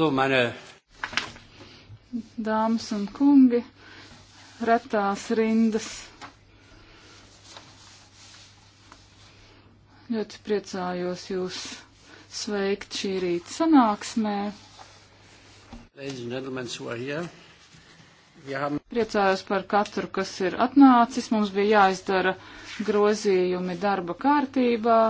So, meine Dāmas un kungi, retās rindas. Ļoti priecājos jūs sveikt šī rīta sanāksmē. Priecājos par katru, kas ir atnācis. Mums bija jāizdara grozījumi darba kārtībā.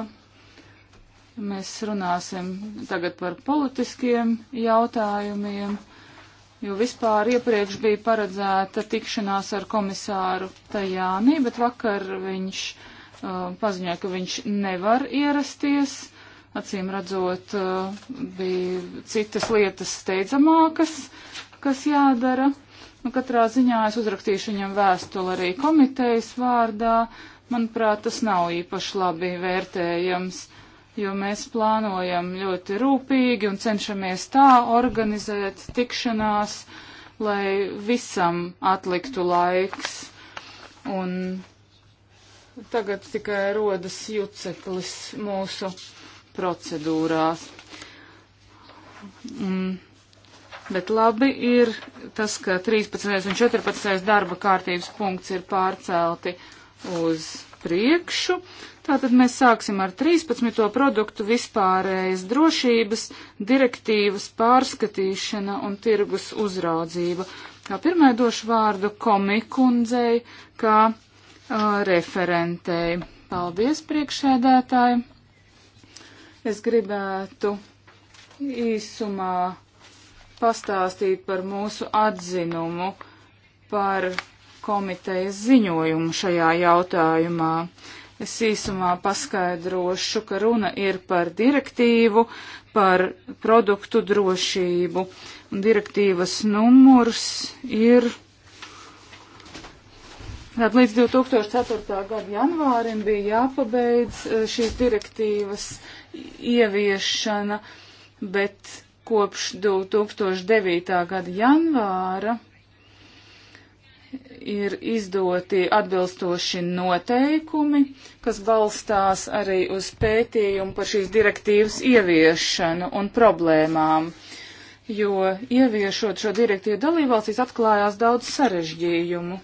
Mēs runāsim tagad par politiskiem jautājumiem, jo vispār iepriekš bija paredzēta tikšanās ar komisāru Tajānī, bet vakar viņš uh, paziņoja, ka viņš nevar ierasties. Acīm redzot, uh, bija citas lietas steidzamākas, kas jādara. Nu, katrā ziņā es uzrakstīšu viņam vēstuli arī komitejas vārdā. Manuprāt, tas nav īpaši labi vērtējams. Uh, jo mēs plānojam ļoti rūpīgi un cenšamies tā organizēt tikšanās, lai visam atliktu laiks. Un tagad tikai rodas juceklis mūsu procedūrās. Mm. Bet labi ir tas, ka 13. un 14. darba kārtības punkts ir pārcelti uz priekšu. Tātad mēs sāksim ar 13. produktu vispārējas drošības direktīvas pārskatīšana un tirgus uzraudzība. Kā pirmai došu vārdu komikundzei, kā uh, referentei. Paldies, priekšēdētāji! Es gribētu īsumā pastāstīt par mūsu atzinumu par komitejas ziņojumu šajā jautājumā. Uh, Es īsumā paskaidrošu, ka runa ir par direktīvu par produktu drošību. Un direktīvas numurs ir. Tātad līdz 2004. gada janvārim bija jāpabeidz e, šīs direktīvas ieviešana, bet kopš 2009. gada janvāra ir izdoti atbilstoši noteikumi, kas balstās arī uz pētījumu par šīs direktīvas ieviešanu un problēmām, jo ieviešot šo direktīvu dalībvalstīs atklājās daudz sarežģījumu.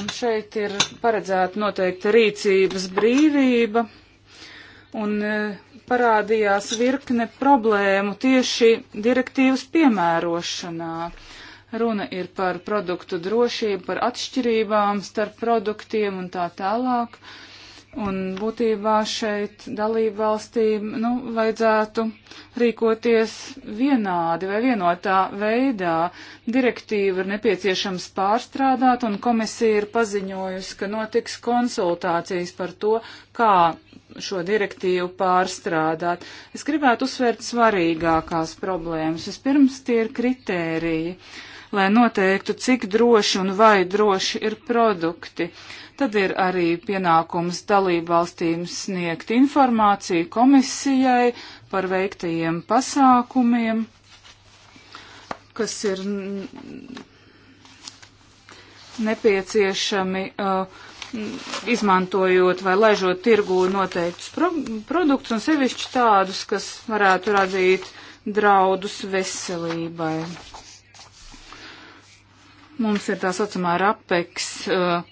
Un šeit ir paredzēta noteikta rīcības brīvība un e, parādījās virkne problēmu tieši direktīvas piemērošanā. Uh, Runa ir par produktu drošību, par atšķirībām starp produktiem un tā tālāk. Un būtībā šeit dalību valstīm nu, vajadzētu rīkoties vienādi vai vienotā veidā. Direktīvu ir nepieciešams pārstrādāt, un komisija ir paziņojusi, ka notiks konsultācijas par to, kā šo direktīvu pārstrādāt. Es gribētu uzsvērt svarīgākās problēmas. Vispirms tie ir kritēriji. Uh, lai noteiktu, cik droši un vai droši ir produkti. Tad ir arī pienākums dalībvalstīm sniegt informāciju komisijai par veiktajiem pasākumiem, kas ir nepieciešami. Uh, izmantojot vai laižot tirgū noteiktus pro produktus un sevišķi tādus, kas varētu radīt draudus veselībai. Mums ir tā saucamā RAPEX uh,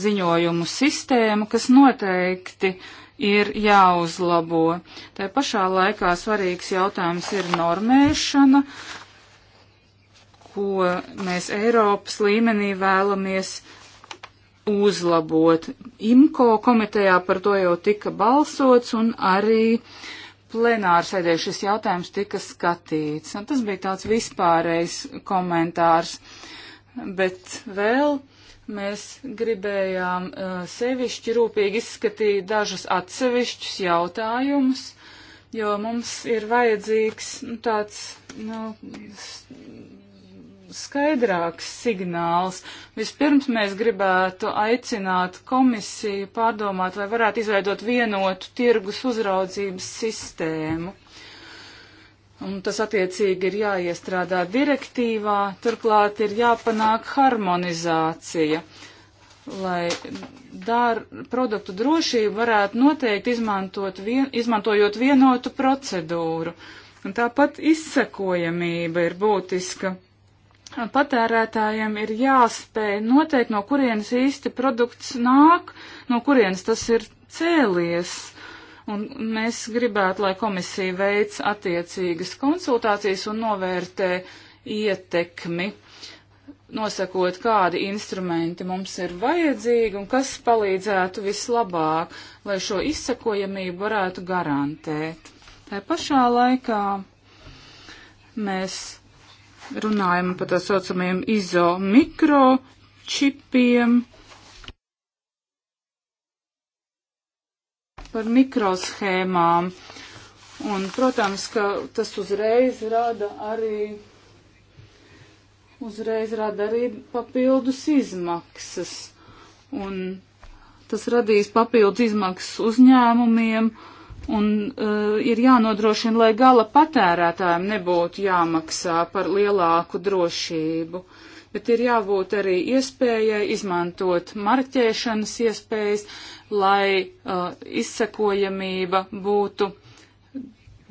ziņojumu sistēma, kas noteikti ir jāuzlabo. Tā pašā laikā svarīgs jautājums ir normēšana, ko mēs Eiropas līmenī vēlamies uzlabot. IMCO komitejā par to jau tika balsots un arī plenāra sēdē šis jautājums tika skatīts. Un nu, tas bija tāds vispārējs komentārs. Uh, bet vēl mēs gribējām uh, sevišķi rūpīgi izskatīt dažus atsevišķus jautājumus, jo mums ir vajadzīgs nu, tāds nu, skaidrāks signāls. Vispirms mēs gribētu aicināt komisiju pārdomāt, vai varētu izveidot vienotu tirgus uzraudzības sistēmu un tas attiecīgi ir jāiestrādā direktīvā, turklāt ir jāpanāk harmonizācija, lai dar, produktu drošību varētu noteikti izmantot vien, izmantojot vienotu procedūru. Un tāpat izsekojamība ir būtiska. Patērētājiem ir jāspēj noteikt, no kurienes īsti produkts nāk, no kurienes tas ir cēlies Un mēs gribētu, lai komisija veic attiecīgas konsultācijas un novērtē ietekmi, nosakot, kādi instrumenti mums ir vajadzīgi un kas palīdzētu vislabāk, lai šo izsakojamību varētu garantēt. Tā pašā laikā mēs runājam par tā saucamajiem izomikročipiem par mikroshēmām. Un, protams, ka tas uzreiz rada arī, uzreiz rada arī papildus izmaksas. Un tas radīs papildus izmaksas uzņēmumiem un uh, ir jānodrošina, lai gala patērētājiem nebūtu jāmaksā par lielāku drošību. Uh, bet ir jābūt arī iespējai izmantot marķēšanas iespējas, lai uh, izsekojamība būtu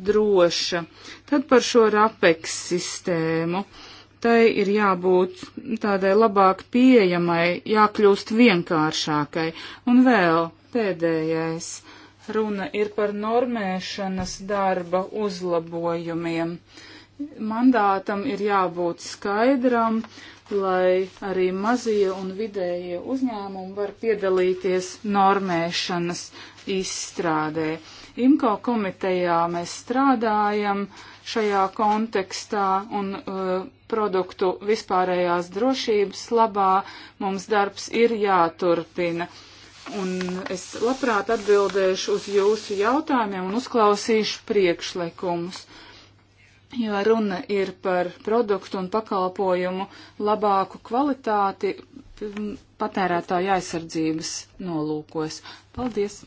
droša. Tad par šo rapeks sistēmu. Tai ir jābūt tādai labāk pieejamai, jākļūst vienkāršākai. Un vēl pēdējais runa ir par normēšanas darba uzlabojumiem. Mandātam ir jābūt skaidram, uh, lai arī mazie un vidējie uzņēmumi var piedalīties normēšanas izstrādē. IMCO komitejā mēs strādājam šajā kontekstā un uh, produktu vispārējās drošības labā mums darbs ir jāturpina. Un es labprāt atbildēšu uz jūsu jautājumiem un uzklausīšu priekšlikumus. Uh, jo runa ir par produktu un pakalpojumu labāku kvalitāti patērētāju aizsardzības nolūkos. Paldies!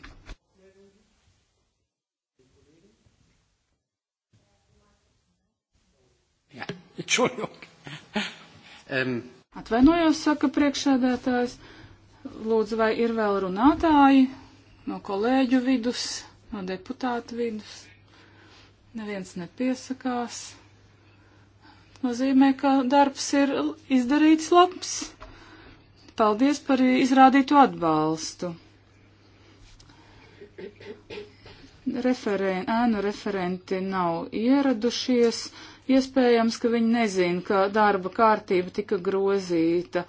Jā, um. Atvainojos, saka priekšsēdētājs. Lūdzu, vai ir vēl runātāji no kolēģu vidus, no deputātu vidus? Neviens nepiesakās. Nozīmē, ka darbs ir izdarīts labs. Paldies par izrādītu atbalstu. Referen, ēnu referenti nav ieradušies. Iespējams, ka viņi nezina, ka darba kārtība tika grozīta.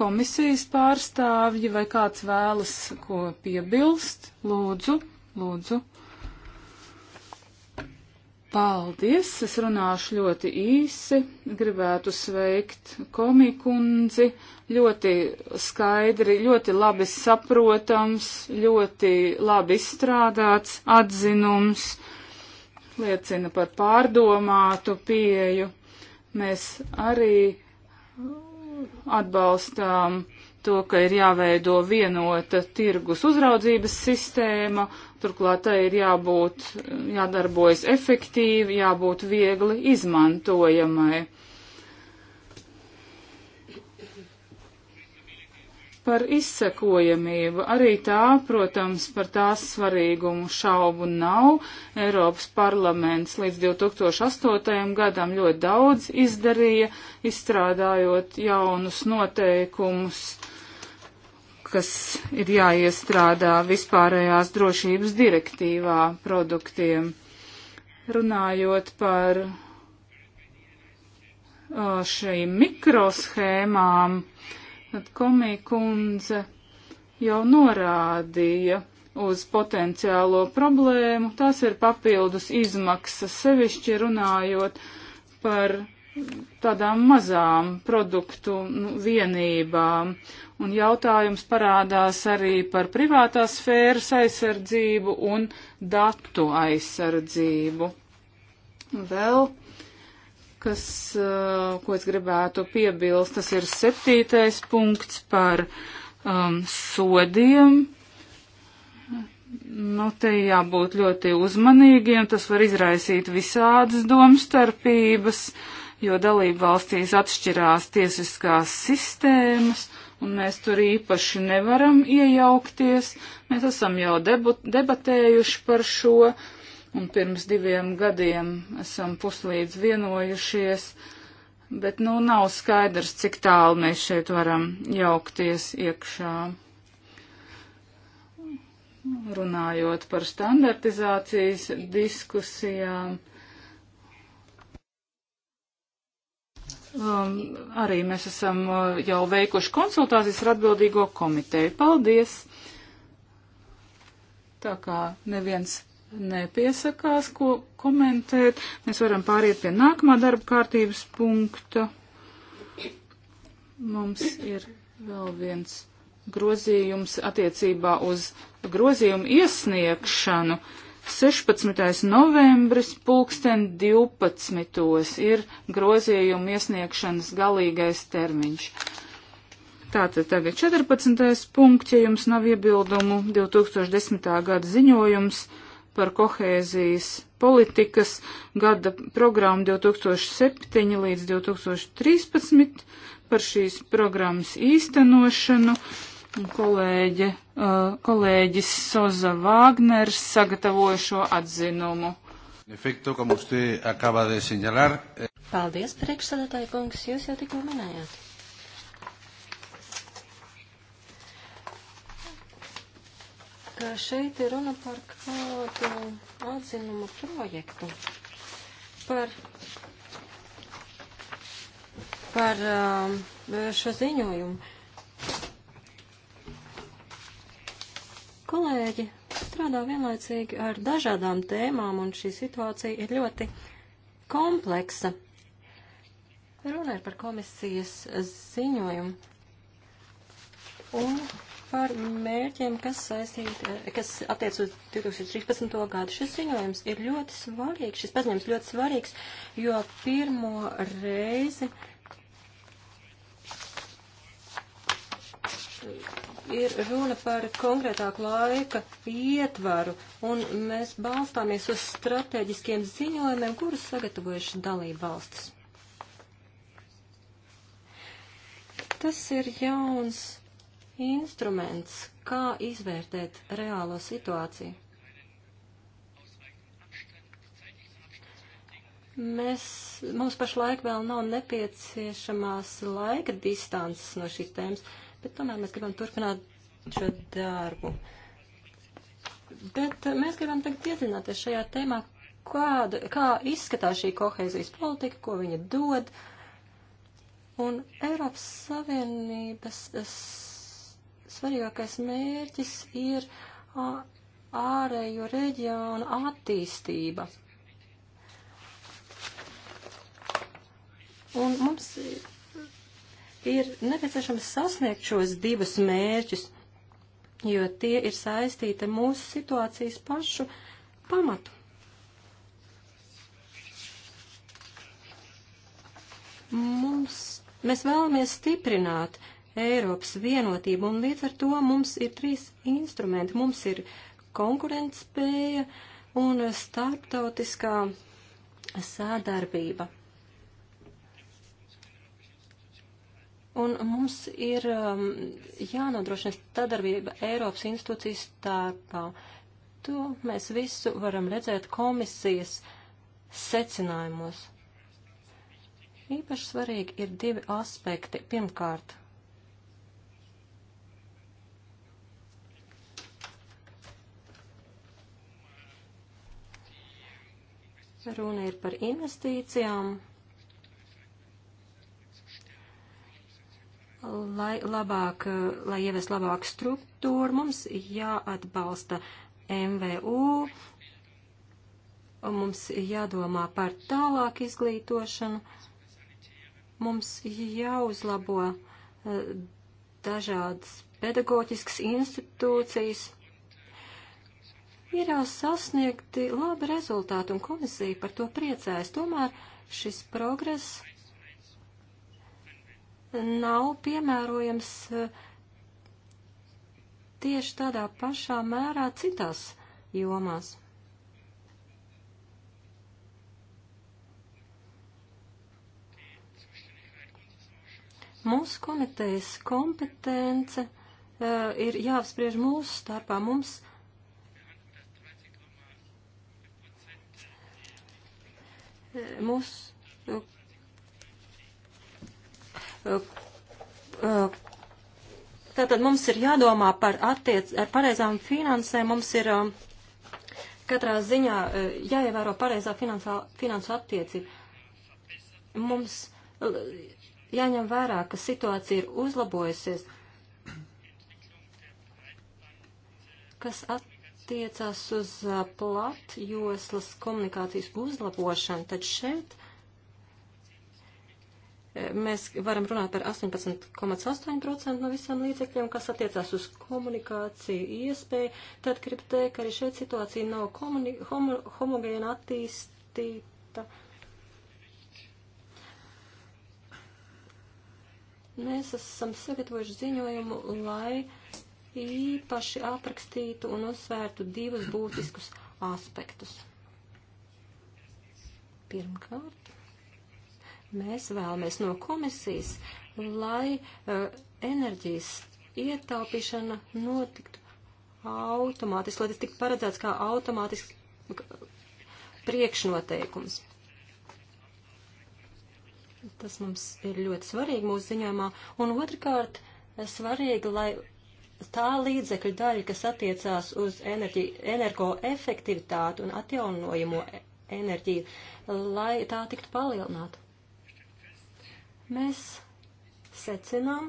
Komisijas pārstāvji vai kāds vēlas ko piebilst? Lūdzu, lūdzu. Paldies! Es runāšu ļoti īsi. Gribētu sveikt komikundzi. Ļoti skaidri, ļoti labi saprotams, ļoti labi izstrādāts atzinums. Liecina par pārdomātu pieju. Mēs arī atbalstām to, ka ir jāveido vienota tirgus uzraudzības sistēma Turklāt tai ir jābūt, jādarbojas efektīvi, jābūt viegli izmantojamai. Par izsekojamību arī tā, protams, par tās svarīgumu šaubu nav. Eiropas parlaments līdz 2008. gadam ļoti daudz izdarīja, izstrādājot jaunus noteikumus kas ir jāiestrādā vispārējās drošības direktīvā produktiem. Runājot par šīm mikroshēmām, tad komija kundze jau norādīja uz potenciālo problēmu. Tās ir papildus izmaksas, sevišķi runājot par tādām mazām produktu nu, vienībām. Un jautājums parādās arī par privātās sfēras aizsardzību un datu aizsardzību. Vēl kas, eh, ko es gribētu piebilst, tas ir septītais punkts par um, sodiem. Nu, te jābūt ļoti uzmanīgiem, tas var izraisīt visādas domstarpības. Uh, jo dalību valstīs atšķirās tiesiskās sistēmas, un mēs tur īpaši nevaram iejaukties. Mēs esam jau debatējuši par šo, un pirms diviem gadiem esam puslīdz vienojušies, bet nu nav skaidrs, cik tālu mēs šeit varam jaukties iekšā runājot par standartizācijas diskusijām, Um, arī mēs esam uh, jau veikuši konsultācijas ar atbildīgo komiteju. Paldies! Tā kā neviens nepiesakās, ko komentēt, mēs varam pāriet pie nākamā darba kārtības punkta. Mums ir vēl viens grozījums attiecībā uz grozījumu iesniegšanu. Uh, 16. novembris pulksten 12. ir grozījuma iesniegšanas galīgais termiņš. Tātad tagad 14. punkts, ja jums nav iebildumu, 2010. gada ziņojums par kohēzijas politikas gada programmu 2007 līdz 2013 par šīs programmas īstenošanu kolēģe, uh, kolēģis Soza Vāgners sagatavoja šo atzinumu. Efekto, como usted acaba de señalar. Eh, Paldies, priekšsēdētāji kungs, jūs jau tikko minējāt. Ka šeit ir runa par kādu atzinumu projektu, par, par um, šo ziņojumu. Kolēģi strādā vienlaicīgi ar dažādām tēmām, un šī situācija ir ļoti kompleksa. Runāju par komisijas ziņojumu un par mērķiem, kas, saistīti, eh, kas attiec uz 2013. gadu. Šis ziņojums ir ļoti svarīgs, šis paziņojums ļoti svarīgs, jo pirmo reizi ir runa par konkrētāku laika ietvaru, un mēs balstāmies uz strateģiskiem ziņojumiem, kurus sagatavojuši dalību valstis. Tas ir jauns instruments, kā izvērtēt reālo situāciju. Mēs, mums pašlaik vēl nav nepieciešamās laika distances no šīs tēmas. Uh, bet tomēr mēs gribam turpināt šo darbu. Bet mēs gribam tagad iedzināties šajā tēmā, kāda, kā izskatās šī kohēzijas politika, ko viņa dod. Un Eiropas Savienības svarīgākais mērķis ir ārējo reģionu attīstība. Un mums ir nepieciešams sasniegt šos divus mērķus, jo tie ir saistīti mūsu situācijas pašu pamatu. Mums, mēs vēlamies stiprināt Eiropas vienotību, un līdz ar to mums ir trīs instrumenti. Mums ir konkurentspēja un starptautiskā sādarbība. Un mums ir um, jānodrošina sadarbība Eiropas institūcijas starpā. To mēs visu varam redzēt komisijas secinājumos. Īpaši svarīgi ir divi aspekti. Pirmkārt, runa ir par investīcijām lai labāk, lai ievest labāku struktūru, mums jāatbalsta MVU, mums jādomā par tālāk izglītošanu, mums jāuzlabo eh, dažādas pedagoģiskas institūcijas. Ir jau sasniegti labi rezultāti, un komisija par to priecājas. Tomēr šis progress nav piemērojams eh, tieši tādā pašā mērā citās jomās. Mūsu komitejas kompetence uh, ir jāapspriež mūsu starpā. Mums eh, mūsu Tātad mums ir jādomā par, attiec, ar pareizām finansēm, mums ir um, katrā ziņā uh, jāievēro pareizā finansā, finansu attieci. Mums uh, jāņem vērā, ka situācija ir uzlabojusies, kas attiecās uz uh, platjoslas komunikācijas uzlabošanu, tad šeit uh, mēs varam runāt par 18,8% no visām līdzekļiem, kas attiecās uz komunikāciju iespēju, tad gribu teikt, ka arī šeit situācija nav komuni, homo, homogēna attīstīta. Mēs esam sagatavojuši ziņojumu, lai īpaši aprakstītu un uzsvērtu divus būtiskus aspektus. Pirmkārt, Mēs vēlamies no komisijas, lai uh, enerģijas ietaupīšana notiktu automātiski, lai tas tiktu paredzēts kā automātiski priekšnoteikums. Tas mums ir ļoti svarīgi mūsu ziņojumā. Un otrkārt, svarīgi, lai tā līdzekļu daļa, kas attiecās uz enerģi, energoefektivitātu un atjaunojamo e-, enerģiju, lai tā tiktu palielināta. Mēs secinām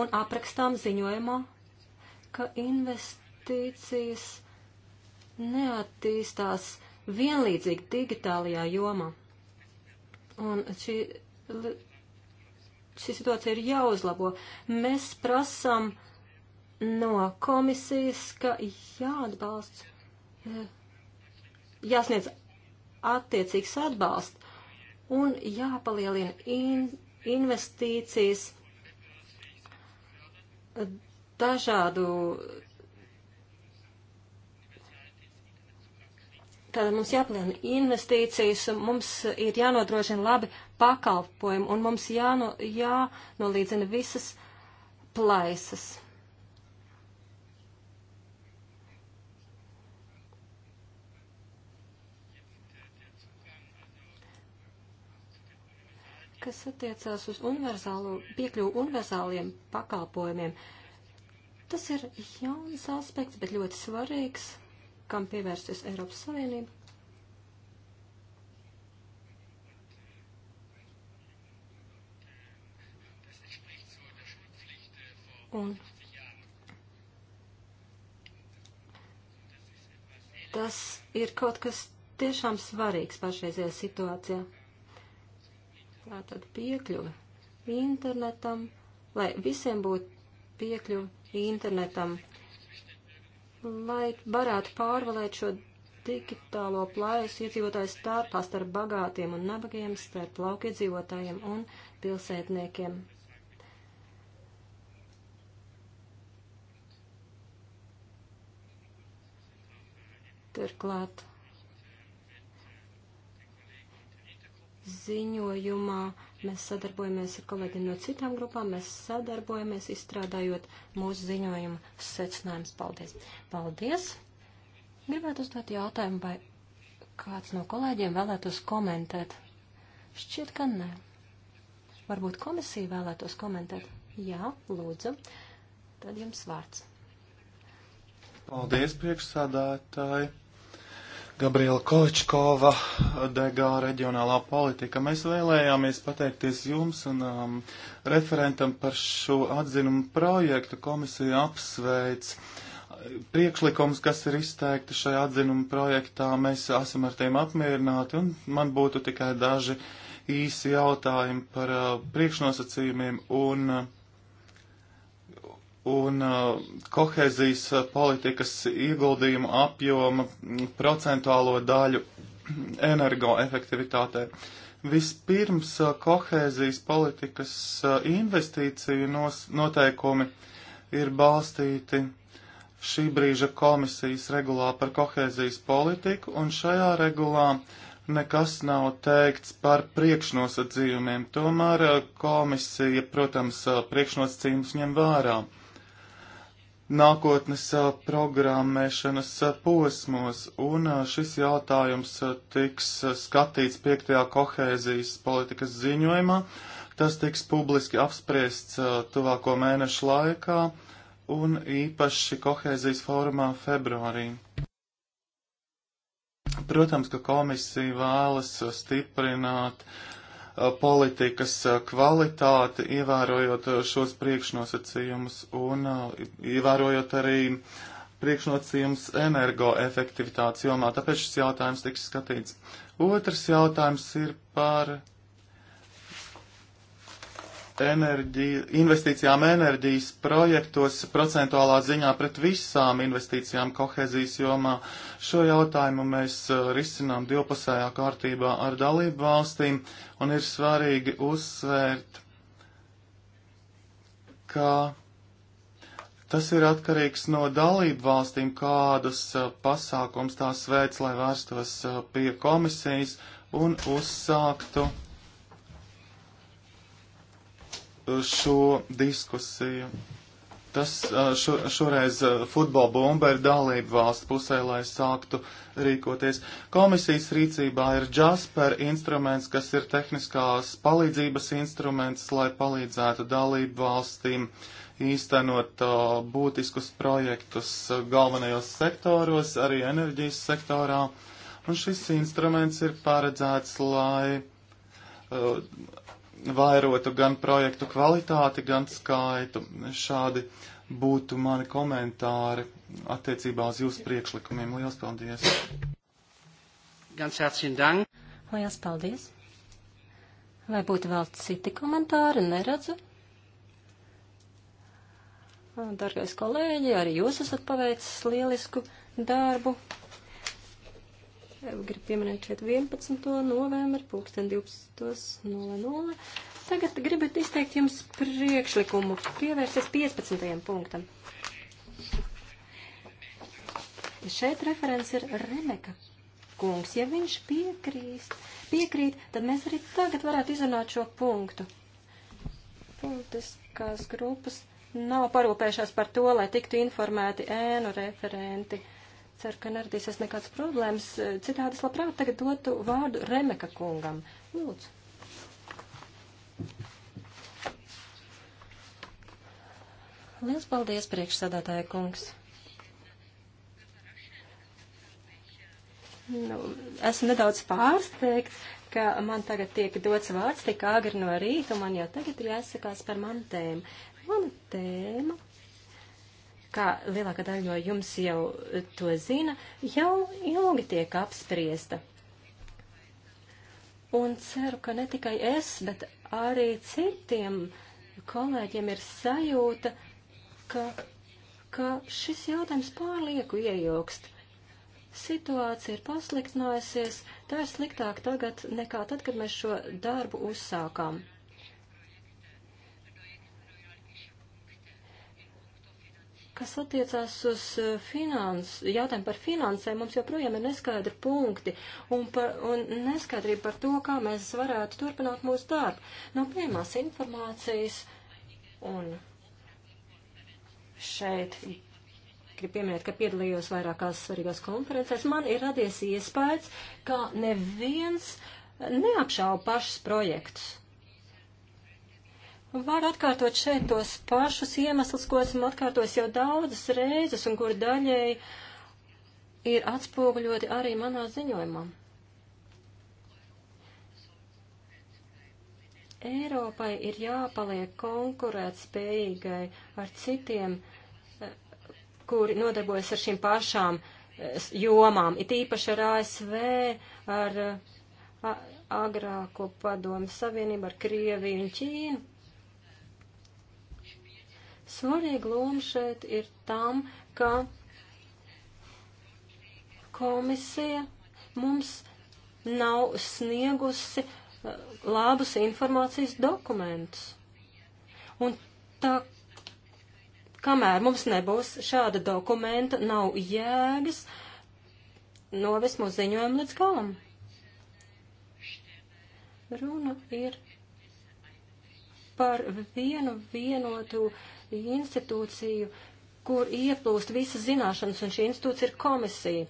un aprakstām ziņojumā, ka investīcijas neattīstās vienlīdzīgi digitālajā jomā. Un šī, šī situācija ir jāuzlabo. Mēs prasām no komisijas, ka jāatbalsts, eh, jāsniedz attiecīgs atbalsts un jāpalielina in, investīcijas dažādu. Tātad mums jāplāno investīcijas, mums ir jānodrošina labi pakalpojumi un mums jāno, jānolīdzina visas plaisas. kas attiecās uz universālo, piekļuvu universāliem pakalpojumiem. Tas ir jauns aspekts, bet ļoti svarīgs, kam pievērsties Eiropas Savienība. Un tas ir kaut kas tiešām svarīgs pašreizajā situācijā. Tātad piekļuve internetam, lai visiem būtu piekļuve internetam, lai varētu pārvalēt šo digitālo plājus iedzīvotāju starpā starp bagātiem un nabagiem, starp laukiedzīvotājiem un pilsētniekiem. Turklāt ziņojumā mēs sadarbojamies ar kolēģiem no citām grupām, mēs sadarbojamies izstrādājot mūsu ziņojumu secinājumus. Paldies! Paldies! Gribētu uzdot jautājumu, vai kāds no kolēģiem vēlētos komentēt? Šķiet, ka nē. Varbūt komisija vēlētos komentēt? Jā, lūdzu. Tad jums vārds. Paldies, priekšsādātāji! Gabriela Kovičkova, DG reģionālā politika. Mēs vēlējāmies pateikties jums un um, referentam par šo atzinumu projektu. Komisija apsveic priekšlikums, kas ir izteikti šajā atzinuma projektā. Mēs esam ar tiem apmierināti un man būtu tikai daži īsi jautājumi par uh, priekšnosacījumiem un uh, un uh, kohēzijas uh, politikas ieguldījumu apjoma mm, procentuālo daļu energoefektivitātē. Vispirms uh, kohēzijas politikas uh, investīciju nos, noteikumi ir balstīti šī brīža komisijas regulā par kohēzijas politiku, un šajā regulā nekas nav teikts par priekšnosacījumiem. Tomēr uh, komisija, protams, uh, priekšnosacījumus ņem vērā nākotnes programmēšanas posmos, un šis jautājums tiks skatīts 5. kohēzijas politikas ziņojumā. Tas tiks publiski apspriests tuvāko mēnešu laikā un īpaši kohēzijas fórumā februārī. Protams, ka komisija vēlas stiprināt uh, Eh, politikas eh, kvalitāti, ievērojot eh, šos priekšnosacījumus un ievērojot arī priekšnosacījumus energoefektivitātes jomā. Tāpēc šis jautājums tiks skatīts. Otrs jautājums ir par enerģija, investīcijām enerģijas projektos procentuālā ziņā pret visām investīcijām kohezijas jomā. Šo jautājumu mēs uh, risinām divpusējā kārtībā ar dalību valstīm un ir svarīgi uzsvērt, ka tas ir atkarīgs no dalību valstīm, kādus uh, pasākums tās veids, lai vērstos uh, pie komisijas un uzsāktu šo diskusiju. Tas šo, šoreiz futbola bomba ir dalība valsts pusē, lai sāktu rīkoties. Komisijas rīcībā ir Jasper instruments, kas ir tehniskās palīdzības instruments, lai palīdzētu dalību valstīm īstenot uh, būtiskus projektus galvenajos sektoros, arī enerģijas sektorā. Un šis instruments ir paredzēts, lai uh, vairotu gan projektu kvalitāti, gan skaitu. Šādi būtu mani komentāri attiecībā uz jūsu priekšlikumiem. Lielas paldies! Ganz herzlichen Dank! Lielas paldies! Vai būtu vēl citi komentāri? Neredzu. Dargais kolēģi, arī jūs esat paveicis lielisku darbu. Gribu pieminēt šeit 11. novembri, pulksten 12.00. Tagad gribat izteikt jums priekšlikumu pievērsties 15. punktam. Šeit referents ir Remeka kungs. Ja viņš piekrīst, piekrīt, tad mēs arī tagad varētu izrunāt šo punktu. Politiskās grupas nav parūpējušās par to, lai tiktu informēti ēnu referenti. Ceru, ka neradīsies nekāds problēmas. Citādi es labprāt tagad dotu vārdu Remeka kungam. Lūdzu. Liels paldies, priekšsādātāja kungs. Nu, esmu nedaudz pārsteigts, ka man tagad tiek dots vārds tik agri no rīta, un man jau tagad ir jāsakās par manu tēmu. Mana tēma kā lielākā daļa no jums jau to zina, jau ilgi tiek apspriesta. Un ceru, ka ne tikai es, bet arī citiem kolēģiem ir sajūta, ka, ka šis jautājums pārlieku ieilgst situācija ir pasliktinājusies, tā ir sliktāk tagad nekā tad, kad mēs šo darbu uzsākām. Kas attiecās uz eh, finans, jautājumu par finansēm, mums joprojām ir neskaidri punkti un, par, un neskaidrība par to, kā mēs varētu turpināt mūsu darbu. Nav pieejamās informācijas un šeit gribu pieminēt, ka piedalījos vairākās svarīgās konferencēs. Man ir radies iespējas, ka neviens neapšauba pašus projektus. Var atkārtot šeit tos pašus iemeslus, ko esam atkārtojis jau daudzas reizes un kur daļēji ir atspoguļoti arī manā ziņojumā. Eiropai ir jāpaliek konkurēt spējīgai ar citiem, eh, kuri nodarbojas ar šīm pašām eh, jomām, it īpaši ar ASV, ar eh, agrāko padomu savienību, ar Krieviju un Ķīnu. Svarīga loma šeit ir tam, ka komisija mums nav sniegusi uh, labus informācijas dokumentus. Un tā, kamēr mums nebūs šāda dokumenta, nav jēgas novest mūsu ziņojumu līdz galam. Runa ir par vienu vienotu uh, institūciju, kur ieplūst visas zināšanas, un šī institūcija ir komisija.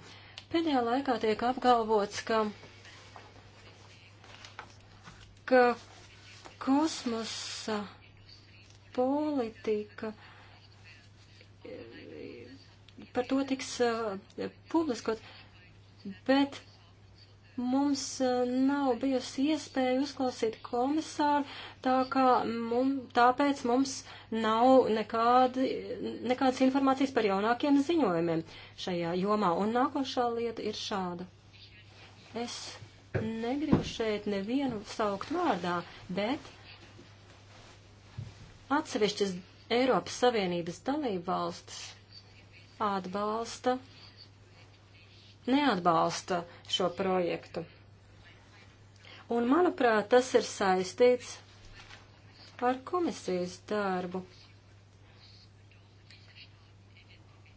Pēdējā laikā tiek apgalvots, ka, ka kosmosa politika par to tiks uh, publiskot, bet mums e, nav bijusi iespēja uzklausīt komisāru, tā kā mum, tāpēc mums nav nekādi, nekādas informācijas par jaunākiem ziņojumiem šajā jomā. Un nākošā lieta ir šāda. Es negribu šeit nevienu saukt vārdā, bet atsevišķas Eiropas Savienības dalībvalstis atbalsta neatbalsta šo projektu. Un, manuprāt, tas ir saistīts ar komisijas darbu.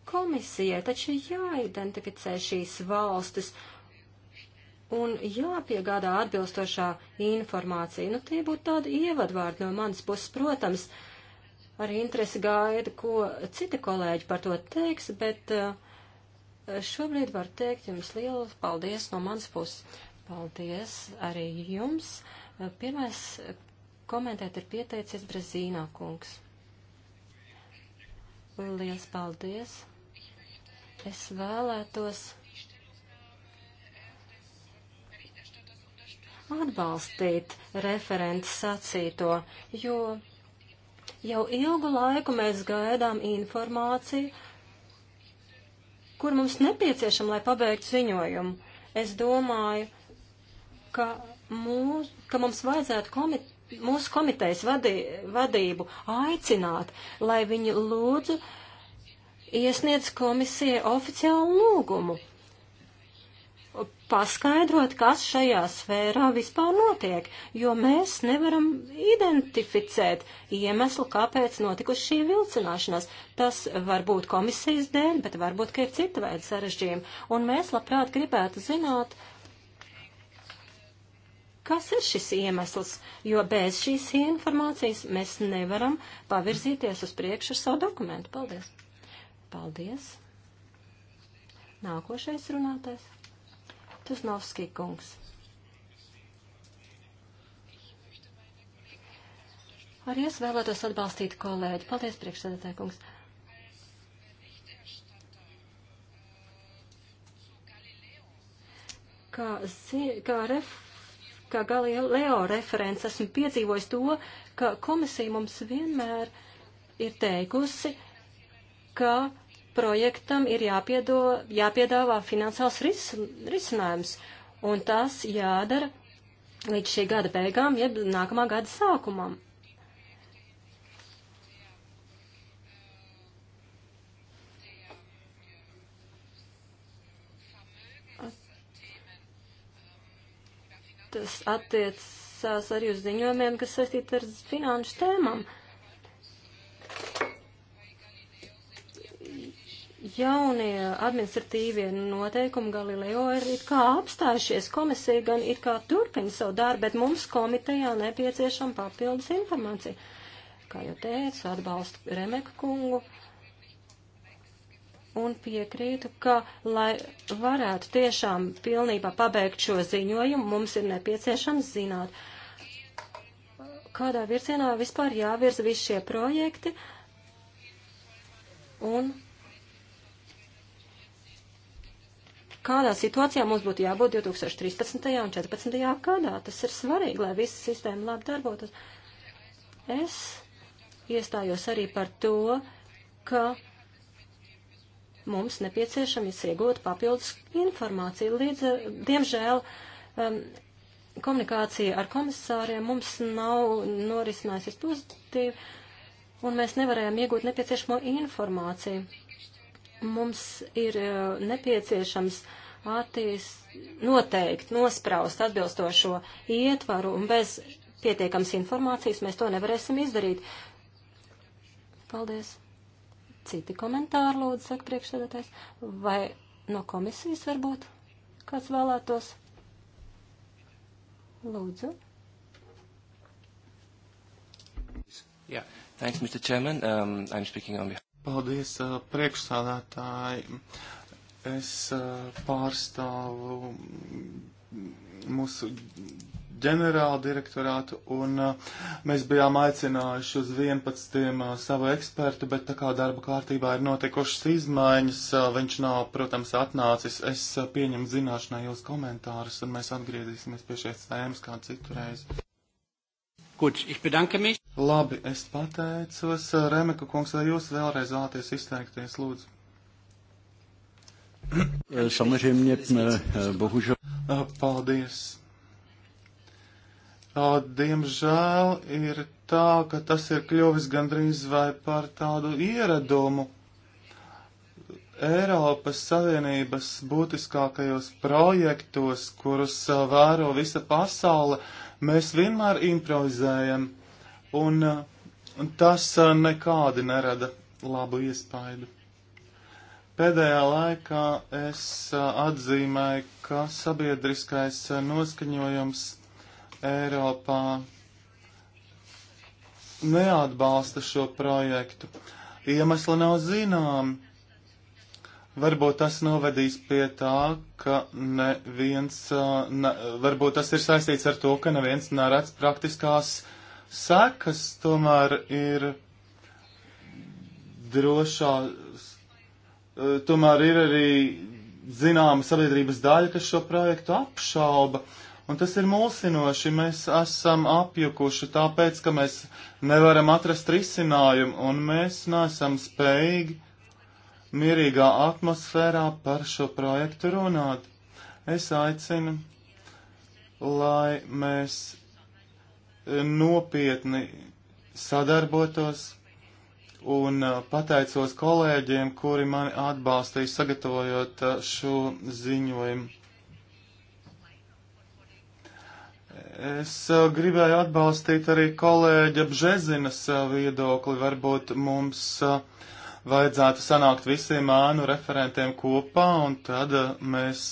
Komisijai taču jāidentificē šīs valstis un jāpiegādā atbilstošā informācija. Nu, tie būtu tādi ievadvārdi no manas puses, protams, ar interesi gaida, ko citi kolēģi par to teiks, bet uh, Šobrīd var teikt jums lielu paldies no manas puses. Paldies arī jums. Pirmais komentēt ir pieteicies Brazīnā kungs. Liels paldies. Es vēlētos atbalstīt referents sacīto, jo jau ilgu laiku mēs gaidām informāciju kur mums nepieciešama, lai pabeigtu ziņojumu. Es domāju, ka, mūs, ka mums vajadzētu komit, mūsu komitejas vadī, vadību aicināt, lai viņi lūdzu iesniedz komisijai oficiālu lūgumu paskaidrot, kas šajā sfērā vispār notiek, jo mēs nevaram identificēt iemeslu, kāpēc notikuši šī vilcināšanās. Tas var būt komisijas dēļ, bet varbūt, ka ir cita veida sarežģījumi. Un mēs labprāt gribētu zināt, kas ir šis iemesls, jo bez šīs informācijas mēs nevaram pavirzīties uz priekšu ar savu dokumentu. Paldies! Paldies! Nākošais runātājs. Tusnovski kungs. Arī es vēlētos atbalstīt kolēģi. Paldies, priekšsēdētāj kungs. Kā, zi, kā, ref, kā Galileo referents esmu piedzīvojis to, ka komisija mums vienmēr ir teikusi, ka projektam ir jāpiedo, jāpiedāvā finansiāls ris, risinājums, un tas jādara līdz šī gada beigām, jeb nākamā gada sākumam. Tas attiecās arī uz ziņojumiem, kas saistīti ar finanšu tēmām. Uh, jaunie administratīvie noteikumi Galileo ir it kā apstājušies, komisija gan it kā turpina savu darbu, bet mums komitejā nepieciešama papildus informācija. Kā jau teicu, atbalstu Remeku kungu un piekrītu, ka, lai varētu tiešām pilnībā pabeigt šo ziņojumu, mums ir nepieciešams zināt, kādā virzienā vispār jāvirza visi šie projekti un kādā situācijā mums būtu jābūt 2013. un 2014. gadā. Tas ir svarīgi, lai visa sistēma labi darbotos. Es iestājos arī par to, ka mums nepieciešams iegūt papildus informāciju. Līdz, diemžēl, um, komunikācija ar komisāriem mums nav norisinājusies pozitīvi, un mēs nevarējām iegūt nepieciešamo informāciju. Mums ir e, nepieciešams attīst, noteikt, nospraust atbilstošo ietvaru, un bez pietiekams informācijas mēs to nevarēsim izdarīt. Paldies. Citi komentāri, lūdzu, saka priekšsēdētājs. Vai no komisijas varbūt kāds vēlētos? Lūdzu. Yeah. Thanks, Mr. Chairman. Um, I'm speaking on behalf. Paldies, priekšsādātāji. Es pārstāvu mūsu ģenerāla direktorātu, un uh, mēs bijām aicinājuši uz 11 uh, savu ekspertu, bet tā kā darba kārtībā ir notikušas izmaiņas, uh, viņš nav, protams, atnācis. Es pieņemu zināšanai jūs komentārus, un mēs atgriezīsimies pie šīs tēmas kā citu reizi. Gut, ich bedanke mich. Labi, es pateicos. Remeka kungs, vai jūs vēlreiz vēlaties izteikties, lūdzu? Eh, samozřejmě, eh, bohužel. Eh, paldies. Diemžēl ir tā, ka tas ir kļuvis gandrīz vai par tādu ieradumu. Eiropas Savienības būtiskākajos projektos, kurus vēro visa pasaule, uh, Mēs vienmēr improvizējam, un, uh, un tas uh, nekādi nerada labu iespaidu. Pēdējā laikā es uh, atzīmēju, ka sabiedriskais noskaņojums Eiropā neatbalsta šo projektu. Iemesli nav zināmi Varbūt tas novedīs pie tā, ka neviens, ne, varbūt tas ir saistīts ar to, ka neviens neredz praktiskās sekas, tomēr ir drošā, tomēr ir arī zināma sabiedrības daļa, kas šo projektu apšauba. Un tas ir mulsinoši, mēs esam apjukuši tāpēc, ka mēs nevaram atrast risinājumu un mēs nesam spējīgi mierīgā atmosfērā par šo projektu runāt. Es aicinu, lai mēs e, nopietni sadarbotos un e, pateicos kolēģiem, kuri mani atbalstīja sagatavojot e, šo ziņojumu. Es gribēju atbalstīt arī kolēģa Bžezinas viedokli. Varbūt mums uh, vajadzētu sanākt visiem ānu referentiem kopā, un tad uh, mēs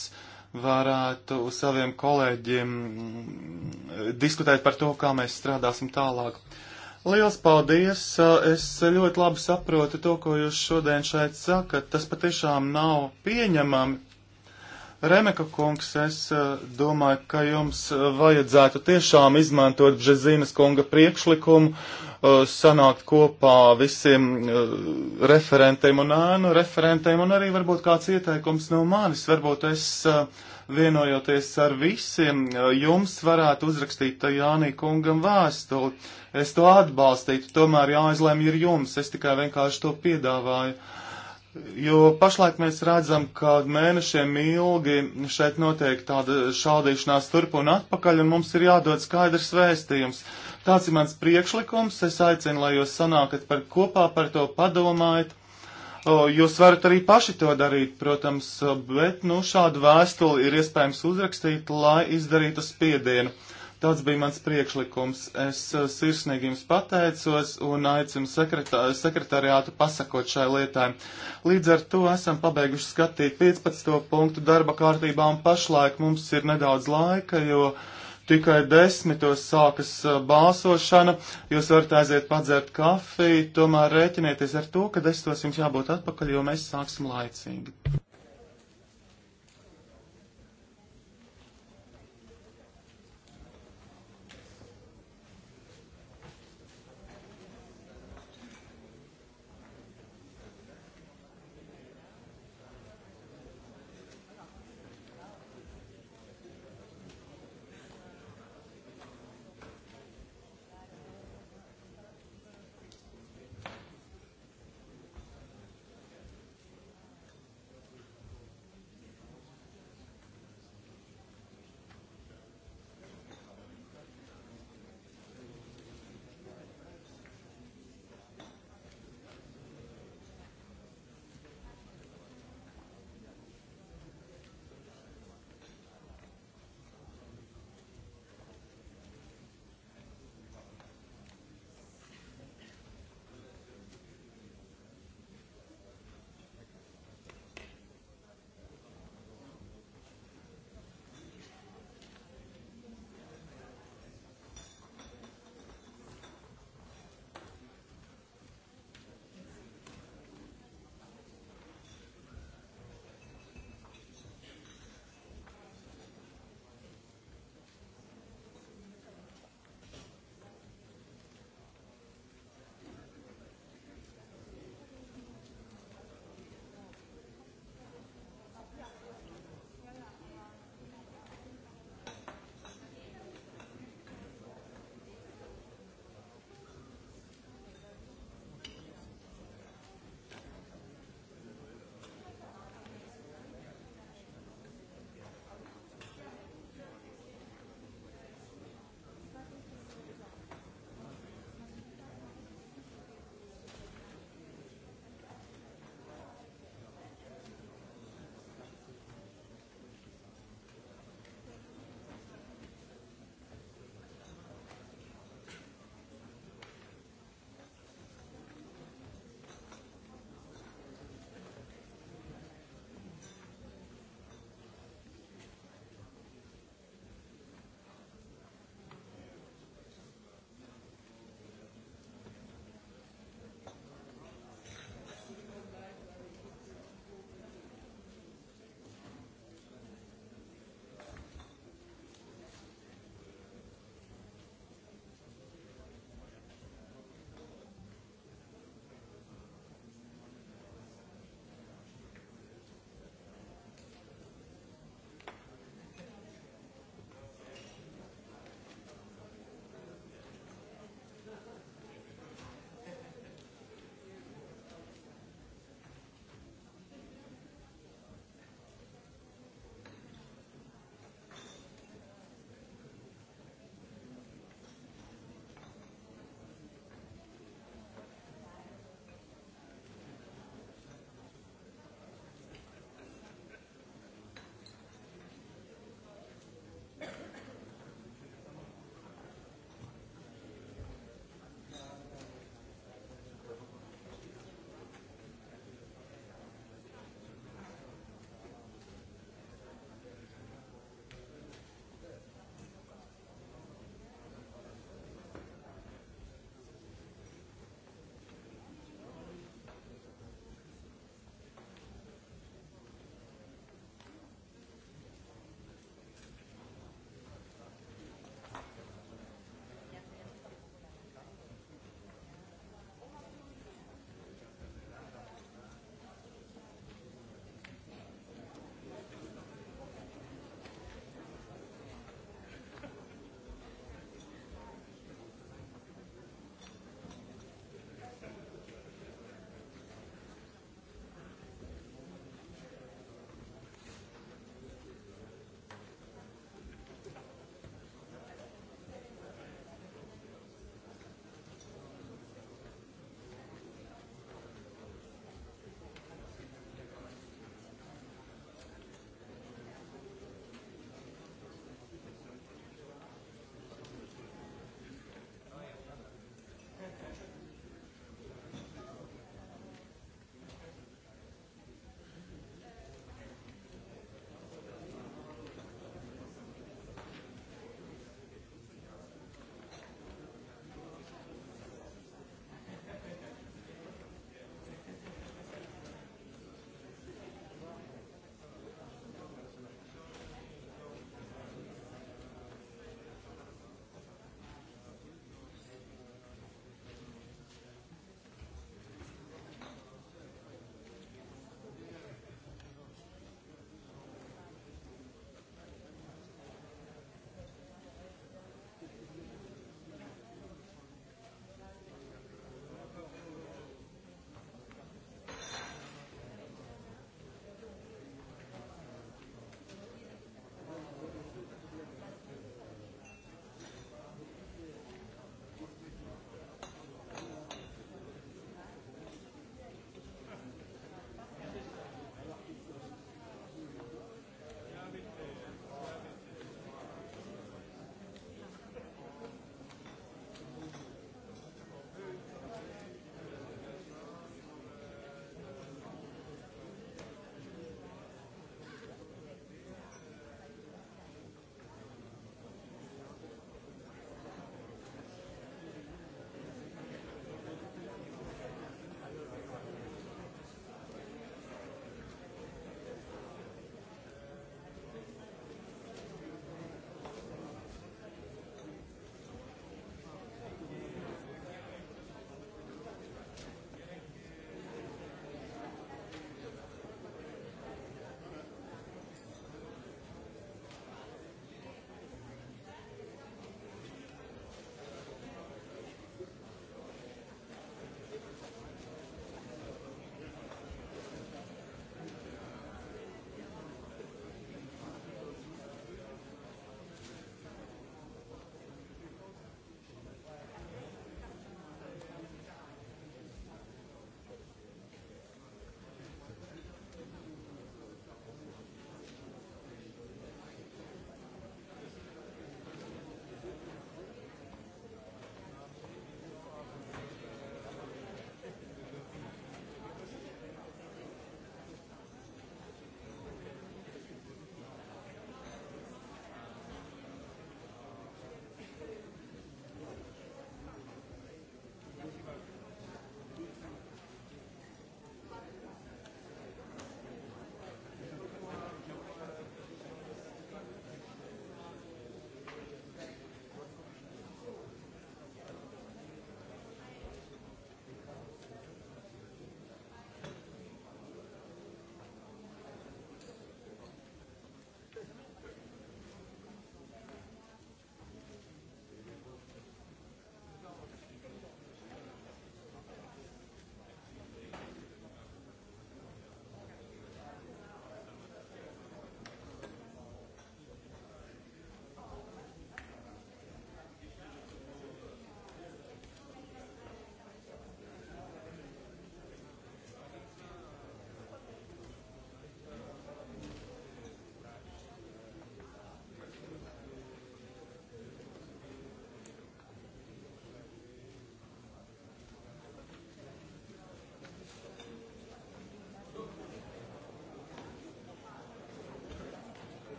varētu saviem kolēģiem mm, diskutēt par to, kā mēs strādāsim tālāk. Liels paldies! Uh, es ļoti labi saprotu to, ko jūs šodien šeit sakat. Tas patiešām nav pieņemami, Remeka kungs, es eh, domāju, ka jums eh, vajadzētu tiešām izmantot Bžezīnas kunga priekšlikumu, eh, sanākt kopā visiem referentiem un ēnu referentiem un arī varbūt kāds ieteikums no manis. Varbūt es vienojoties ar visiem, jums varētu uzrakstīt Jānī kungam vēstuli. Es to atbalstītu, tomēr jāizlēm ir jums, es tikai vienkārši to piedāvāju. Uh, Jo pašlaik mēs redzam, ka mēnešiem ilgi šeit notiek tāda šaudīšanās turp un atpakaļ, un mums ir jādod skaidrs vēstījums. Tāds ir mans priekšlikums. Es aicinu, lai jūs sanākat par kopā par to padomājat. Jūs varat arī paši to darīt, protams, bet nu, šādu vēstuli ir iespējams uzrakstīt, lai izdarītu spiedienu. Uh, Tāds bija mans priekšlikums. Es eh, sirsnīgi jums pateicos un aicinu sekretā, sekretariātu pasakot šai lietai. Līdz ar to esam pabeiguši skatīt 15. punktu darba kārtībā un pašlaik mums ir nedaudz laika, jo tikai desmitos sākas eh, balsošana. Jūs varat aiziet padzert kafiju, tomēr rēķinieties ar to, ka desmitos jums jābūt atpakaļ, jo mēs sāksim laicīgi.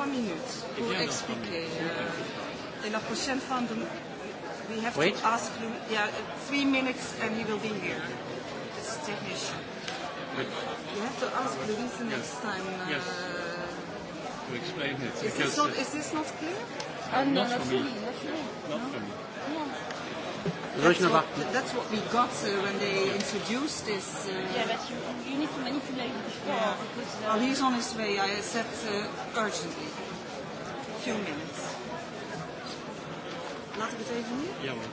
trois minutes eh pour expliquer. Euh, et la prochaine fin de... We have Wait. to ask him, yeah, three minutes and he will be here. It's technician. But you have to ask Louise the next yes. time. Uh, yes. To explain it. Is this not, is this not clear? Uh, uh, no, not, not for me. me. Not for me. Not no? for me. No. That's what, that's what we got uh, when they introduced this. Uh, yeah, that's you you need to manipulate the floor yeah. because. Uh, well, he's on his way. I said uh, urgently. Few minutes. Laat ik het even nu? Ja, maar.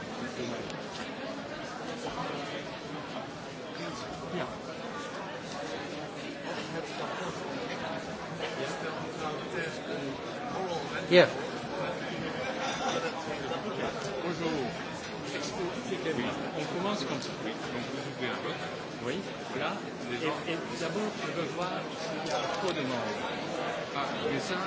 Ja. Yeah. là. Et, et d'abord, je veux voir s'il y a trop de monde. Ah, mais ça,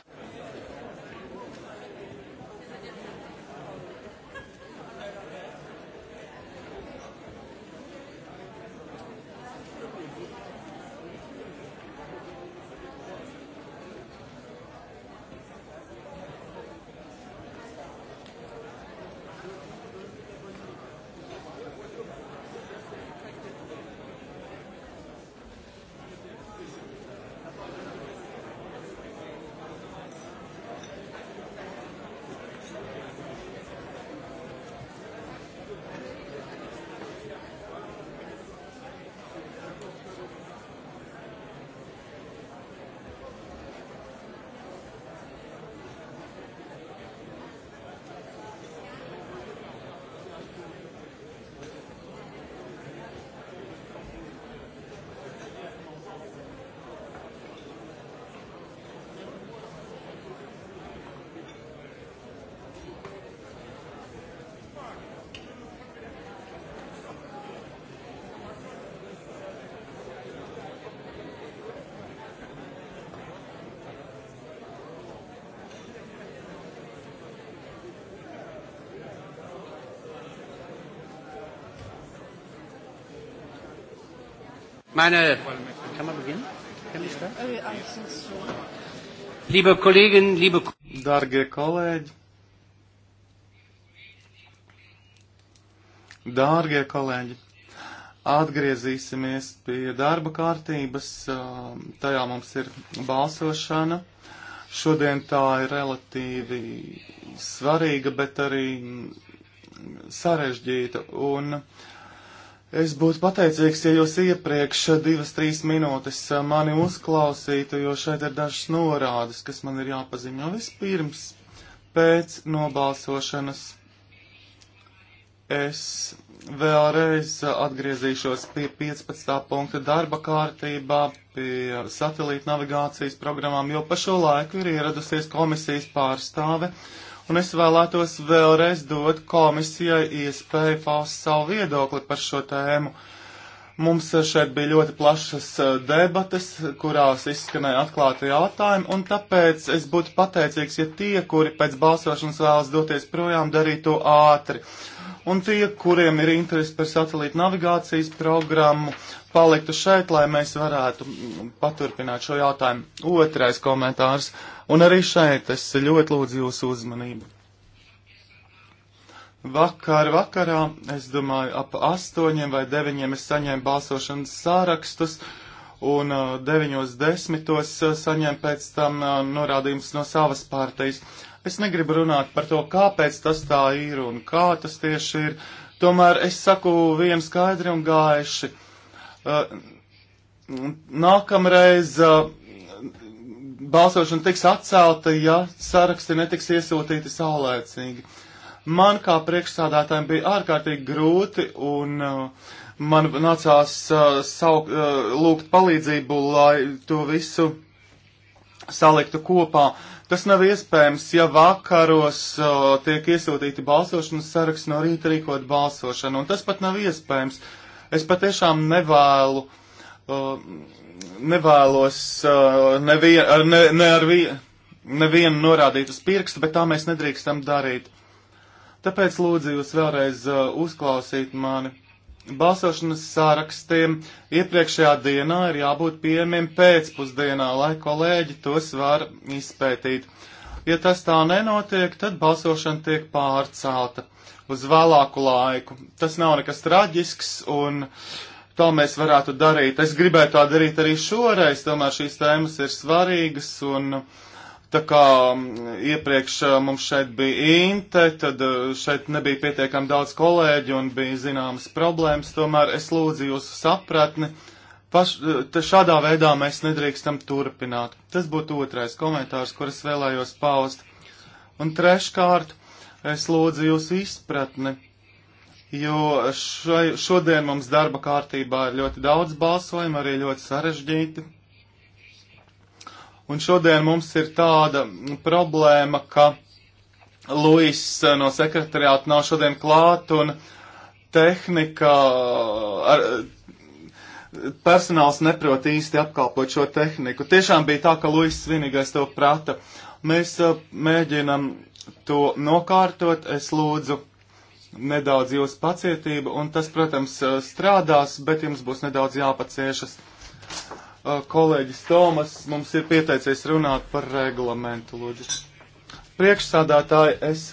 Meine, kann man beginnen? Kann ich starten? Liebe Kolleginnen, liebe Dargie kolēģi, dārgie kolēģi, atgriezīsimies pie darba kārtības. Tajā mums ir balsošana. Šodien tā ir relatīvi svarīga, bet arī sarežģīta. Un, uh, Es būtu pateicīgs, ja jūs iepriekš divas, trīs minūtes eh, mani uzklausītu, jo šeit ir dažas norādes, kas man ir jāpaziņo vispirms pēc nobalsošanas. Es vēlreiz atgriezīšos pie 15. punkta darba kārtībā, pie satelīta navigācijas programmām, jo pa šo laiku ir ieradusies komisijas pārstāve. Uh, Un es vēlētos vēlreiz dot komisijai iespēju paust savu viedokli par šo tēmu. Mums šeit bija ļoti plašas eh, debates, kurās izskanēja atklāti jautājumi, un tāpēc es būtu pateicīgs, ja tie, kuri pēc balsošanas vēlas doties projām, darītu to ātri. Uh, un tie, kuriem ir interesi par satelītu navigācijas programmu, paliktu šeit, lai mēs varētu mm, paturpināt šo jautājumu. Otrais komentārs, un arī šeit es ļoti lūdzu jūsu uzmanību. Vakar vakarā, es domāju, ap astoņiem vai deviņiem es saņēmu balsošanas sārakstus, un deviņos desmitos saņēmu pēc tam norādījumus no savas pārtejas. Uh, Es negribu runāt par to, kāpēc tas tā ir un kā tas tieši ir. Tomēr es saku vienu skaidri un gaiši. Uh, nākamreiz uh, balsošana tiks atcelta, ja saraksti netiks iesūtīti saulēcīgi. Man kā priekšsādātājiem bija ārkārtīgi grūti un uh, man nācās uh, sauk, uh, lūgt palīdzību, lai to visu uh, saliktu kopā. Tas nav iespējams, ja vakaros uh, tiek iesūtīti balsošanas saraksts no rīta rīkot balsošanu, un tas pat nav iespējams. Es patiešām nevēlu, uh, nevēlos uh, nevien, ne, ne ar vi, nevienu norādīt uz pirkstu, bet tā mēs nedrīkstam darīt. Tāpēc lūdzu jūs vēlreiz uh, uzklausīt mani balsošanas sārakstiem iepriekšējā dienā ir jābūt pieejamiem pēcpusdienā, lai kolēģi tos var izpētīt. Ja tas tā nenotiek, tad balsošana tiek pārcelta uz vēlāku laiku. Tas nav nekas traģisks un tā mēs varētu darīt. Es gribēju tā darīt arī šoreiz, tomēr šīs tēmas ir svarīgas un uh, Tā kā iepriekš mums šeit bija inte, tad šeit nebija pietiekami daudz kolēģi un bija zināmas problēmas, tomēr es lūdzu jūsu sapratni. Paš, šādā veidā mēs nedrīkstam turpināt. Tas būtu otrais komentārs, kuras vēlējos paust. Un treškārt, es lūdzu jūsu izpratni, jo šai, šodien mums darba kārtībā ir ļoti daudz balsojumu, arī ļoti sarežģīti Un šodien mums ir tāda problēma, ka Luis no sekretariāta nav šodien klāt un tehnika ar, personāls neprot īsti apkalpot šo tehniku. Tiešām bija tā, ka Luis vienīgais to prata. Mēs eh, mēģinam to nokārtot, es lūdzu nedaudz jūsu pacietību, un tas, protams, eh, strādās, bet jums būs nedaudz jāpaciešas kolēģis Tomas mums ir pieteicies runāt par reglamentu, lūdzu. Priekšsādātāji, es.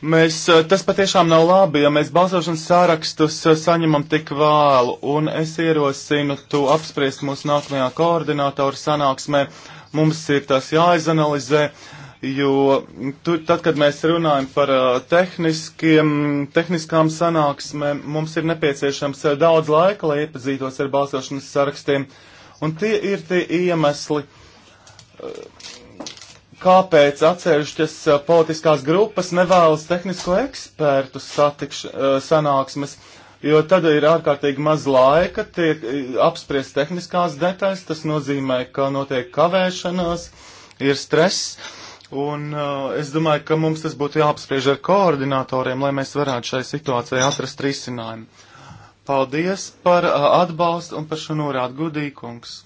Mēs, tas patiešām nav labi, ja mēs balsošanas sārakstus saņemam tik vēlu, un es ierosinu to apspriest mūsu nākamajā koordinātoru sanāksmē. Mums ir tas jāizanalizē. Uh, jo tu, tad, kad mēs runājam par tehniskām sanāksmēm, mums ir nepieciešams daudz laika, lai iepazītos ar balsošanas sarakstiem. Un tie ir tie iemesli, kāpēc atsevišķas politiskās grupas nevēlas tehnisko ekspertu satikš, sanāksmes jo tad ir ārkārtīgi maz laika, tiek apspriest tehniskās detaļas, tas nozīmē, ka notiek kavēšanās, ir stress, Un uh, es domāju, ka mums tas būtu jāapspriež ar koordinatoriem, lai mēs varētu šai situācijai atrast risinājumu. Paldies par uh, atbalstu un par šo norādu gudīkungs.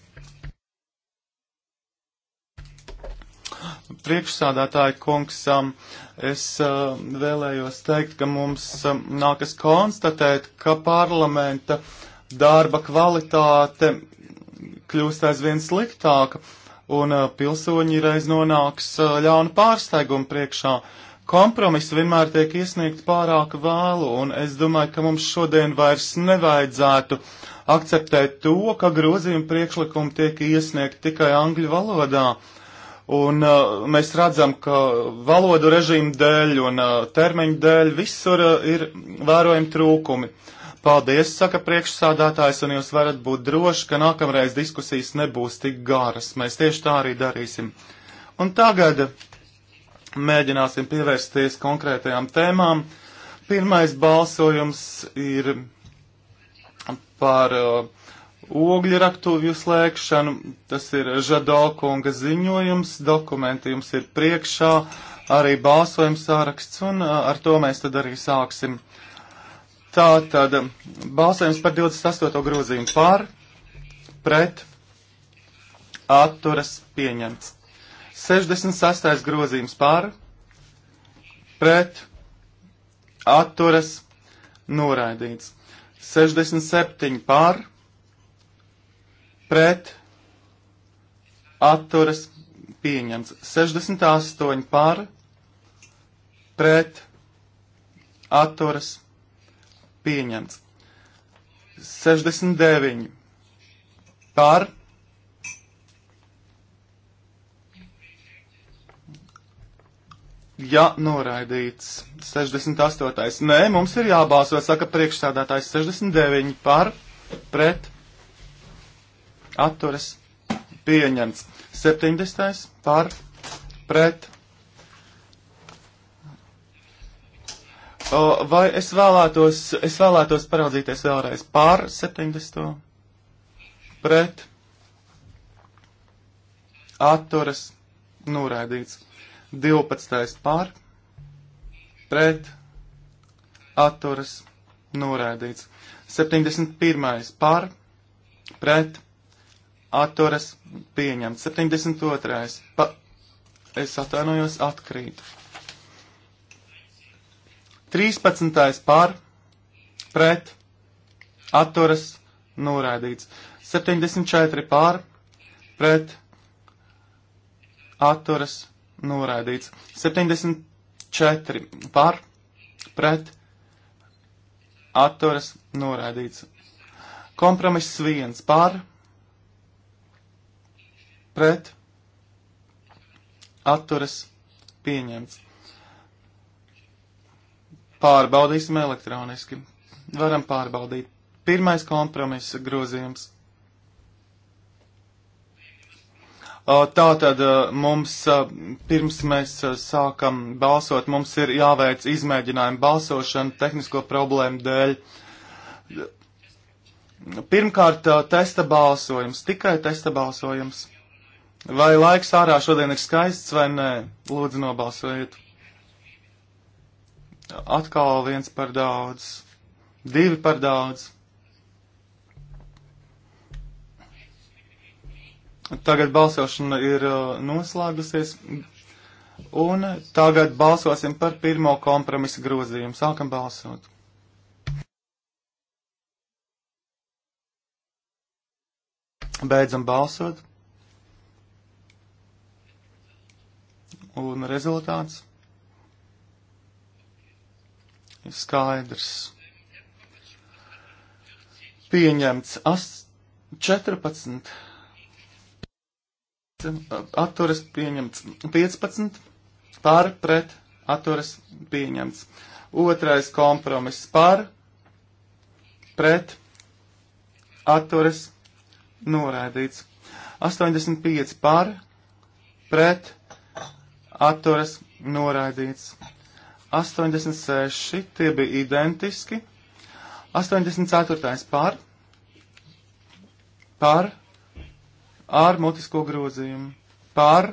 priekšsādātāja kungs, um, es uh, vēlējos teikt, ka mums um, nākas konstatēt, ka parlamenta darba kvalitāte kļūst aizvien sliktāka. Uh, un uh, pilsoņi reiz nonāks uh, ļauna pārsteiguma priekšā. Kompromisi vienmēr tiek iesniegti pārāk vēlu, un es domāju, ka mums šodien vairs nevajadzētu akceptēt to, ka grozījuma priekšlikumi tiek iesniegti tikai angļu valodā. Un uh, mēs redzam, ka valodu režīmu dēļ un uh, termiņu dēļ visur uh, ir vērojami trūkumi. Uh, Paldies, saka priekšsādātājs, un jūs varat būt droši, ka nākamreiz diskusijas nebūs tik garas. Mēs tieši tā arī darīsim. Un tagad mēģināsim pievērsties konkrētajām tēmām. Pirmais balsojums ir par uh, ogļu raktuvju slēgšanu. Tas ir Žadokunga ziņojums, dokumenti jums ir priekšā, arī balsojums sāraksts, un uh, ar to mēs tad arī sāksim. Tā tad balsojums par 28. grozījumu pār, pret, atturas pieņemts. 66. grozījums pār, pret, atturas noraidīts. 67 pār, pret, atturas pieņemts. 68 pār, pret, atturas pieņemts pieņemts. 69 par Ja noraidīts 68. Nē, mums ir jābalso, saka priekšsādātājs 69 par pret atturas pieņemts. 70. par pret O, vai es vēlētos, es vēlētos paraudzīties vēlreiz pār 70. pret atturas noraidīts. 12. pār pret atturas noraidīts. 71. pār pret atturas pieņemts. 72. Pa, es atvainojos atkrīt. 13. par pret atturas noraidīts. 74 par pret atturas noraidīts. 74 par pret atturas noraidīts. Kompromiss viens par pret atturas pieņemts. Pārbaudīsim elektroniski. Varam pārbaudīt. Pirmais kompromisa grozījums. Tā tad mums, pirms mēs sākam balsot, mums ir jāveic izmēģinājumi balsošana tehnisko problēmu dēļ. Pirmkārt, testa balsojums, tikai testa balsojums. Vai laiks ārā šodien ir skaists vai nē? Lūdzu, nobalsojiet atkal viens par daudz, divi par daudz. Tagad balsošana ir uh, noslēgusies, un tagad balsosim par pirmo kompromisa grozījumu. Sākam balsot. Beidzam balsot. Un rezultāts ir skaidrs. Pieņemts 14, atturas pieņemts 15, par pret atturas pieņemts. Otrais kompromiss par pret atturas noraidīts. 85 par pret atturas noraidīts. 86, tie bija identiski. 84. par, par, ar mutisko grozījumu, par.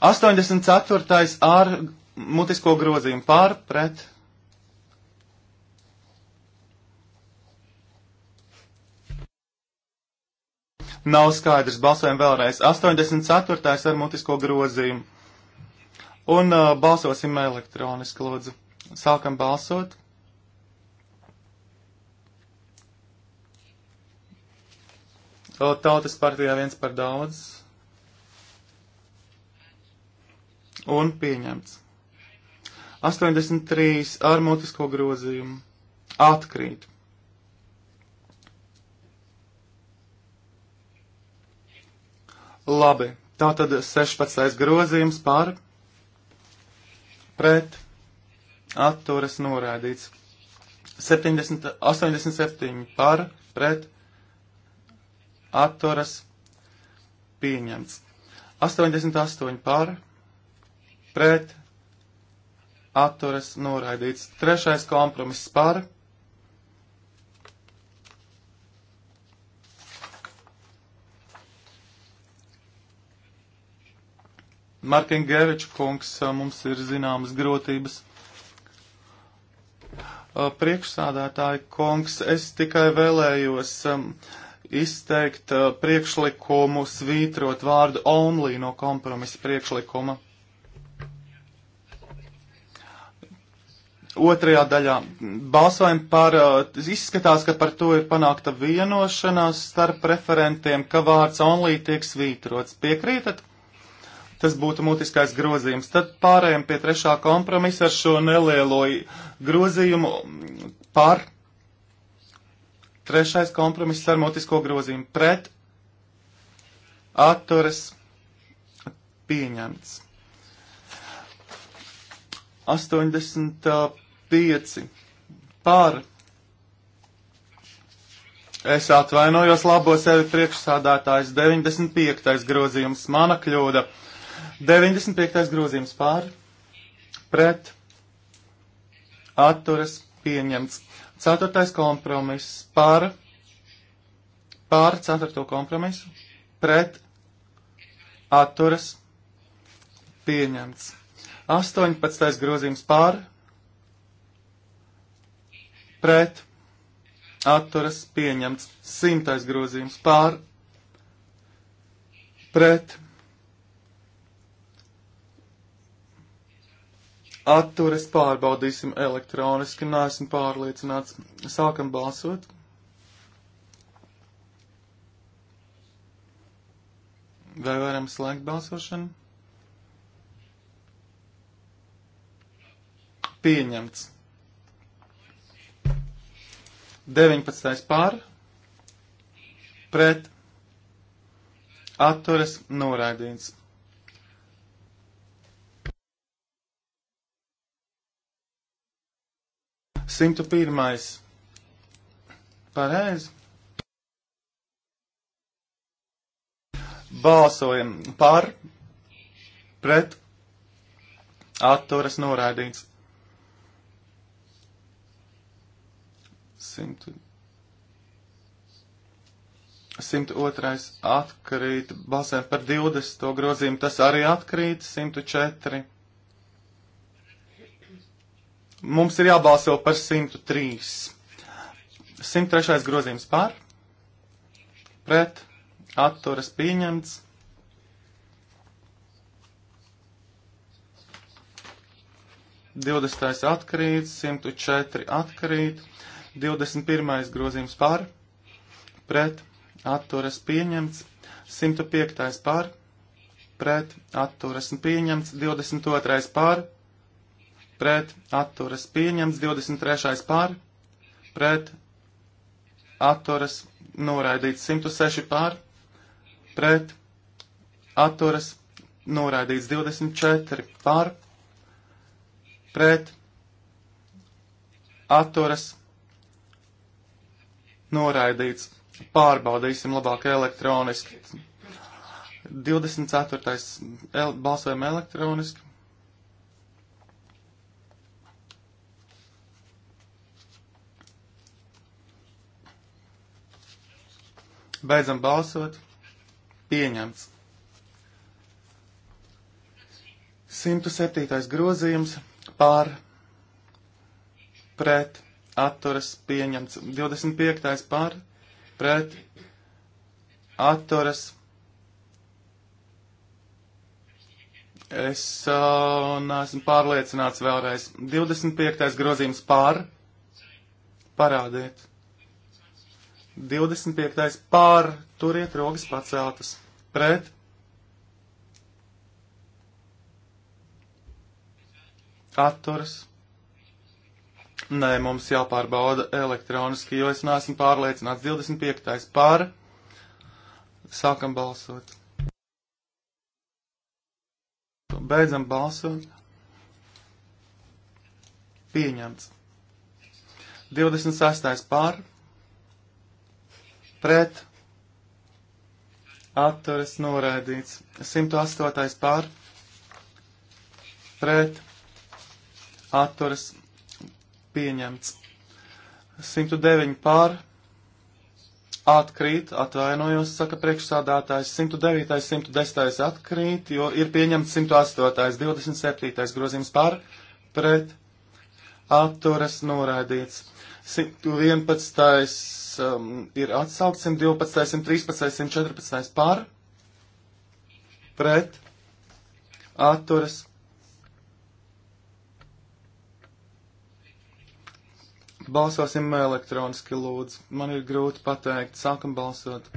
84. ar mutisko grozījumu, par, pret. Nav skaidrs, balsojam vēlreiz. 84. ar mutisko grozījumu. Un uh, balsosim elektroniski, lūdzu. Sākam balsot. Tautas partijā viens par daudz. Un pieņemts. 83 ar mutisko grozījumu. Atkrīt. Labi, tātad 16. grozījums par pret atturas norādīts. 70, 87 par pret atturas pieņemts. 88 par pret atturas noraidīts. Trešais kompromiss par pret Markin Geviča kungs, mums ir zināmas grotības. Priekšsādātāji kungs, es tikai vēlējos izteikt priekšlikumu svītrot vārdu only no kompromisa priekšlikuma. otrajā daļā balsojam par, izskatās, ka par to ir panākta vienošanās starp referentiem, ka vārds only tiek svītrots. Piekrītat? Tas būtu mutiskais grozījums. Tad pārējiem pie trešā kompromisa ar šo nelielo grozījumu par. Trešais kompromiss ar mutisko grozījumu pret. Atturas pieņemts. 85 par. Es atvainojos labo sevi priekšsādātājs 95. grozījums mana kļūda. 95. grozījums pār, pret, atturas, pieņemts. 4. kompromiss pār, pār 4. kompromisu, pret, atturas, pieņemts. 18. grozījums pār, pret, atturas, pieņemts. 100. grozījums pār, pret, atturas, pieņemts atturas pārbaudīsim elektroniski, neesmu pārliecināts. Sākam balsot. Vai varam slēgt balsošanu? Pieņemts. 19. pār, pret, atturas, noraidīts. 101. Pareizi. Balsojam par, pret, atturas noraidīts. 102. 102. atkrīt, balsēm par 20. grozījumu, tas arī atkrīt, 104. Mums ir jābalso par 103. 103. grozījums par, pret, atturas pieņemts. Divdesmitais atkrīt, 104 atkrīt, 21. grozījums par, pret, atturas pieņemts, 105. par, pret, atturas pieņemts, 22. par, pret atturas pieņemts, 23. pār, pret atturas noraidīts, 106 pār, pret atturas noraidīts, 24 pār, pret atturas noraidīts, pārbaudīsim labāk elektroniski. 24. El, balsojam elektroniski. Beidzam balsot. Pieņemts. 107. grozījums pār pret atturas pieņemts. 25. pār pret atturas. Es uh, neesmu pārliecināts vēlreiz. 25. grozījums pār parādiet. 25. pār, turiet rokas paceltas. Pret. Atturas. Nē, mums jāpārbauda elektroniski, jo es neesmu pārliecināts. 25. pār. Sākam balsot. Beidzam balsot. Pieņemts. 26. pār pret, atturas noraidīts. 108. pār, pret, atturas pieņemts. 109 pār, atkrīt, atvainojos, saka priekšsādātājs, 109, 110 atkrīt, jo ir pieņemts 108, 27 grozījums pār, pret, atturas noraidīts. 111. Um, ir atsaukt, 112, 113, 114 par, pret, atturas. Balsosim elektroniski lūdzu. Man ir grūti pateikt. Sākam balsot.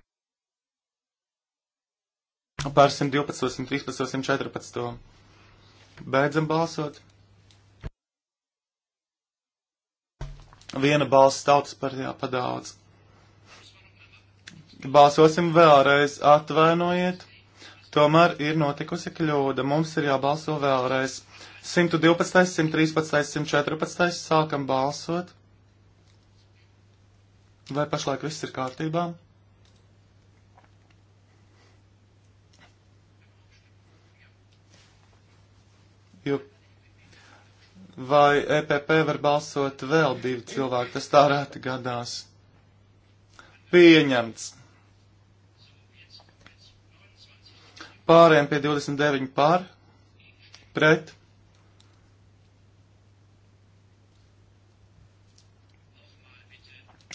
Par 112, 113, 114. Beidzam balsot. Viena balss tautas partijā padaudz. Balsosim vēlreiz, atvainojiet. Tomēr ir notikusi kļūda. Mums ir jābalso vēlreiz. 112, 113, 114. Sākam balsot. Vai pašlaik viss ir kārtībā? Jo vai EPP var balsot vēl divi cilvēki, tas tā rēti gadās. Pieņemts. Pārējiem pie 29 pār, pret.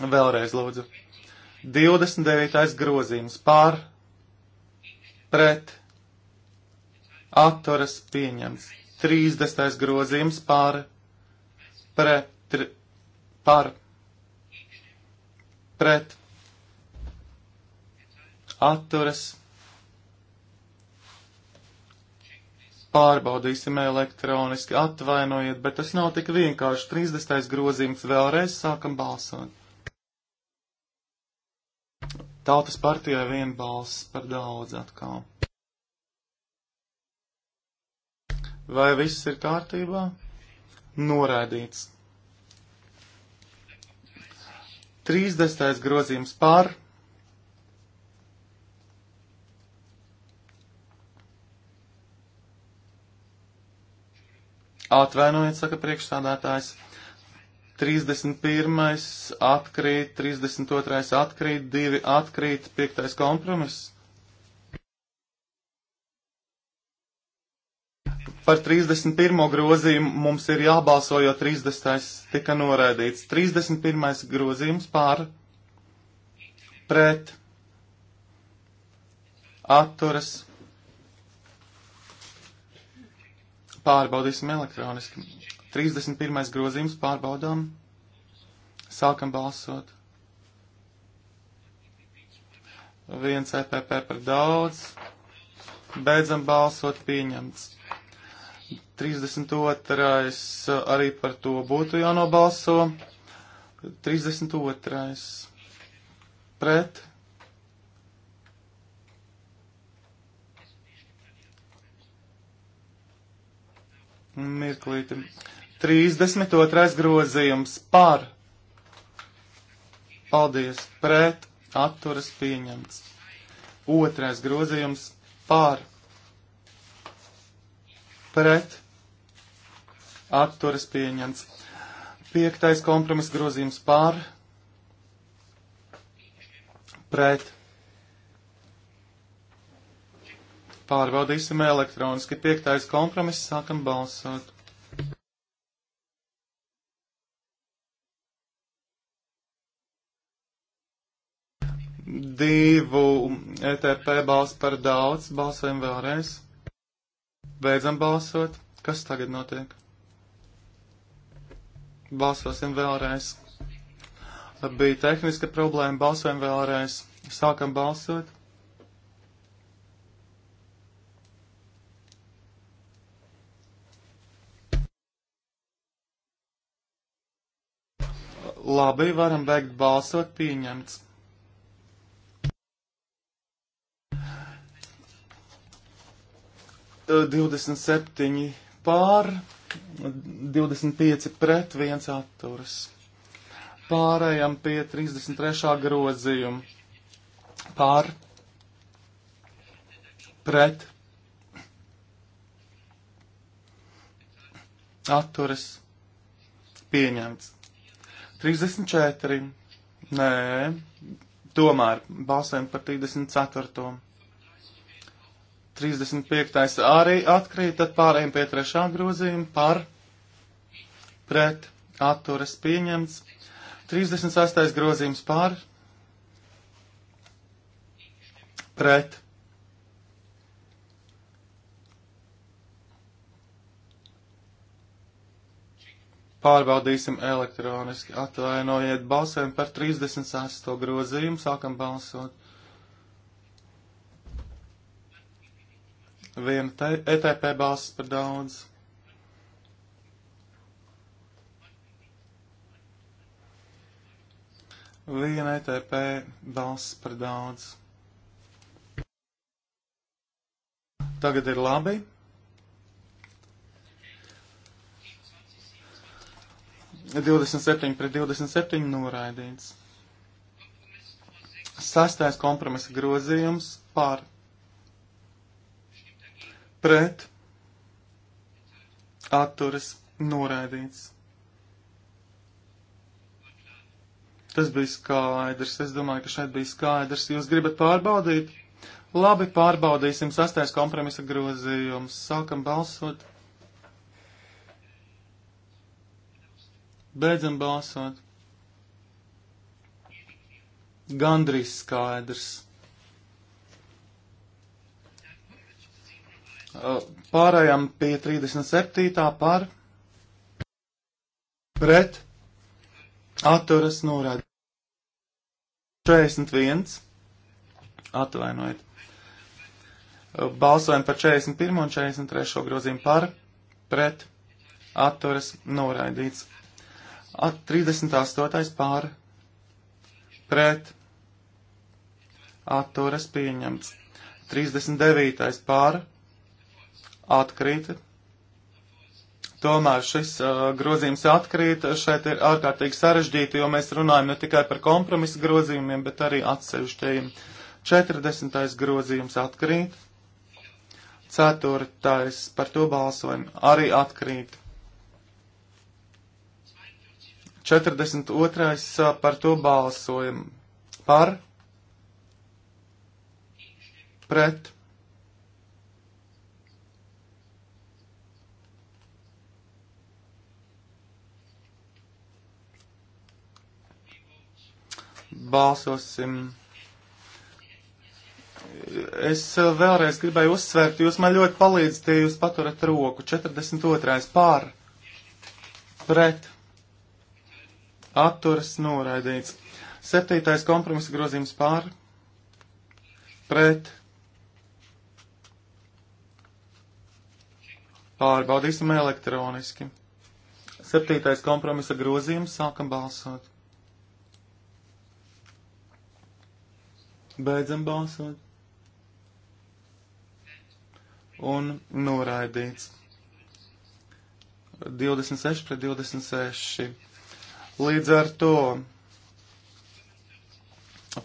Vēlreiz lūdzu. 29. grozījums pār, pret, atturas pieņemts. 30. grozījums par pret, tri, par pret atturas. Pārbaudīsim elektroniski, atvainojiet, bet tas nav tik vienkārši. 30. grozījums vēlreiz sākam balsot. Tautas partijai viena balss par daudz atkal. Vai viss ir kārtībā? Noraidīts. 30. grozījums pār. Atvainojiet, saka priekšstādātājs. 31. atkrīt, 32. atkrīt, 2 atkrīt, 5. kompromiss. Par 31. grozījumu mums ir jābalso, jo 30. tika noraidīts. 31. grozījums pār pret atturas. Pārbaudīsim elektroniski. 31. grozījums pārbaudām. Sākam balsot. Viens EPP par daudz. Beidzam balsot pieņemts. 32. arī par to būtu jānobalso. 32. pret. Mirklīti. 32. grozījums par. Paldies. Pret. Atturas pieņemts. Otrais grozījums par pret atturas pieņemts. Piektais kompromiss grozījums pār pret. Pārbaudīsim elektroniski. Piektais kompromiss sākam balsot. Divu ETP balsu par daudz. Balsojam vēlreiz. Beidzam balsot. Kas tagad notiek? Balsosim vēlreiz. Bija tehniska problēma. Balsojam vēlreiz. Sākam balsot. Labi, varam beigt balsot pieņemts. 27 pār, 25 pret, 1 atturas. Pārējām pie 33. grozījuma. Pār, pret, atturas, pieņemts. 34. Nē, tomēr balsēm par 34. 35. arī atkrīt, tad pārējiem pie trešā grozījuma par pret atturas pieņemts. 36. grozījums par pret. Pārbaudīsim elektroniski. Atvainojiet, balsojam par 36. grozījumu, sākam balsot. Viena ETP e balss par daudz. Viena ETP balss par daudz. Tagad ir labi. Divdesmit septiņi pret divdesmit septiņi noraidīts. Sastais kompromisa grozījums par pret, atturas, noraidīts. Tas bija skaidrs. Es domāju, ka šeit bija skaidrs. Jūs gribat pārbaudīt? Labi, pārbaudīsim sastais kompromisa grozījums. Sākam balsot. Beidzam balsot. Gandrīz skaidrs. Eh, pārējām pie 37. par pret atturas norāda. 41. Atvainojiet. Eh, balsojam par 41. un 43. grozījumu par pret atturas noraidīts. At 38. pār pret atturas pieņemts. 39. pār pret atkrīt. Tomēr šis uh, grozījums atkrīt. Šeit ir ārkārtīgi sarežģīti, jo mēs runājam ne tikai par kompromisu grozījumiem, bet arī atsevišķajiem. 40. grozījums atkrīt. 4. par to balsojam arī atkrīt. 42. Uh, par to balsojam par, pret, balsosim. Es eh, vēlreiz gribēju uzsvērt, jūs man ļoti palīdzat, ja jūs paturat roku. 42. pār, pret, atturas noraidīts. 7. kompromisa grozījums pār, pret, pārbaudīsim elektroniski. 7. kompromisa grozījums, sākam balsot. Beidzam balsot. Un noraidīts. 26 pret 26. Līdz ar to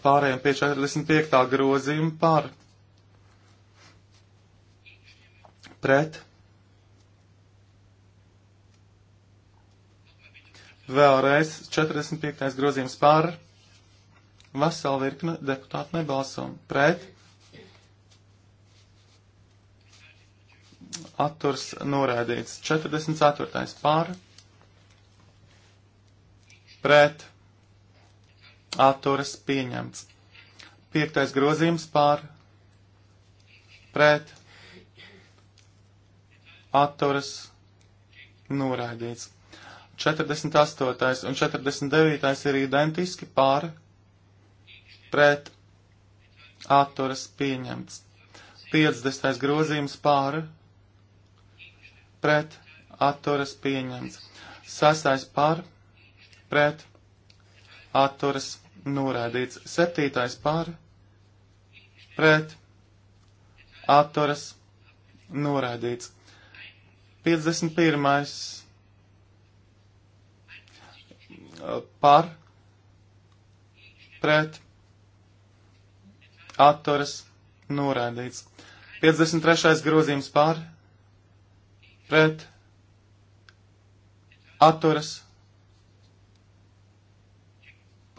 pārējiem pie 45. grozījuma par pret. Vēlreiz 45. grozījums par pret Vesela virkne deputāti nebalso pret. Atturs norēdīts. 44. pār. Pret. Atturs pieņemts. 5. grozījums pār. Pret. Atturs norēdīts. 48. un 49. ir identiski pār pret atturas pieņemts. 50. grozījums pār pret atturas pieņemts. 6. pār pret atturas norādīts. 7. pār pret atturas norādīts. 51. Eh, par pret atturas, noraidīts. 53. grozījums pār, pret, atturas,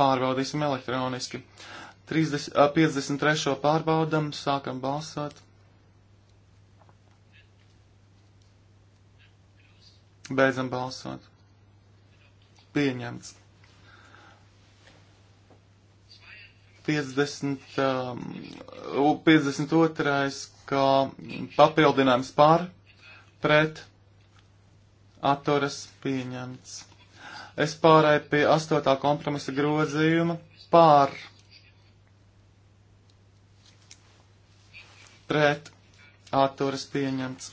pārbaudīsim elektroniski. 30, 53. pārbaudam, sākam balsot. Beidzam balsot. Pieņemts. 50, um, 52. kā papildinājums pār pret atturas pieņemts. Es pārēju pie 8. kompromisa grozījuma pār pret atturas pieņemts.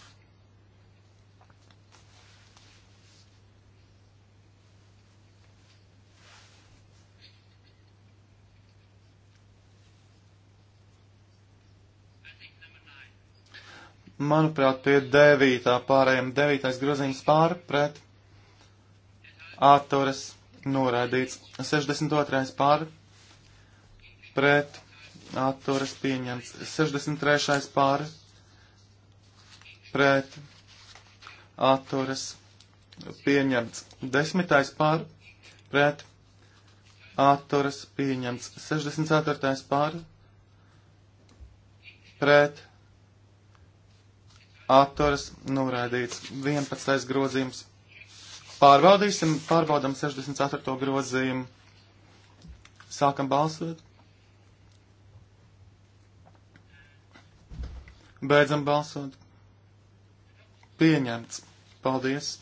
manuprāt, pie devītā pārējiem devītais grozījums pār pret atturas noraidīts. 62. pār pret atturas pieņemts. 63. pār pret atturas pieņemts. 10. pār pret atturas pieņemts. 64. pār pret atturas noraidīts 11. grozījums. Pārbaudīsim, pārbaudam 64. grozījumu. Sākam balsot. Beidzam balsot. Pieņemts. Paldies.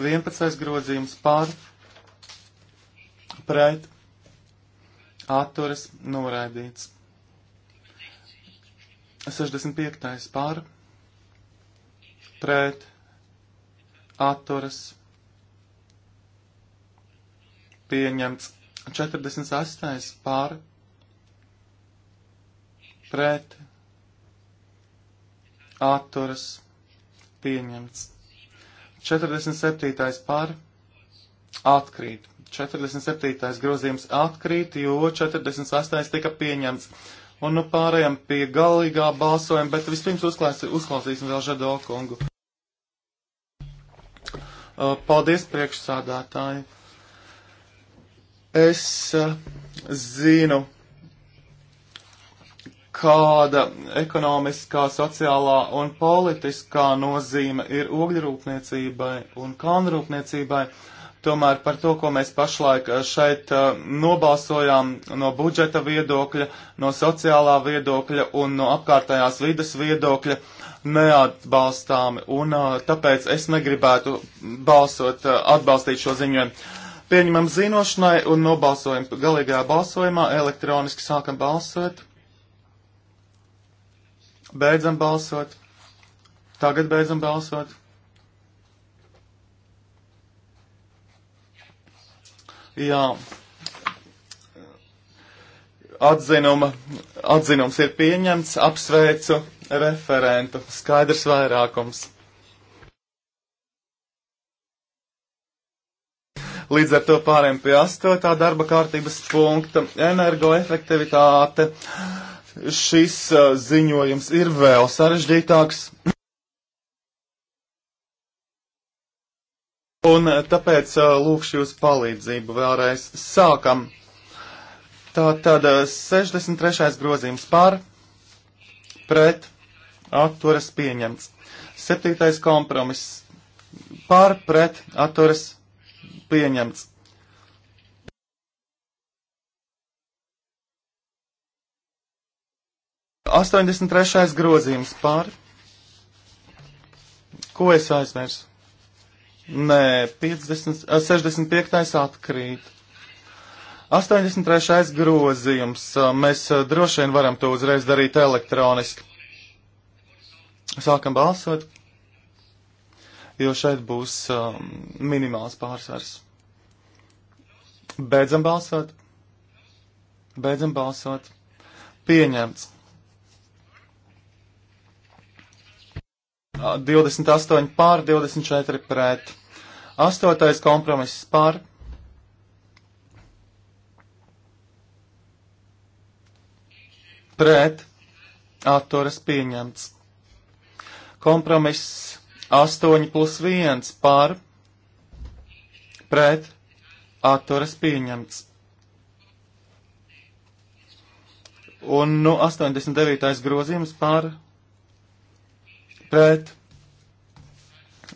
11. grozījums pār, pret, atturas, noraidīts. 65. pār, pret, atturas, pieņemts 48. pār, pret, atturas, pieņemts 47. pār, atkrīt. 47. grozījums atkrīt, jo 48. tika pieņemts. Un nu pārējām pie galīgā balsojuma, bet vispirms uzklāsīsim vēl Žadokongu. Uh, paldies, priekšsādātāji. Es uh, zinu, kāda ekonomiskā, sociālā un politiskā nozīme ir ogļrūpniecībai un kalnrūpniecībai. Tomēr par to, ko mēs pašlaik uh, šeit nobalsojām no budžeta viedokļa, no sociālā viedokļa un no apkārtējās vidas viedokļa, uh, neatbalstāmi, un tāpēc es negribētu balsot, atbalstīt šo ziņojumu. Pieņemam zinošanai un nobalsojam galīgajā balsojumā, elektroniski sākam balsot, beidzam balsot, tagad beidzam balsot. Jā, atzinuma, atzinums ir pieņemts, apsveicu referentu. Skaidrs vairākums. Līdz ar to pāriem pie astotā darba kārtības punkta - energoefektivitāte. Šis uh, ziņojums ir vēl sarežģītāks. Un uh, tāpēc uh, lūkšu jūs palīdzību vēlreiz. Sākam. Tātad 63. Uh, grozījums par, pret, atturas pieņemts. Septītais kompromiss par pret atturas pieņemts. Astoņdesmit trešais grozījums par. Ko es aizmirsu? Nē, 50, 65. Eh, atkrīt. 83. grozījums. Eh, mēs eh, droši vien varam to uzreiz darīt elektroniski. Sākam balsot, jo šeit būs um, minimāls pārsvars. Beidzam balsot. Beidzam balsot. Pieņemts. 28 pār, 24 pret. Astotais kompromiss pār. Pret. Atturas pieņemts. Kompromiss 8 plus 1 par pret atturas pieņemts. Un nu 89. grozījums par pret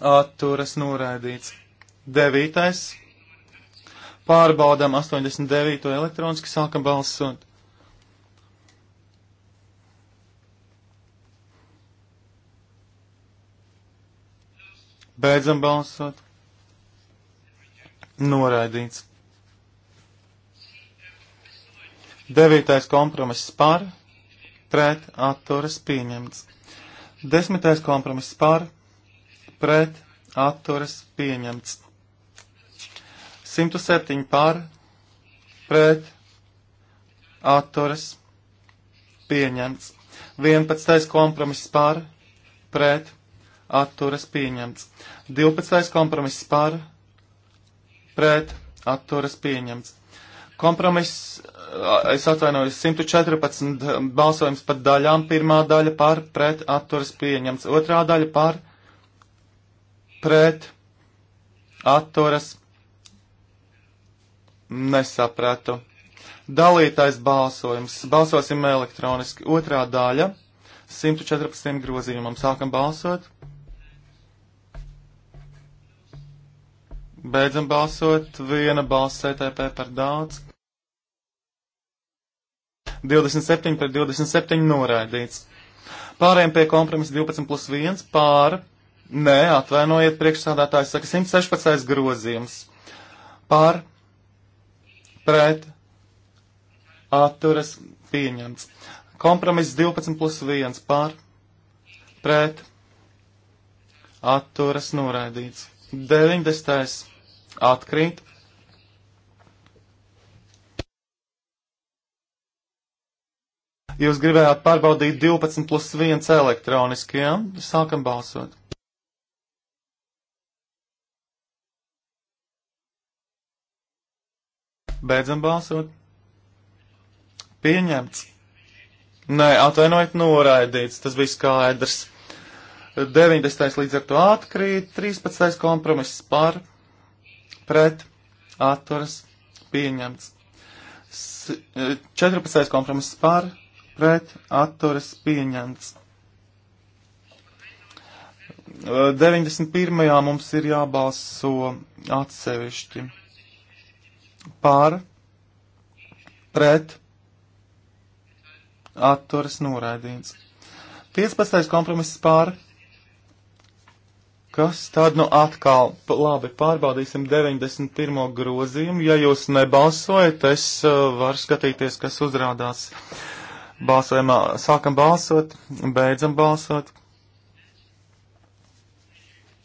atturas noraidīts. 9. Pārbaudām 89. elektroniski sākam balsot. Beidzam balsot. Noraidīts. Devītais kompromiss par, pret, atturas pieņemts. Desmitais kompromiss par, pret, atturas pieņemts. 107 par, pret, atturas pieņemts. 11. kompromiss par, pret, atturas pieņemts. 12. kompromiss par, pret, atturas pieņemts. Kompromiss, es atvainojos, 114 balsojums par daļām. Pirmā daļa par, pret, atturas pieņemts. Otrā daļa par, pret, atturas nesapratu. Dalītais balsojums. Balsosim elektroniski. Otrā daļa. 114 grozījumam sākam balsot. Beidzam balsot. Viena balss CTP e par daudz. 27 pret 27 noraidīts. Pārējiem pie kompromisa 12 plus 1 pār. Nē, atvainojiet, priekšsādātājs saka 116 grozījums. Pār. Pret. Atturas pieņemts. Kompromiss 12 plus 1 pār. Pret. Atturas noraidīts. 90 atkrīt. Jūs gribējāt pārbaudīt 12 plus 1 elektroniskajam. Ja? Sākam balsot. Beidzam balsot. Pieņemts. Nē, atvainojiet, noraidīts. Tas bija skaidrs. 90. līdz ar to atkrīt, 13. kompromiss par pret atturas pieņemts. 14. E, kompromiss par pret atturas pieņemts. 91. E, mums ir jābalso atsevišķi par pret atturas noraidīts. 15. kompromiss par pret Kas tad nu atkal, labi, pārbaudīsim 91. grozījumu. Ja jūs nebalsojat, es uh, varu skatīties, kas uzrādās balsojumā. Sākam balsot, beidzam balsot.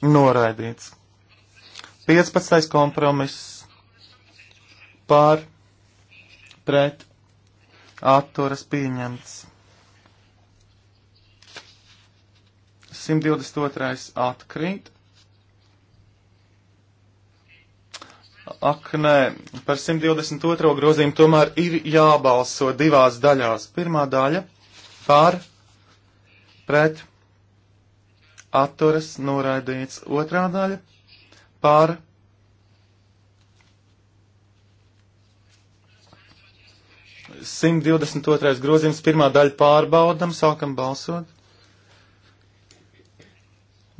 Noraidīts. 15. kompromiss pār, pret, atturas pieņemts. 122. atkrīt. Ak, nē, par 122. grozījumu tomēr ir jābalso divās daļās. Pirmā daļa par, pret, atturas, noraidīts. Otrā daļa par, Simt divdesmit otrais grozījums, pirmā daļa pārbaudam, sākam balsot.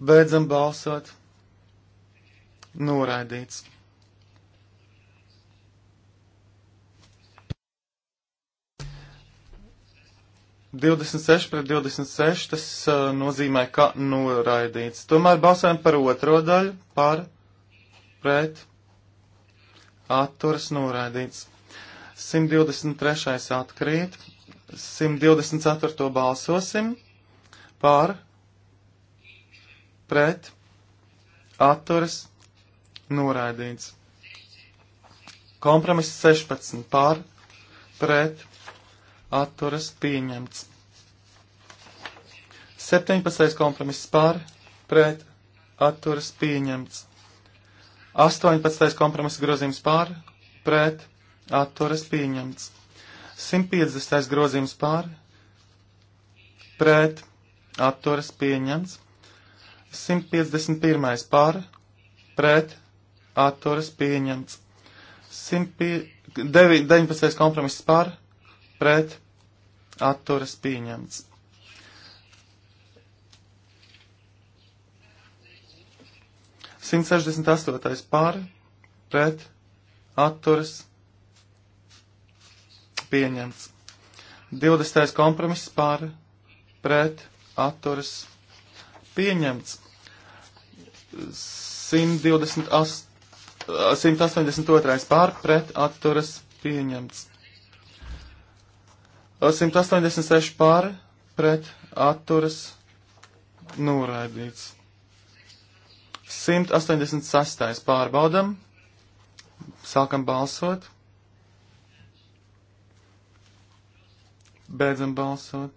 Beidzam balsot. Noraidīts. Divdesmit seši pret divdesmit seši tas uh, nozīmē, ka noraidīts. Tomēr balsojam par otro daļu, par, pret, atturas noraidīts. 123. atkrīt, 124. balsosim, par, pret pret, atturas, noraidīts. Kompromiss 16 pār, pret, atturas, pieņemts. 17. kompromiss pār, pret, atturas, pieņemts. 18. kompromisa grozījums pār, pret, atturas, pieņemts. 150. grozījums pār, pret, atturas, pieņemts. 151. par, pret, atturas pieņemts. 19. kompromiss par, pret, atturas pieņemts. Simt sešdesmit astotais pāri, pret, atturas, pieņemts. Divdesmitais kompromiss pāri, pret, atturas, pieņemts pieņemts. 128, 182 pār pret atturas pieņemts. 186 pār pret atturas noraidīts. 186 pārbaudam. Sākam balsot. Beidzam balsot.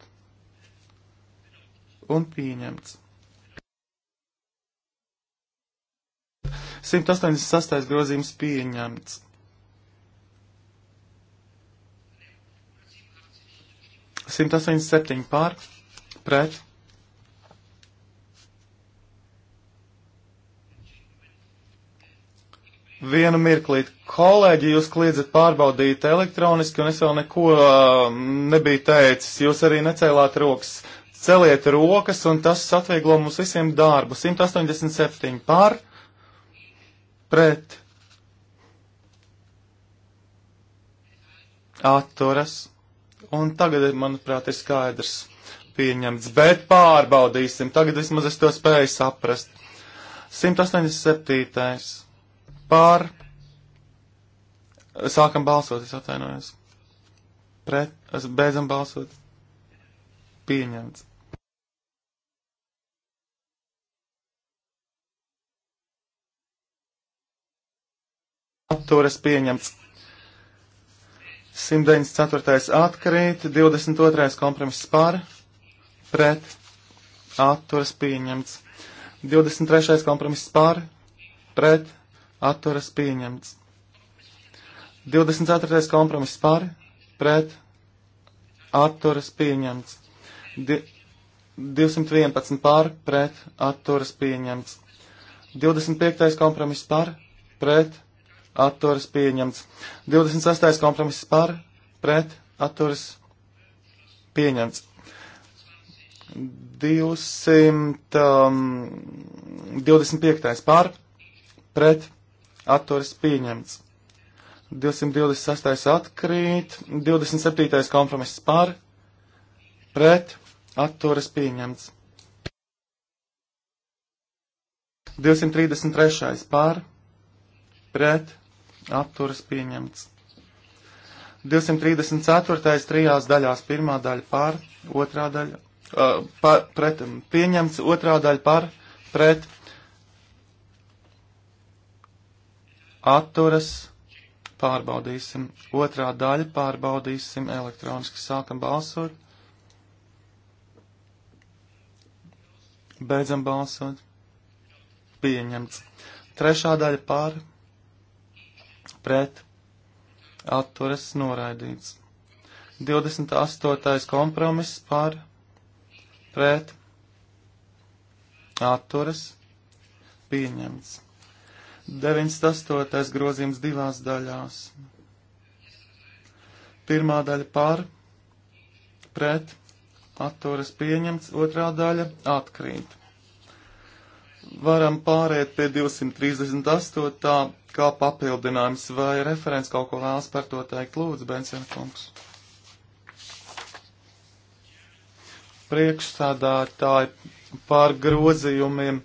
Un pieņemts. 186. grozījums pieņemts. Simt astoņdesmit septiņi pār, pret. Vienu mirklīt, kolēģi, jūs kliedzat pārbaudīt elektroniski, un es vēl neko uh, nebiju teicis. Jūs arī necēlāt rokas. Celiet rokas, un tas atvieglo mums visiem darbu. 187 pār pret, atturas, un tagad, manuprāt, ir skaidrs pieņemts, bet pārbaudīsim, tagad vismaz es to spēju saprast. 187. pār, sākam balsot, es atvainojos, pret, es beidzam balsot, pieņemts. atturas pieņemts. 194. atkarīt, 22. kompromiss par, pret, atturas pieņemts. 23. kompromiss par, pret, atturas pieņemts. 24. kompromiss par, pret, atturas pieņemts. Di 211 par, pret, atturas pieņemts. 25. kompromiss par, pret, atturas pieņemts. 28. kompromiss par, pret, atturas pieņemts. 225. Um, par, pret, atturas pieņemts. 226. atkrīt, 27. kompromiss par, pret, atturas pieņemts. 233. par, pret, atturas pieņemts. 234. trijās daļās pirmā daļa par, otrā daļa uh, par, pret, pieņemts, otrā daļa par, pret, atturas, pārbaudīsim, otrā daļa pārbaudīsim elektroniski, sākam balsot, beidzam balsot, pieņemts, trešā daļa pār, pret, pret atturas noraidīts. 28. kompromiss par pret atturas pieņemts. 98. grozījums divās daļās. Pirmā daļa par pret atturas pieņemts, otrā daļa atkrīt. Varam pāriet pie 238 kā papildinājums, vai referents kaut ko vēlas par to teikt, lūdzu, Bensina kungs. Priekšsādātāji par grozījumiem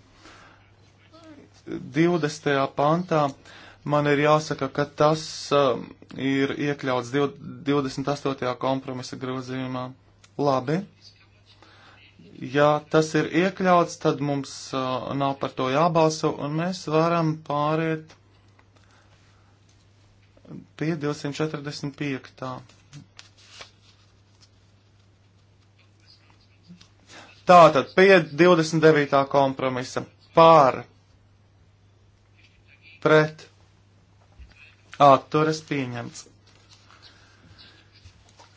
20. pantā man ir jāsaka, ka tas um, ir iekļauts 28. kompromisa grozījumā. Labi. Ja tas ir iekļauts, tad mums uh, nav par to jābalso, un mēs varam pāriet pie 245. Tā. Tātad pie 29. kompromisa pār pret atturas pieņemts.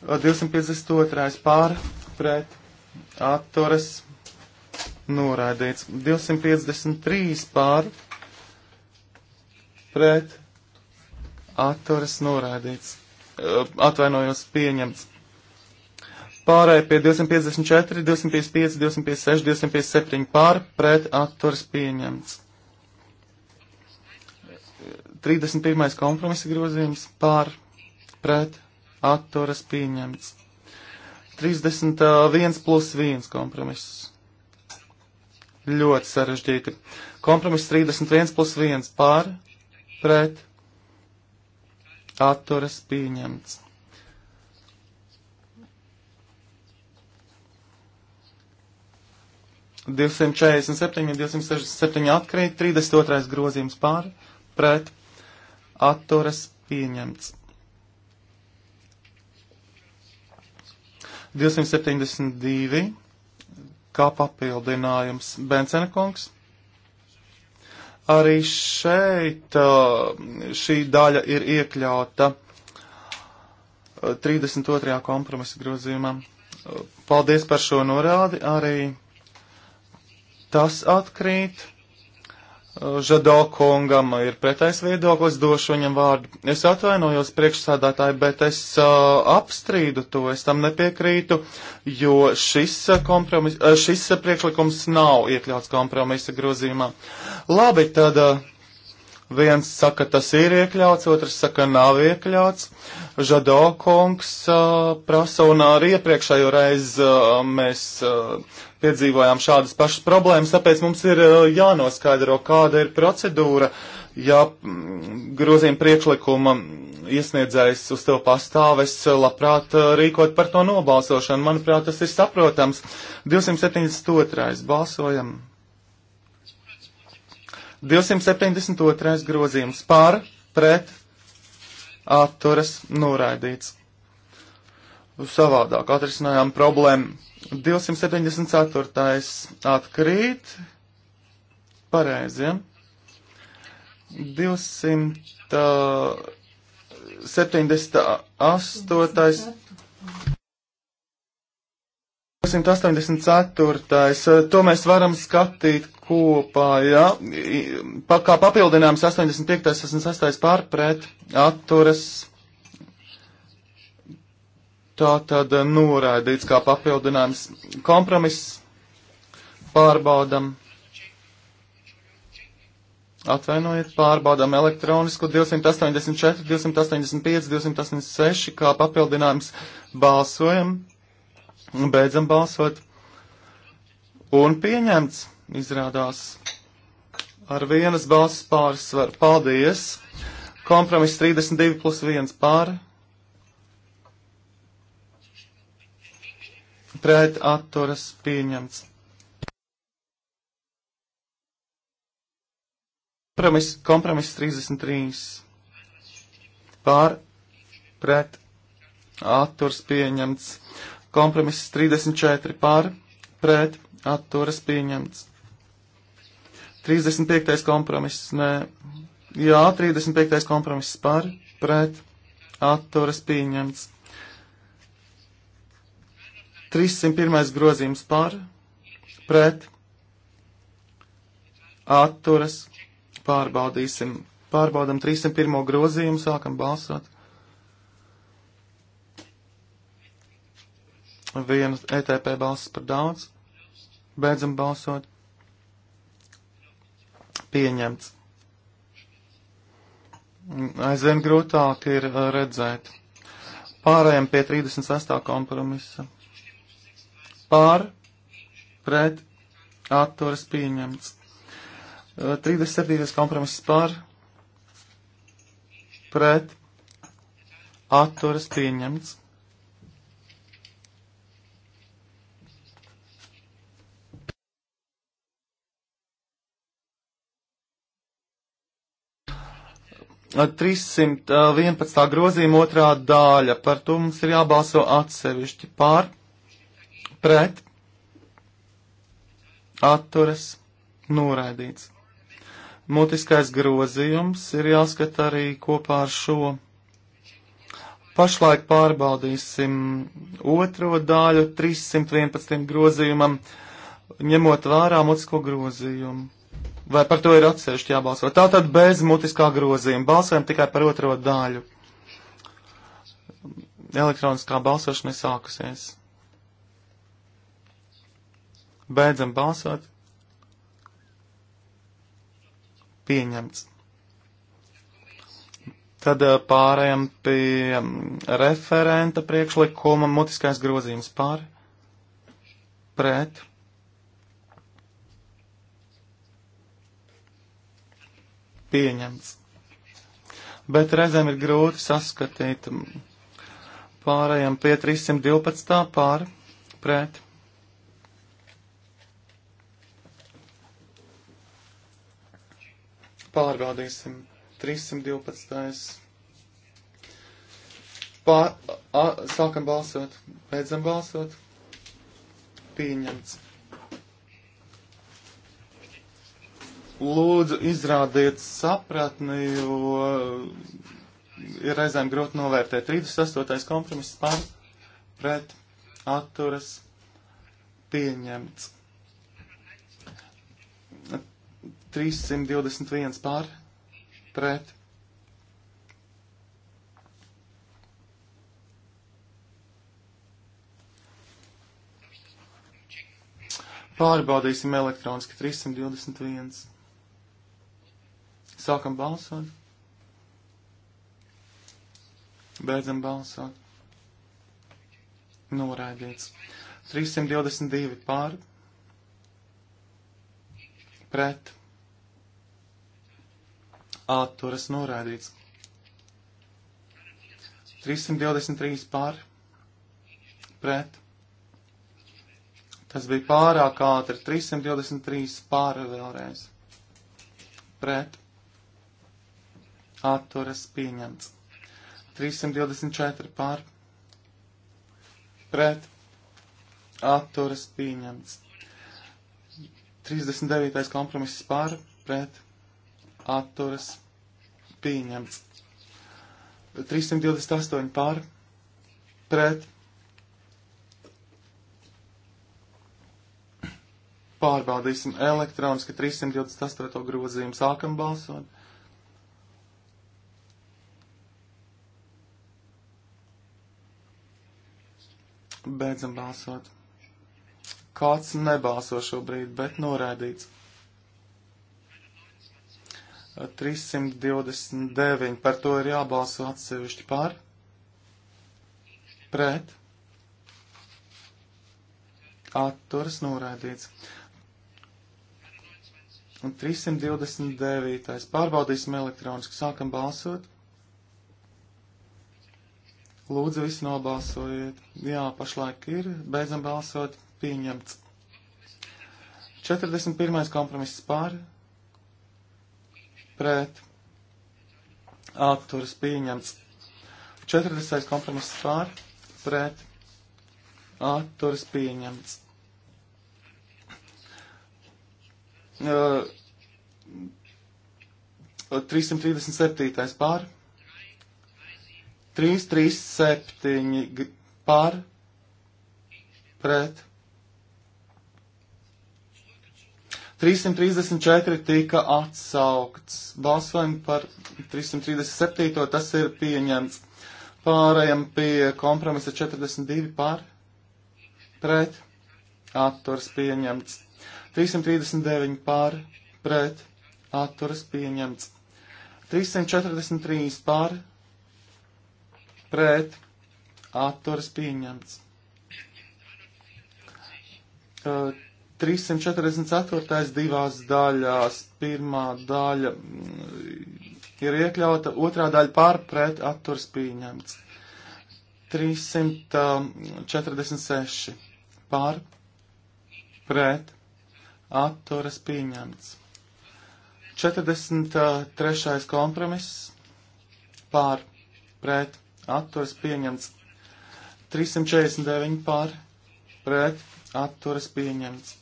252. pār pret atturas noraidīts. 253 pār pret atturas noraidīts. Atvainojos, pieņemts. Pārēj pie 254, 255, 256, 257 pār pret atturas pieņemts. 31. kompromisa grozījums pār pret atturas pieņemts. 31 plus 1 kompromiss. Ļoti sarežģīti. Kompromiss 31 plus 1 pār pret atturas pieņemts. Divsimt četrdesmit septiņi, divsimt sešdesmit septiņi atkrīt, trīsdesmit otrais grozījums pār, pret, atturas pieņemts. 272 kā papildinājums Bensenekungs Arī šeit uh, šī daļa ir iekļauta 32. Uh, kompromisa grozījumā. Uh, paldies par šo norādi. Arī tas atkrīt. Žado kungam ir pretais viedoklis, došu viņam vārdu. Es atvainojos priekšsādātāji, bet es uh, apstrīdu to, es tam nepiekrītu, jo šis, uh, kompromis, uh, šis uh, priekšlikums nav iekļauts kompromisa grozījumā. Labi, tad uh, Viens saka, tas ir iekļauts, otrs saka, nav iekļauts. Žado kungs uh, prasa, un arī iepriekšējo reizi uh, mēs uh, piedzīvojām šādas pašas problēmas, tāpēc mums ir uh, jānoskaidro, kāda ir procedūra, ja mm, grozījuma priekšlikuma iesniedzējs uz to pastāves, labprāt uh, rīkot par to nobalsošanu. Manuprāt, tas ir saprotams. 272. balsojam. 272. grozījums par, pret, atturas, noraidīts. Savādāk atrisinājām problēmu. 274. atkrīt. Pareizi, ja? 278. 184. Eh, to mēs varam skatīt kopā, jā. Ja? Pa, kā papildinājums 85. 86. pārpret atturas. Tā tad eh, noraidīts kā papildinājums. Kompromiss pārbaudam. Atvainojiet, pārbaudām elektronisku 284, 285, 286 kā papildinājums balsojam. Nu, beidzam balsot. Un pieņemts, izrādās, ar vienas balss pārsvaru. Paldies! Kompromiss 32 plus 1 pāri. Pret atturas pieņemts. Kompromiss kompromis 33 pār pret atturs pieņemts. Kompromiss 34 pār, pret, atturas pieņemts. 35. kompromiss, nē. Jā, 35. kompromiss par, pret, atturas pieņemts. 301. grozījums par, pret, atturas, pārbaudīsim. Pārbaudam 301. grozījumu, sākam balsot. Viena ETP balss par daudz. Beidzam balsot. Pieņemts. Aizvien grūtāk ir uh, redzēt. Pārējiem pie 36. kompromisa. Pār, pret, atturas pieņemts. 37. Uh, kompromiss par, pret, atturas pieņemts. 311. grozījuma otrā daļa. Par to mums ir jābalso atsevišķi pār, pret, atturas, noraidīts. Mutiskais grozījums ir jāskata arī kopā ar šo. Pašlaik pārbaudīsim otro daļu 311. grozījumam, ņemot vērā mutisko grozījumu. Vai par to ir atsevišķi jābalso? Tātad bez mutiskā grozījuma. Balsojam tikai par otro daļu. Elektroniskā balsošana ir sākusies. Beidzam balsot. Pieņemts. Tad pārējām pie referenta priekšlikuma mutiskais grozījums pār. Pret pieņemts. Bet reizēm ir grūti saskatīt pārējiem pie 312. pāri pret. Pārbaudīsim 312. Pār, a, sākam balsot, beidzam balsot. Pieņemts. lūdzu izrādiet sapratni, jo ir reizēm grūti novērtēt. 38. kompromiss par pret atturas pieņemts. 321 pār pret. Pārbaudīsim elektroniski 321. Sākam balsot. Beidzam balsot. Noraidīts. 322 pār. Pret. Atturas noraidīts. 323 pār. Pret. Tas bija pārāk ātri. 323 pāri vēlreiz. Pret atturas pieņemts. 324 pār pret atturas pieņemts. 39. kompromiss pār pret atturas pieņemts. 328 pār pret pārbaudīsim elektroniski 328 grozījumu sākam balsot. Beidzam balsot. Kāds nebalso šobrīd, bet noraidīts. 329. Par to ir jābalso atsevišķi pār. Pret. Atturas noraidīts. Un 329. Pārbaudīsim elektroniski. Sākam balsot. Lūdzu, visi nobalsojiet. Jā, pašlaik ir. Beidzam balsot. Pieņemts. 41. kompromiss pār. Pret. Atturas pieņemts. 40. kompromiss pār. Pret. Atturas pieņemts. Uh, 337. pār 337 par pret. 334 tika atsaukts. Balsojam par 337, tas ir pieņemts. Pārējām pie kompromisa 42 par pret. Atturs pieņemts. 339 par pret. Atturs pieņemts. 343 par pret pret atturas pieņemts. 344. Uh, divās daļās, pirmā daļa mm, ir iekļauta, otrā daļa pārpret atturs pieņemts. 346 pārpret atturas pieņemts. 43. kompromiss pārpret atturas pieņemts. 349 pār pret atturas pieņemts.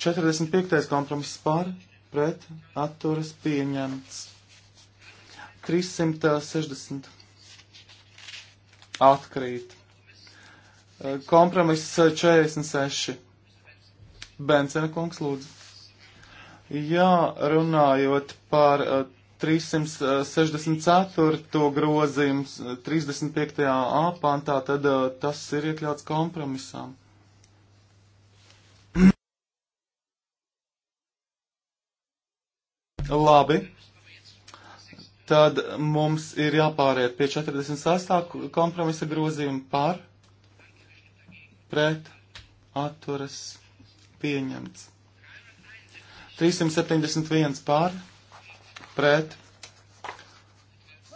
45. kompromiss pār pret atturas pieņemts. 360 atkrīt. Eh, kompromiss 46. Eh, Bencena kungs lūdzu. Jā, runājot par uh, 364. Eh, grozījums 35. Eh, a pantā, tad eh, tas ir iekļauts kompromisām. Labi. Tad mums ir jāpāriet pie 48. kompromisa grozījuma par, pret, atturas, pieņemts. 371 pār, pret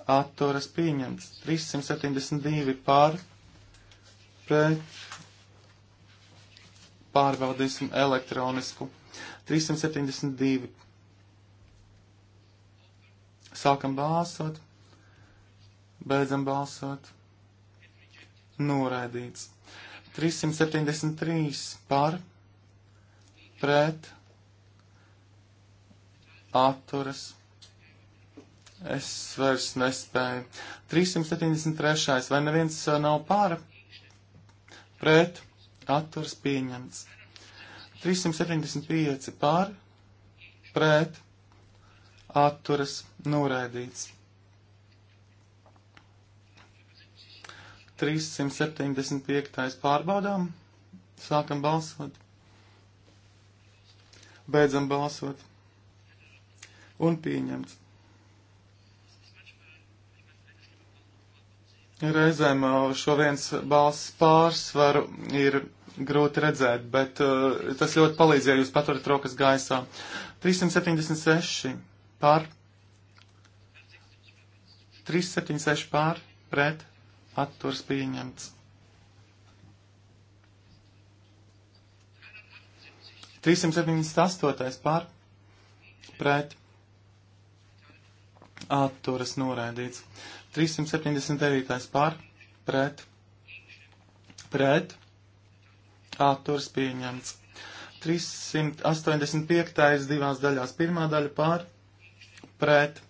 atturas pieņemts. 372 pār pret pārbaudīsim elektronisku. 372. Sākam balsot, beidzam balsot. Noraidīts. 373 par, pret, atturas Es vairs nespēju. 373. Vai neviens uh, nav pāra? Pret. Atturs pieņemts. 375 pār. Pret. Atturas noraidīts. 375. pārbaudām. Sākam balsot. Beidzam balsot. Un pieņemts. Reizēm šo viens balss pārsvaru ir grūti redzēt, bet uh, tas ļoti palīdz, ja jūs paturat rokas gaisā. 376 pār. 376 pār pret atturs pieņemts. 378 pār pret atturas noraidīts. 379. pār pret pret atturs pieņemts. 385. divās daļās pirmā daļa pār pret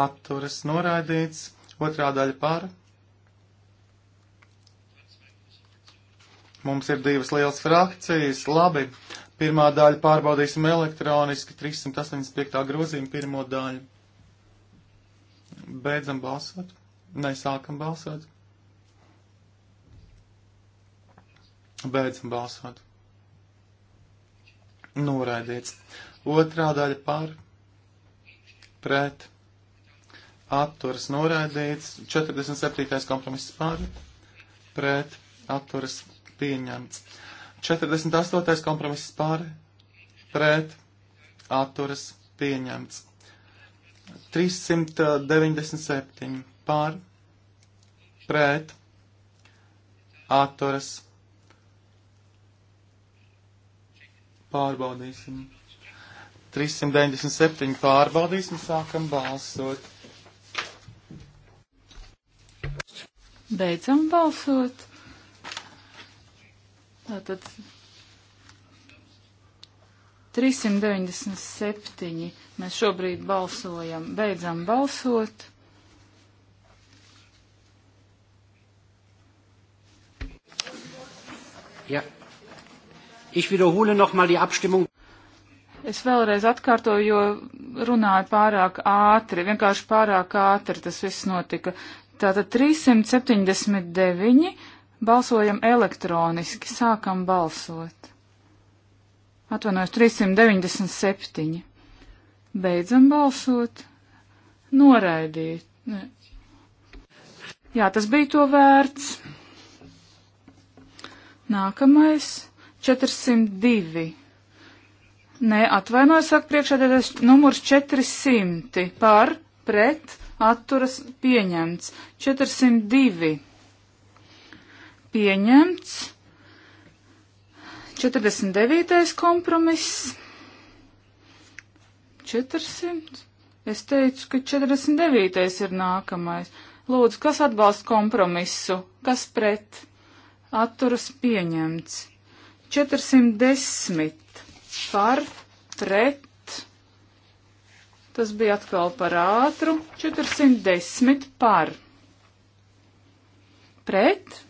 atturas noraidīts, otrā daļa pār. Mums ir divas lielas frakcijas, labi. Pirmā daļa pārbaudīsim elektroniski 385. grozījumu pirmo daļu. Beidzam balsot. Nē, sākam balsot. Beidzam balsot. Noraidīts. Otrā daļa par. Pret. Atturas noraidīts. 47. kompromiss par. Pret. Atturas pieņemts. 48. kompromiss par. Pret. Atturas pieņemts. 397 pār pret atturas pārbaudīsim. 397 pārbaudīsim, sākam balsot. Beidzam balsot. Tātad 397. Mēs šobrīd balsojam. Beidzam balsot. Ja. Ich wiederhole noch mal die Abstimmung. Es vēlreiz atkārtoju, jo runāju pārāk ātri, vienkārši pārāk ātri tas viss notika. Tātad 379 balsojam elektroniski, sākam balsot. Atvainojos 397. Beidzam balsot. Noraidīt. Ne. Jā, tas bija to vērts. Nākamais 402. Nē, atvainojos, saka priekšādētais numurs 400 par pret atturas pieņemts. 402 pieņemts. 49. kompromiss. 400. Es teicu, ka 49. ir nākamais. Lūdzu, kas atbalsta kompromisu? Kas pret? Atturas pieņemts. 410 par pret. Tas bija atkal par ātru. 410 par. Pret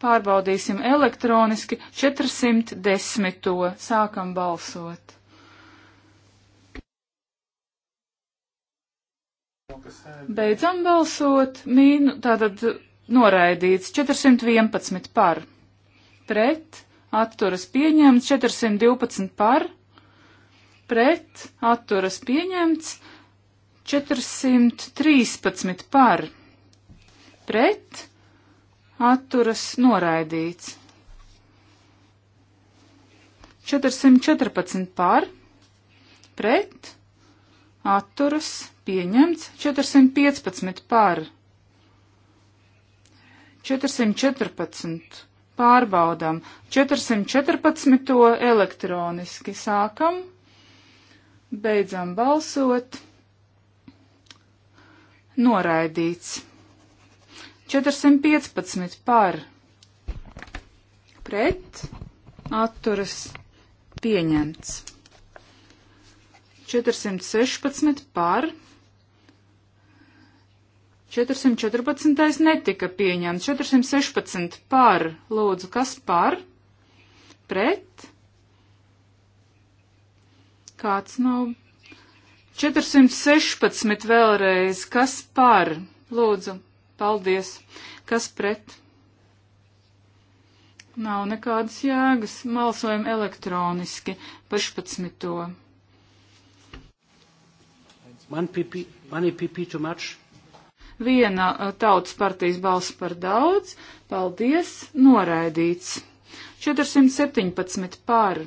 Pārbaudīsim elektroniski 410. Sākam balsot. Beidzam balsot. Mīnu, tātad noraidīts 411 par. Pret atturas pieņemts 412 par. Pret atturas pieņemts 413 par. Pret atturas noraidīts. 414 par, pret, atturas pieņemts. 415 par, 414 pārbaudām. 414 elektroniski sākam, beidzam balsot, noraidīts. 415 par pret atturas pieņemts. 416 par 414 netika pieņemts. 416 par lūdzu, kas par pret kāds nav. 416 vēlreiz, kas par lūdzu Paldies. Kas pret? Nav nekādas jēgas. Malsojam elektroniski. 16. One PP, one PP too much. Viena uh, tautas partijas balss par daudz. Paldies. Noraidīts. 417 par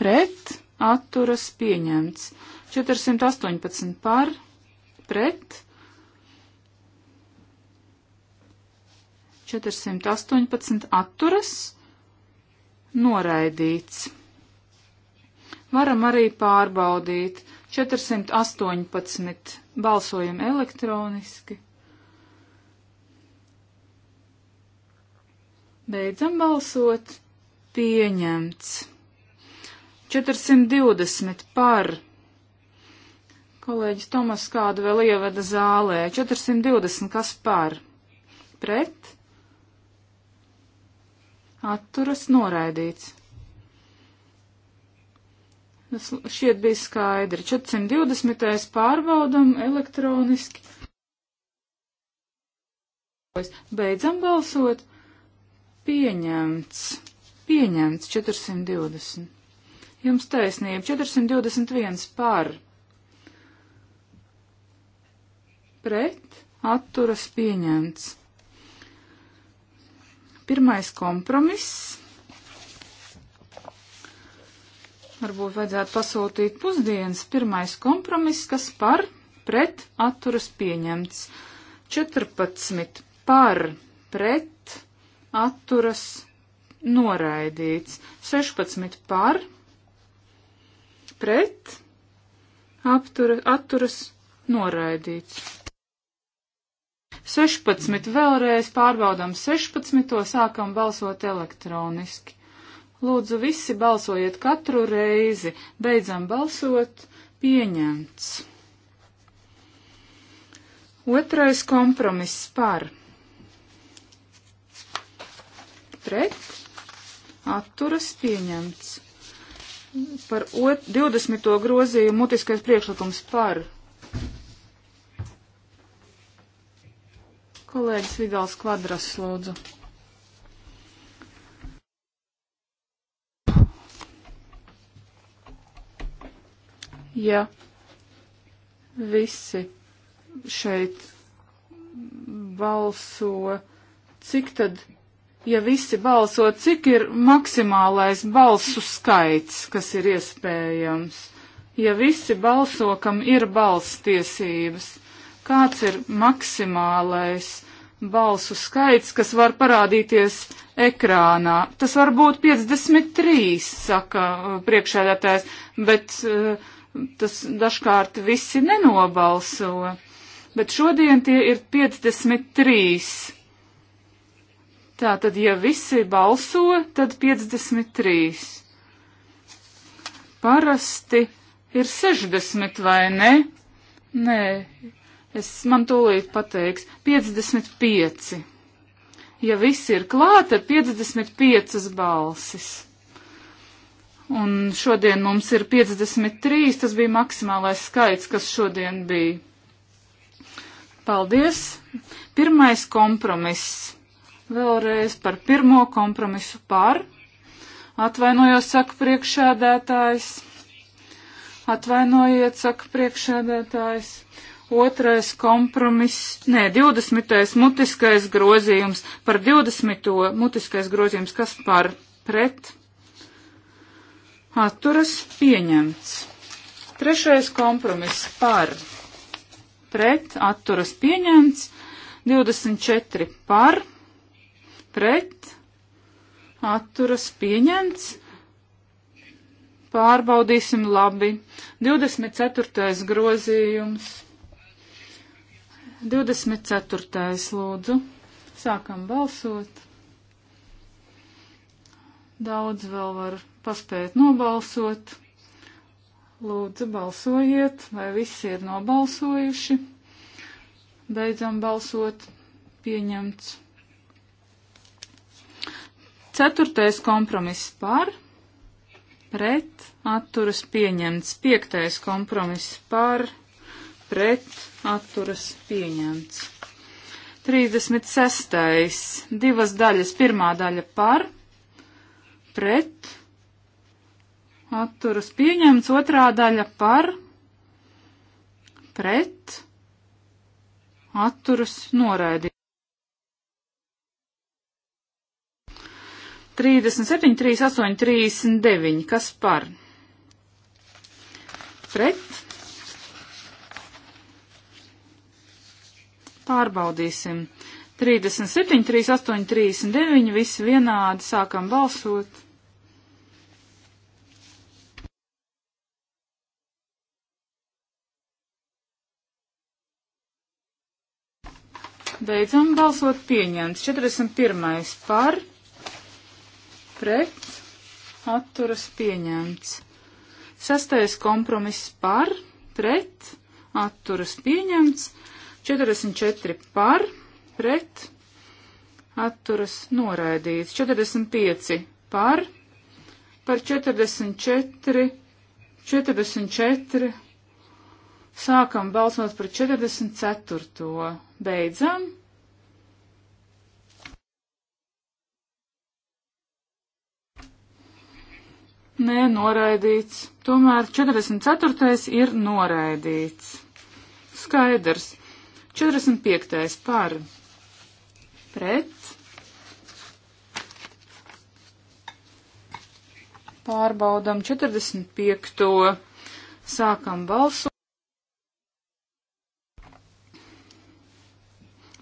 pret, atturas pieņemts. 418 par, pret. 418 atturas noraidīts. Varam arī pārbaudīt 418 balsojam elektroniski. Beidzam balsot. Pieņemts. 420 par Kolēģis Tomas kādu vēl ievada zālē. 420, kas par? Pret? Atturas noraidīts. Tas šķiet bija skaidri. 420. pārbaudam elektroniski. Beidzam balsot. Pieņemts. Pieņemts 420. Jums taisnība 421 par. pret atturas pieņemts. Pirmais kompromiss. Varbūt vajadzētu pasūtīt pusdienas. Pirmais kompromiss, kas par pret atturas pieņemts. 14 par pret atturas noraidīts. 16 par pret aptura, atturas noraidīts. 16 vēlreiz pārbaudām 16, sākam balsot elektroniski. Lūdzu, visi balsojiet katru reizi, beidzam balsot, pieņemts. Otrais kompromiss par. Pret. Atturas pieņemts. Par ot, 20. grozījumu mutiskais priekšlikums par Kolēģis Vidāls Kvadras lūdzu. Ja visi šeit balso, cik tad, ja visi balso, cik ir maksimālais balsu skaits, kas ir iespējams? Ja visi balso, kam ir balss tiesības, kāds ir maksimālais balsu skaits, kas var parādīties ekrānā. Tas var būt 53, saka uh, priekšēdētājs, bet uh, tas dažkārt visi nenobalso. Bet šodien tie ir 53. Tātad, ja visi balso, tad 53. Parasti ir 60 vai ne? Nē, Es man tūlīt pateiks 55. Ja visi ir klāt, tad 55 balsis. Un šodien mums ir 53, tas bija maksimālais skaits, kas šodien bija. Paldies! Pirmais kompromiss. Vēlreiz par pirmo kompromisu par. Atvainojos, saka priekšēdētājs. Atvainojiet, saka priekšēdētājs. Otrais kompromiss, nē, 20. mutiskais grozījums, par 20. mutiskais grozījums, kas par pret atturas pieņemts. Trešais kompromiss par pret atturas pieņemts, 24 par pret atturas pieņemts. Pārbaudīsim labi. 24. grozījums. 24. lūdzu. Sākam balsot. Daudz vēl var paspēt nobalsot. Lūdzu, balsojiet, vai visi ir nobalsojuši. Beidzam balsot. Pieņemts. Ceturtais kompromiss par, pret, atturas pieņemts. Piektais kompromiss par, pret atturas pieņemts. 36. divas daļas, pirmā daļa par, pret, atturas pieņemts, otrā daļa par, pret, atturas noraidīt. 37, 38, 39, kas par, pret, Pārbaudīsim. 37, 38, 39, visi vienādi, sākam balsot. Beidzam balsot pieņemts. 41. par, pret, atturas pieņemts. Sastais kompromiss par, pret, atturas pieņemts. 44 par, pret, atturas noraidīts. 45 par, par 44, 44. Sākam balsot par 44. Beidzam. Nē, noraidīts. Tomēr 44. ir noraidīts. Skaidrs. 45. par pret pārbaudam 45. sākam balsu.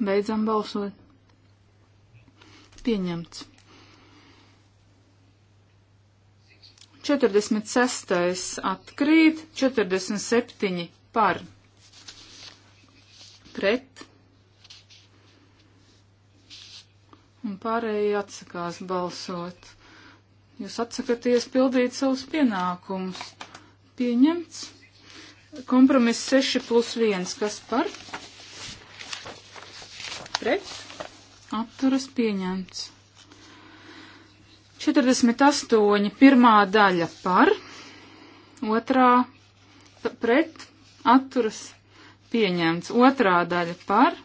Beidzam balsot. Pieņemts. 46. atkrīt, 47 par pret. Un pārējie atsakās balsot. Jūs atsakaties pildīt savus pienākumus. Pieņemts. Kompromiss 6 plus 1. Kas par? Pret. Apturas pieņemts. 48. Pirmā daļa par. Otrā pret. Atturas pieņemts. Otrā daļa par,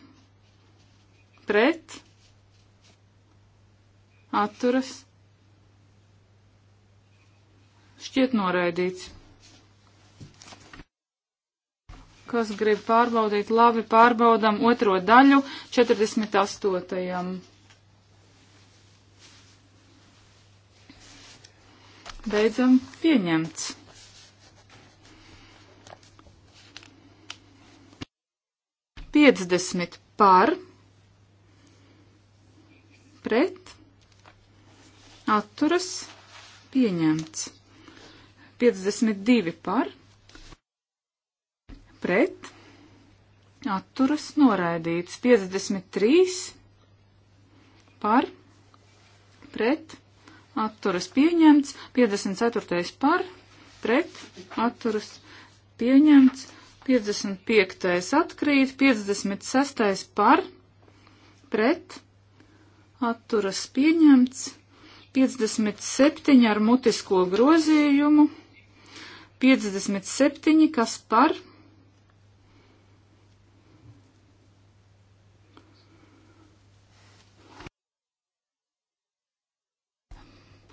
pret, atturas, šķiet noraidīts. Kas grib pārbaudīt, labi pārbaudam otro daļu 48. Beidzam pieņemts. 50 par, pret, atturas, pieņemts. 52 par, pret, atturas, noraidīts. 53 par, pret, atturas, pieņemts. 54 par, pret, atturas, pieņemts. 55. atkrīt, 56. par, pret, atturas pieņemts, 57 ar mutisko grozījumu, 57 kas par,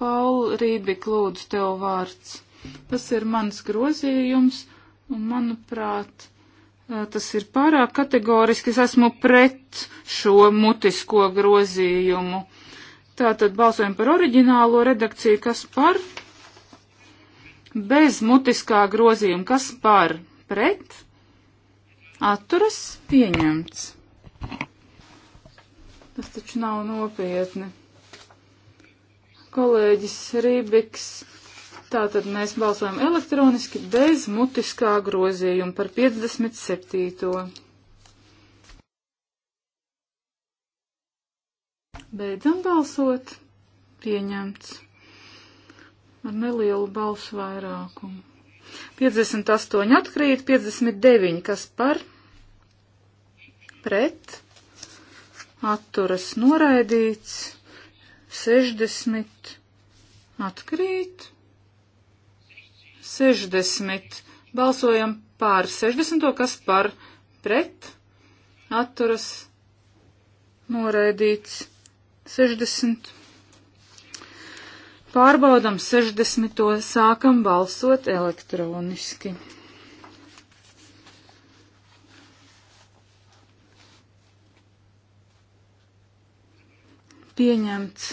Paul Rībik lūdzu tev vārds. Tas ir mans grozījums Un, manuprāt, tas ir pārāk kategoriski. Es esmu pret šo mutisko grozījumu. Tātad balsojam par oriģinālo redakciju, kas par bez mutiskā grozījuma, kas par pret atturas pieņemts. Tas taču nav nopietni. Kolēģis Rībiks Tātad mēs balsojam elektroniski bez mutiskā grozījuma par 57. Beidzam balsot. Pieņemts. Ar nelielu balsu vairākumu. 58 atkrīt, 59 kas par pret atturas noraidīts, 60 atkrīt. 60. Balsojam pār 60. Kas par pret? Atturas noraidīts 60. Pārbaudam 60. sākam balsot elektroniski. Pieņemts.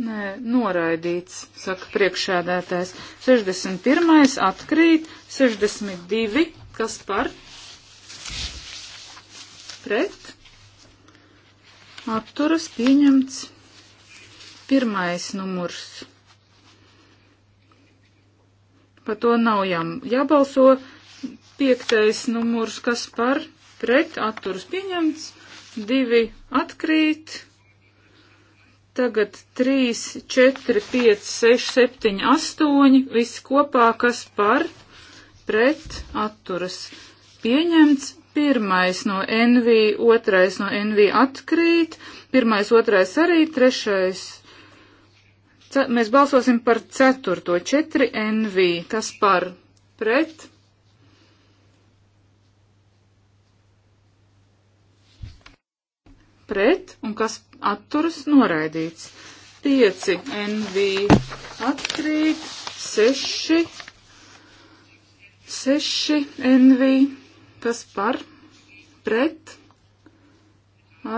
Nē, noraidīts, saka priekšēdētājs. 61. atkrīt, 62. kas par? Pret. Atturas pieņemts. Pirmais numurs. Par to nav jā, jābalso. Piektais numurs, kas par? Pret. Atturas pieņemts. Divi atkrīt. Tagad 3, 4, 5, 6, 7, 8, viss kopā, kas par pret atturas. Pieņemts pirmais no NV, otrais no NV atkrīt, pirmais, otrais arī, trešais. Ce mēs balsosim par ceturto, 4 NV, kas par pret pret un kas atturas noraidīts. 5 NV atkrīt, 6, 6 NV, kas par pret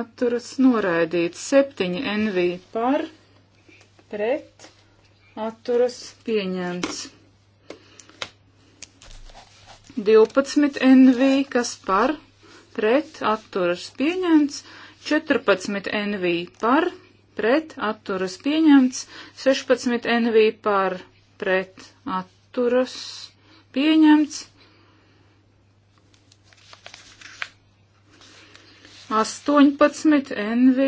atturas noraidīts, 7 NV par pret atturas pieņemts. 12 NV, kas par pret atturas pieņemts. 14 NV par, pret, atturas pieņemts, 16 NV par, pret, atturas pieņemts, 18 NV,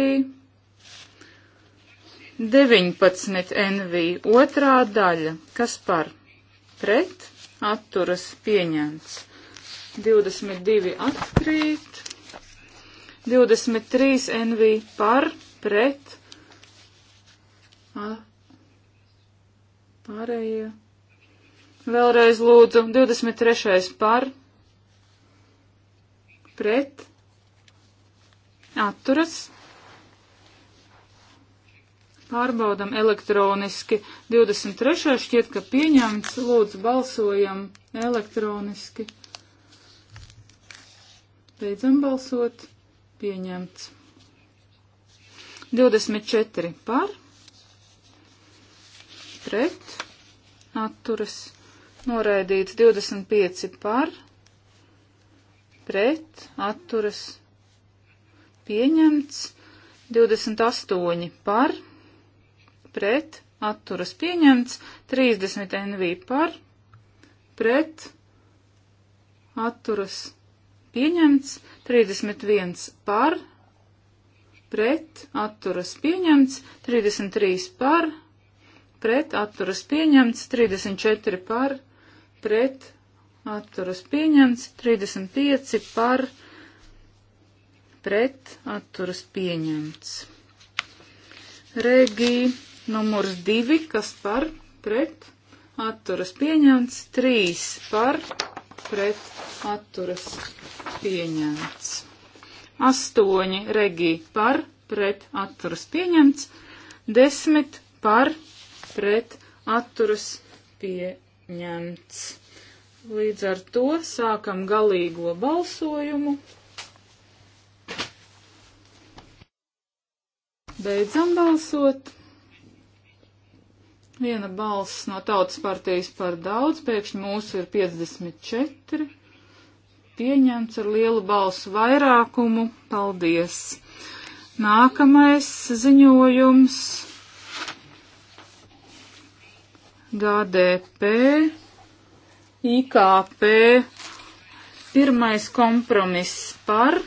19 NV, otrā daļa, kas par, pret, atturas pieņemts, 22 atkrīt. 23 NV par, pret, ah. pārējie. Vēlreiz lūdzu, 23 par, pret, atturas. Pārbaudam elektroniski. 23. šķiet, ka pieņemts. Lūdzu, balsojam elektroniski. Beidzam balsot pieņemts. 24 par, pret, atturas, noraidīts 25 par, pret, atturas, pieņemts, 28 par, pret, atturas, pieņemts, 30 NV par, pret, atturas, pieņemts, 31 par, pret, atturas pieņemts, 33 par, pret, atturas pieņemts, 34 par, pret, atturas pieņemts, 35 par, pret, atturas pieņemts. Regī numurs 2, kas par, pret, atturas pieņemts, 3 par, pret pret atturas pieņemts. 8 regī par pret atturas pieņemts. 10 par pret atturas pieņemts. Līdz ar to sākam galīgo balsojumu. Beidzam balsot. Viena balss no tautas partijas par daudz, pēkšņi mūsu ir 54. Pieņemts ar lielu balsu vairākumu. Paldies! Nākamais ziņojums. GDP, IKP, pirmais kompromiss par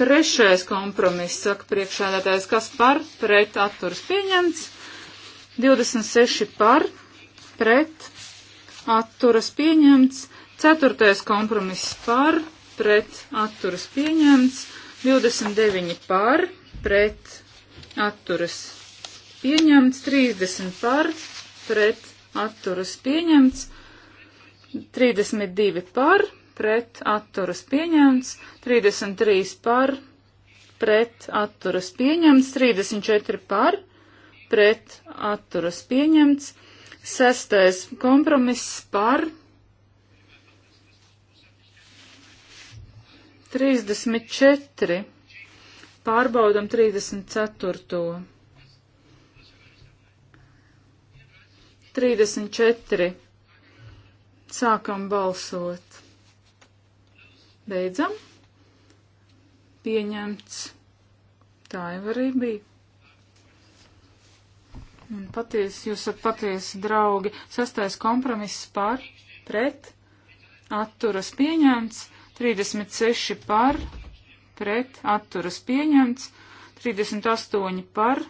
Trešais kompromiss, saka priekšādātājs, kas par pret atturas pieņemts. 26 par pret atturas pieņemts. Ceturtais kompromiss par pret atturas pieņemts. 29 par pret atturas pieņemts. 30 par pret atturas pieņemts. 32 par pret pret atturas pieņemts, 33 par, pret atturas pieņemts, 34 par, pret atturas pieņemts, sestais kompromiss par, 34, pārbaudam 34. 34. Sākam balsot. Beidzam. Pieņemts. Tā jau arī bija. Un patiesi, jūs esat patiesi draugi. Sastais kompromiss par, pret, atturas pieņemts, 36 par, pret, atturas pieņemts, 38 par,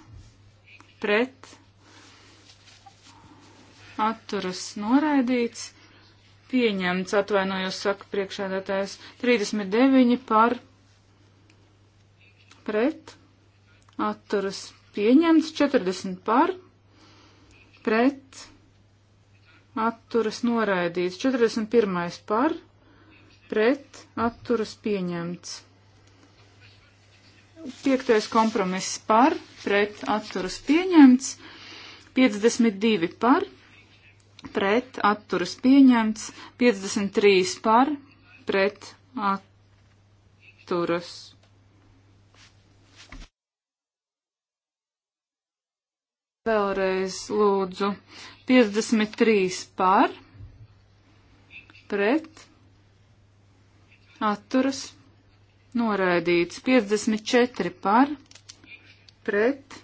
pret, atturas noraidīts, pieņemts, atvainojos, saka priekšēdētājs, 39 par pret, atturas pieņemts, 40 par pret, atturas noraidīts, 41 par pret, atturas pieņemts. Piektais kompromiss par, pret atturas pieņemts, 52 par, pret atturas pieņemts, 53 par pret atturas. Vēlreiz lūdzu 53 par pret atturas noraidīts, 54 par pret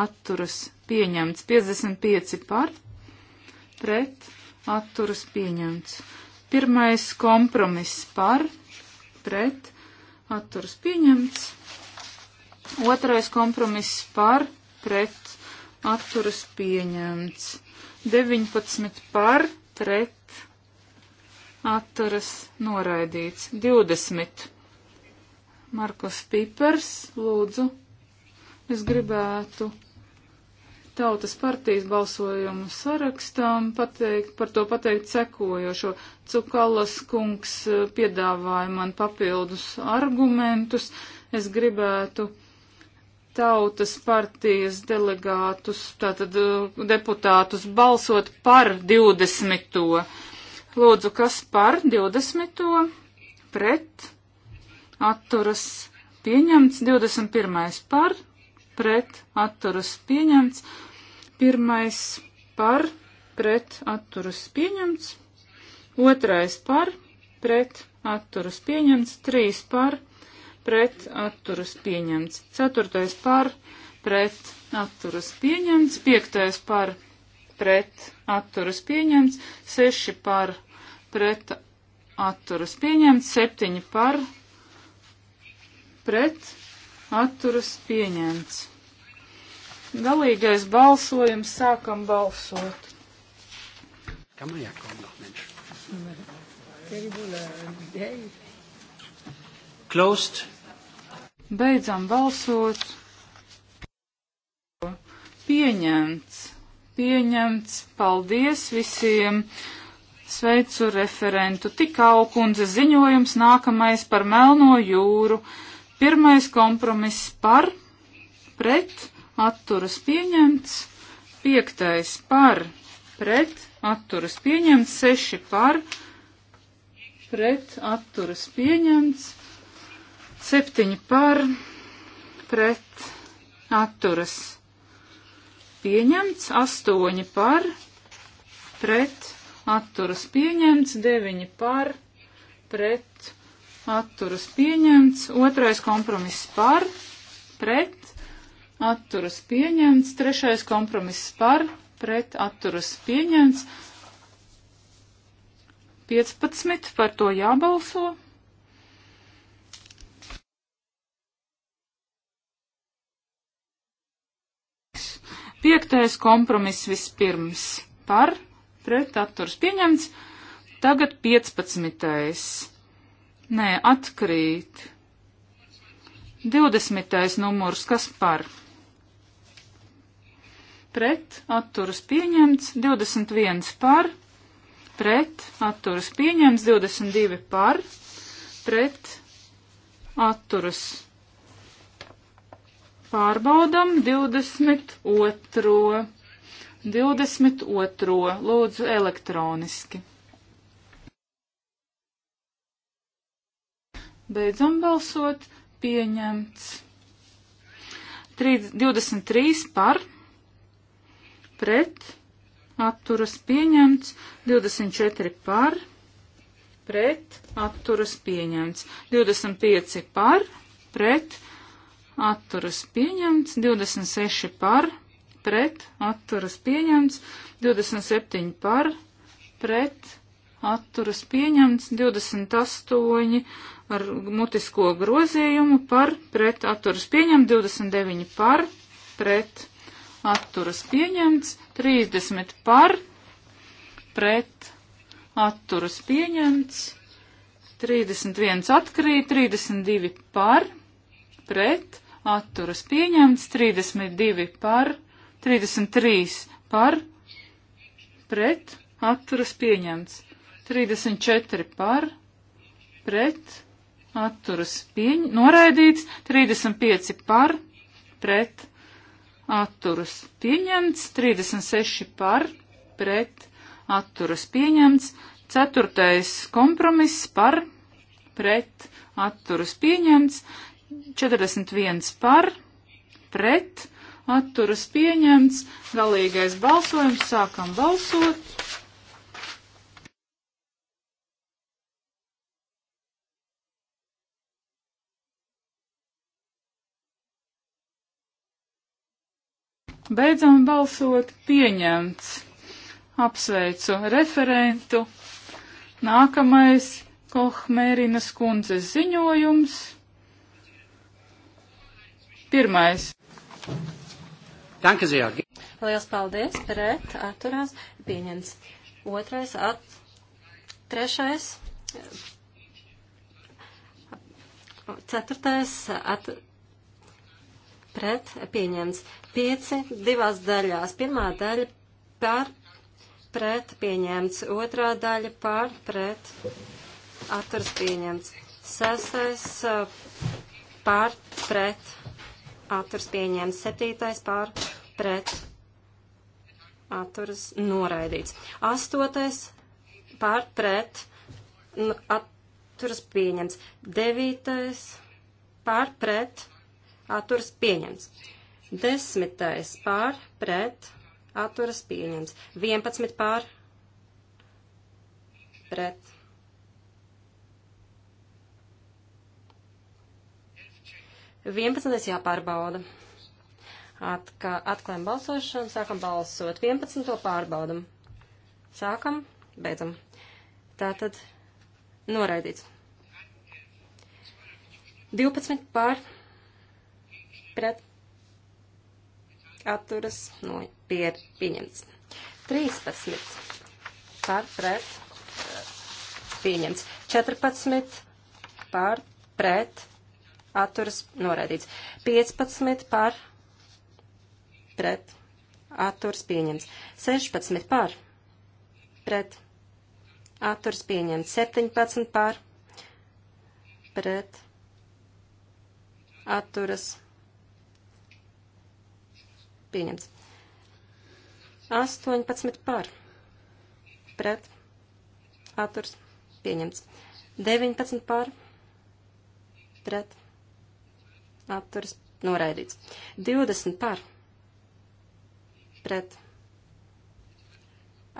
atturas pieņemts, 55 par pret pret atturas pieņemts. Pirmais kompromiss par pret atturas pieņemts. Otrais kompromiss par pret atturas pieņemts. 19 par pret atturas noraidīts. 20. Markus Pipers, lūdzu, es gribētu tautas partijas balsojumu sarakstām pateikt, par to pateikt sekojošo. Cukalas kungs e, piedāvāja man papildus argumentus. Es gribētu tautas partijas delegātus, tātad e, deputātus balsot par 20. Lūdzu, kas par 20. pret atturas pieņemts, 21. par pret atturas pieņemts. Pirmais par, pret, atturas pieņemts. Otrais par, pret, atturas pieņemts. Trīs par, pret, atturas pieņemts. Ceturtais par, pret, atturas pieņemts. Piektais par, pret, atturas pieņemts. Seši par, pret, atturas pieņemts. Septiņi par, pret, atturas pieņemts. Galīgais balsojums sākam balsot. Kam ir jākam noch, menš? Closed. Beidzam balsot. Pieņemts. Pieņemts. Paldies visiem. Sveicu referentu. Tik augundze ziņojums nākamais par Melno jūru. Pirmais kompromiss par, pret atturas pieņemts, 5. par pret atturas pieņemts, 6. par pret atturas pieņemts, 7. par pret atturas pieņemts, 8. par pret atturas pieņemts, 9. par pret atturas pieņemts, 2. kompromiss par pret atturas pieņemts, trešais kompromiss par, pret atturas pieņemts, 15 par to jābalso. Piektais kompromiss vispirms par, pret atturas pieņemts, tagad 15. Nē, atkrīt. 20. numurs, kas par? pret, atturas pieņemts, 21 par, pret, atturas pieņemts, 22 par, pret, atturas pārbaudam 22. 22. Lūdzu elektroniski. Beidzam balsot, pieņemts. 23 par pret, atturas pieņemts, 24 par, pret, atturas pieņemts, 25 par, pret, atturas pieņemts, 26 par, pret, atturas pieņemts, 27 par, pret, atturas pieņemts, 28 ar mutisko grozījumu par, pret, atturas pieņemts, 29 par, pret, atturas pieņemts, 30 par, pret, atturas pieņemts, 31 atkrīt, 32 par, pret, atturas pieņemts, 32 par, 33 par, pret, atturas pieņemts, 34 par, pret, atturas pieņemts, noraidīts, 35 par, pret, atturas pieņemts, 36 par, pret, atturas pieņemts, 4. kompromiss par, pret, atturas pieņemts, 41 par, pret, atturas pieņemts, galīgais balsojums, sākam balsot. Beidzam balsot pieņemts. Apsveicu referentu. Nākamais Kohmērinas kundzes ziņojums. Pirmais. Danke sehr. Liels paldies, pret, atturās, pieņems. Otrais, at, trešais, ceturtais, at, pret pieņemts. 5 divās daļās. Pirmā daļa par pret pieņemts. Otrā daļa par pret atturs pieņemts. Sestais uh, par pret atturs pieņemts. Septītais par pret atturs noraidīts. Astotais par pret atturs pieņemts. Devītais par pret atturs pieņemts atturas pieņemts. Desmitais pār, pret, atturas pieņemts. Vienpadsmit pār, pret. Vienpadsmitais jāpārbauda. Atka, atklājam balsošanu, sākam balsot. Vienpadsmito pārbaudam. Sākam, beidzam. Tātad noraidīts. 12 pār pret atturas no nu, pier, pieņemts. 13 par pret pieņemts. 14 par pret atturas noraidīts. 15 par pret atturas pieņemts. 16 par pret atturas pieņemts. 17 par pret atturas pieņemts atturas Pieņemts. 18 par. Pret. Atturs. Pieņemts. 19 par. Pret. Atturs. Noraidīts. 20 par. Pret.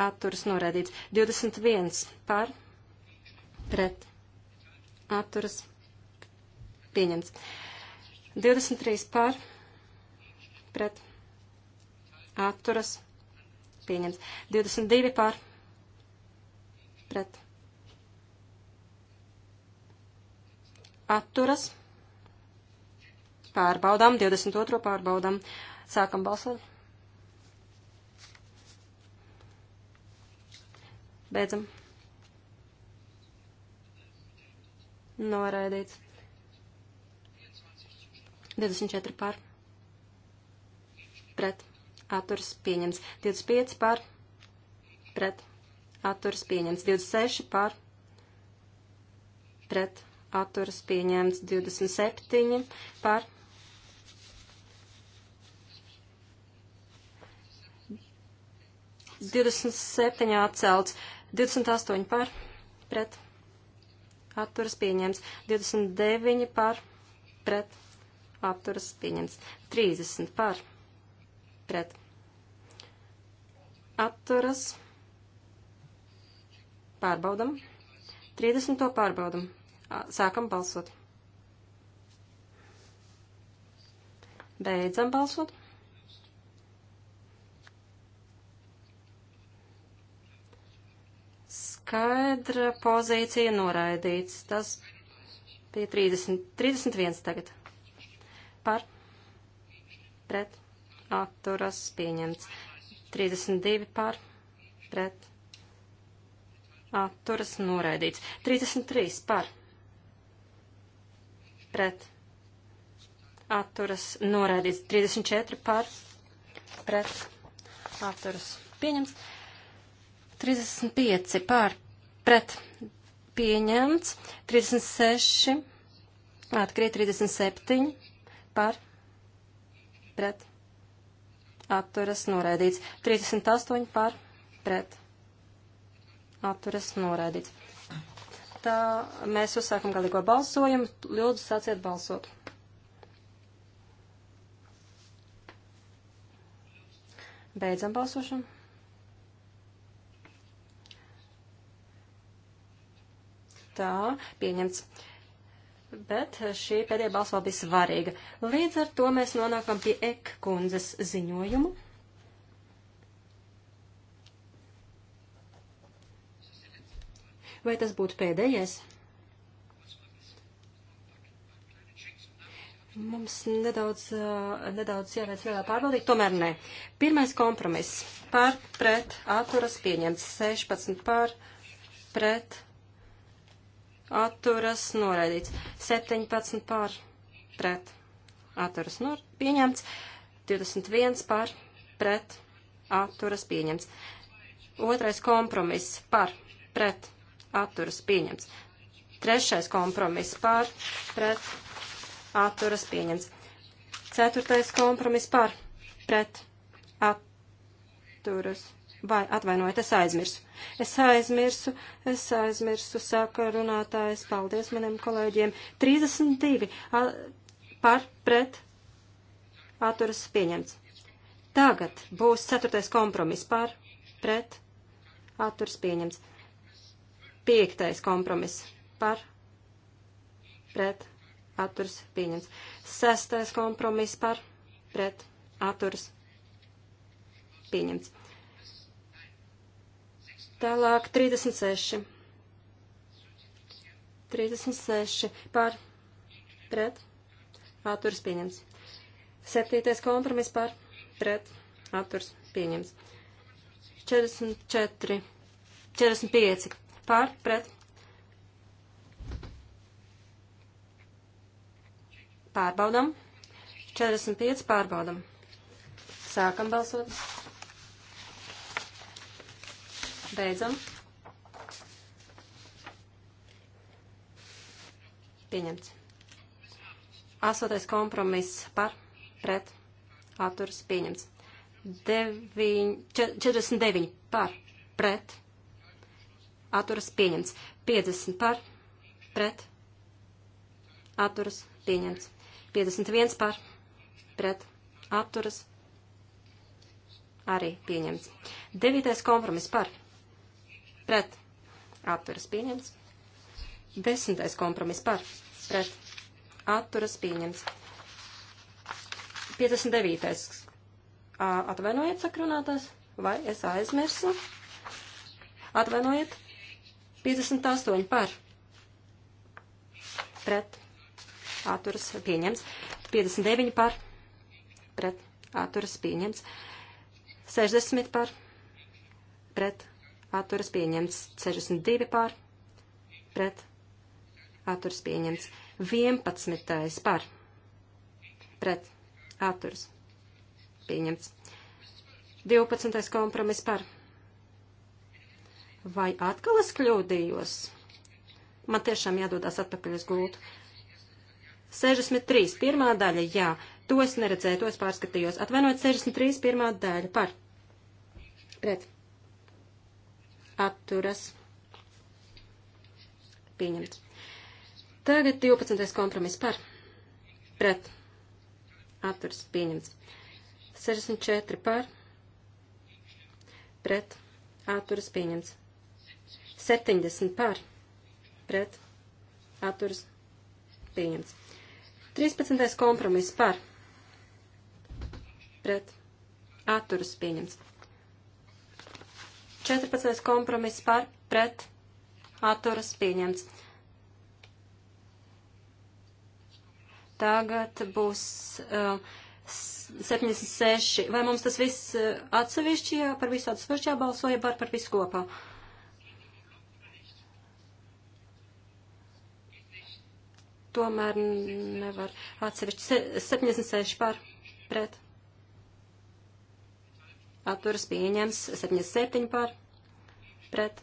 Atturs. Noraidīts. 21 par. Pret. Atturs. Pieņemts. 23 par. Pret atturas pieņems. 22 pār pret atturas pārbaudām, 22 pārbaudām. Sākam balsot. Beidzam. Noraidīts. 24 pār. Pret atturas pieņems. 25 par pret atturas pieņems. 26 par pret atturas pieņems. 27 par. Divdesmit septiņi atcelts, divdesmit astoņi par, pret, atturas pieņems, divdesmit deviņi par, pret, atturas pieņems, trīsdesmit par, pret pret. Atturas. Pārbaudam. 30. pārbaudam. Sākam balsot. Beidzam balsot. Skaidra pozīcija noraidīts. Tas bija 30, 31 tagad. Par. Pret atturas pieņemts. 32 par pret atturas noraidīts. 33 par pret atturas noraidīts. 34 par pret atturas pieņemts. 35 par pret pieņemts, 36, atkrīt 37 par pret atturas noraidīts. 38 par pret atturas noraidīts. Tā mēs uzsākam galīgo balsojumu. Lūdzu, sāciet balsot. Beidzam balsošanu. Tā, pieņemts bet šī pēdējā balss vēl bija svarīga. Līdz ar to mēs nonākam pie Ek kundzes ziņojumu. Vai tas būtu pēdējais? Mums nedaudz, nedaudz jāveic vēl pārbaudīt, tomēr nē. Pirmais kompromiss. Par, pret, atturas pieņemts. 16 par, pret, atturas noraidīts. 17 pār pret atturas nor pieņemts. 21 pār pret atturas pieņemts. Otrais kompromiss par pret atturas pieņemts. Trešais kompromiss par pret atturas pieņemts. Ceturtais kompromiss par pret atturas pieņemts. Vai atvainojiet, es aizmirsu. Es aizmirsu, es aizmirsu, saka runātājs. Paldies maniem kolēģiem. 32 a, par pret atturas pieņemts. Tagad būs ceturtais kompromis par pret atturas pieņemts. Piektais kompromis par pret atturas pieņemts. Sestais kompromis par pret atturas pieņemts. Tālāk 36. 36 par pret atturs pieņems. Septītais kompromiss par pret atturs pieņems. 44, 45 par pret pārbaudam. 45 pārbaudam. Sākam balsot. Beidzam. Pieņemts. Astotais kompromiss par, pret, atturas pieņemts. Deviņ, 49 par, pret, atturas pieņemts. 50 par, pret, atturas pieņemts. 51 par, pret, atturas arī pieņemts. Devītais kompromiss par, pret atturas pieņemts. Desmitais kompromiss par pret atturas pieņemts. 59. Atvainojiet, sakrunātājs, vai es aizmirsu? Atvainojiet, 58 par pret atturas pieņemts. 59 par pret atturas pieņemts. 60 par pret atturas pieņemts 62 par, pret, atturas pieņemts 11 par, pret, atturas pieņemts 12 kompromis par. Vai atkal es kļūdījos? Man tiešām jādodas atpakaļ uz gultu. 63. pirmā daļa, jā, to es neredzēju, to es pārskatījos. Atvainojiet, 63. pirmā daļa par. Pret atturas pieņemts. Tagad 12. kompromiss par pret atturas pieņemts. 64 par pret atturas pieņemts. 70 par pret atturas pieņemts. 13. kompromiss par pret atturas pieņemts. 14. kompromiss par pret atturas pieņemts. Tagad būs uh, 76. Vai mums tas viss uh, atsevišķi, jā, par visu atsevišķi jābalso, ja par, par visu kopā? Tomēr nevar atsevišķi. Se, 76 par pret atturas pieņems 77 par pret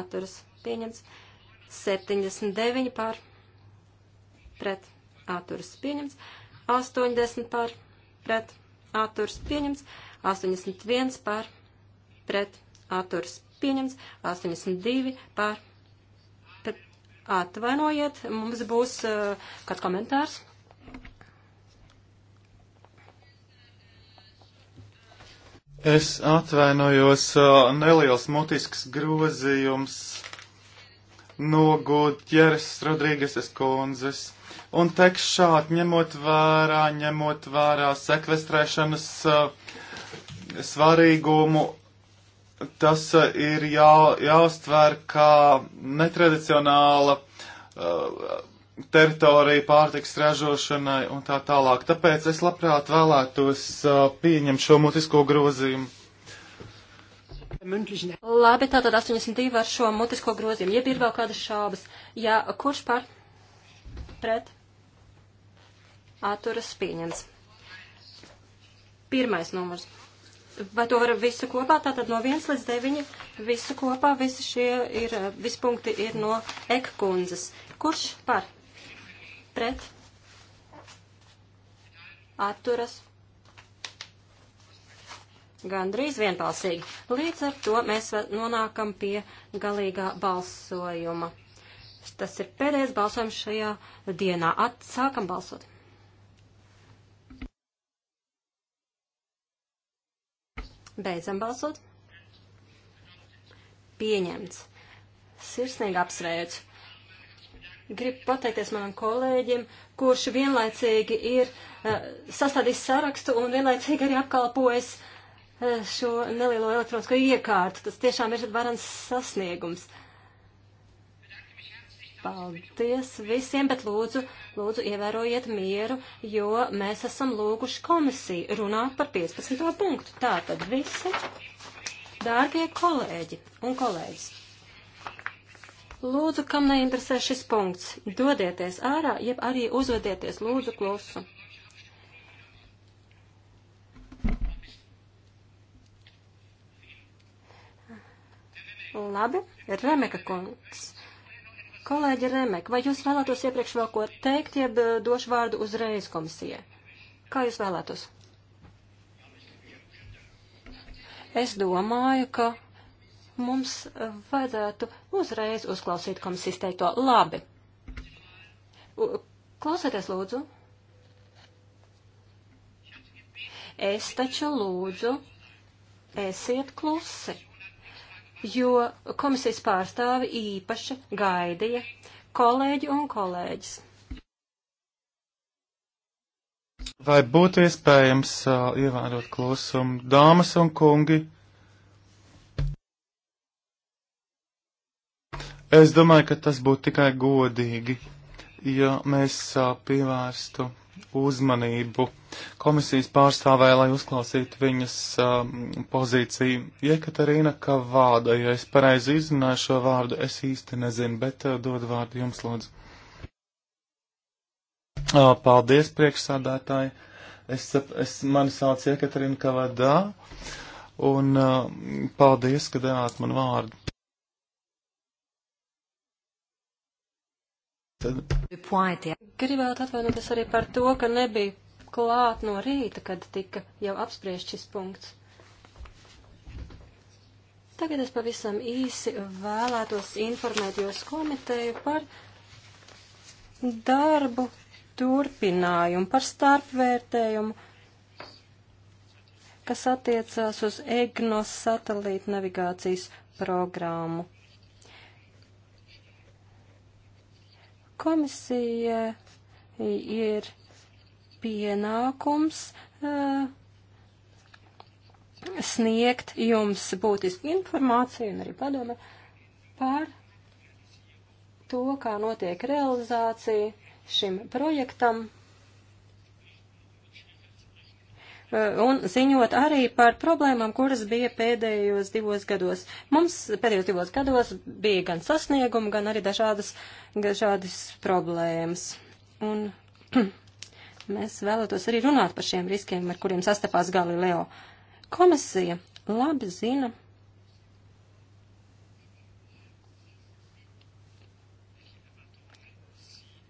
atturas pieņems 79 par pret atturas pieņems 80 par pret atturas pieņems 81 par pret atturas pieņems 82 par pret atvainojiet, mums būs uh, kāds komentārs. Es atvainojos, uh, neliels mutisks grozījums no Gutjeres Rodrīgeses kundzes. Un teksts šādi, ņemot vērā, ņemot vērā sekvestrēšanas uh, svarīgumu, tas uh, ir jā, jāuztver kā netradicionāla uh, teritoriju pārtiks ražošanai un tā tālāk. Tāpēc es labprāt vēlētos uh, pieņemt šo mutisko grozījumu. Labi, tātad 82 ar šo mutisko grozījumu. Ja ir vēl kādas šaubas, ja kurš par pret atturas pieņems? Pirmais numurs. Vai to var visu kopā, tātad no 1 līdz 9 visu kopā, visi šie ir, visi punkti ir no ekkundzes. Kurš par? pret atturas gandrīz vienbalsīgi. Līdz ar to mēs nonākam pie galīgā balsojuma. Tas ir pēdējais balsojums šajā dienā. Atsākam balsot. Beidzam balsot. Pieņemts. Sirsnīgi apsveicu. Gribu pateikties manam kolēģim, kurš vienlaicīgi ir uh, sastādījis sarakstu un vienlaicīgi arī apkalpojas uh, eh, šo nelielo elektronisko iekārtu. Tas tiešām ir varans sasniegums. Paldies visiem, bet lūdzu, lūdzu ievērojiet mieru, jo mēs esam lūguši komisiju runāt par 15. punktu. Tātad visi, dārgie kolēģi un kolēģis. Lūdzu, kam neinteresē šis punkts, dodieties ārā, jeb arī uzvedieties lūdzu klusu. Labi, Remeka kungs. Kolēģi Remek, vai jūs vēlētos iepriekš vēl ko teikt, jeb eh, došu vārdu uzreiz komisijai? Kā jūs vēlētos? Es domāju, ka mums vajadzētu uzreiz uzklausīt komisijas teikto labi. Klausieties, lūdzu. Es taču lūdzu, esiet klusi, jo komisijas pārstāvi īpaši gaidīja kolēģi un kolēģis. Vai būtu iespējams uh, ievērot klusumu, dāmas un kungi? Es domāju, ka tas būtu tikai godīgi, ja mēs uh, pievērstu uzmanību komisijas pārstāvē, lai uzklausītu viņas um, pozīciju. Jekaterīna Kavāda, ja es pareizi izrunāju šo vārdu, es īsti nezinu, bet uh, dod vārdu jums, lūdzu. Uh, paldies, priekšsādātāji. Es, es mani sauc Jekaterīna Kavadā, un uh, paldies, ka devāt man vārdu. Tad... Gribētu atvainoties arī par to, ka nebija klāt no rīta, kad tika jau apspriest šis punkts. Tagad es pavisam īsi vēlētos informēt jūs komiteju par darbu turpinājumu, par starpvērtējumu, kas attiecās uz EGNOS satelīta navigācijas programmu. Komisija ir pienākums uh, sniegt jums būtisku informāciju un arī padomu par to, kā notiek realizācija šim projektam Eh, un ziņot arī par problēmām, kuras bija pēdējos divos gados. Mums pēdējos divos gados bija gan sasniegumi, gan arī dažādas, dažādas problēmas. Un mēs vēlētos arī runāt par šiem riskiem, ar kuriem sastapās Galileo. Komisija labi zina.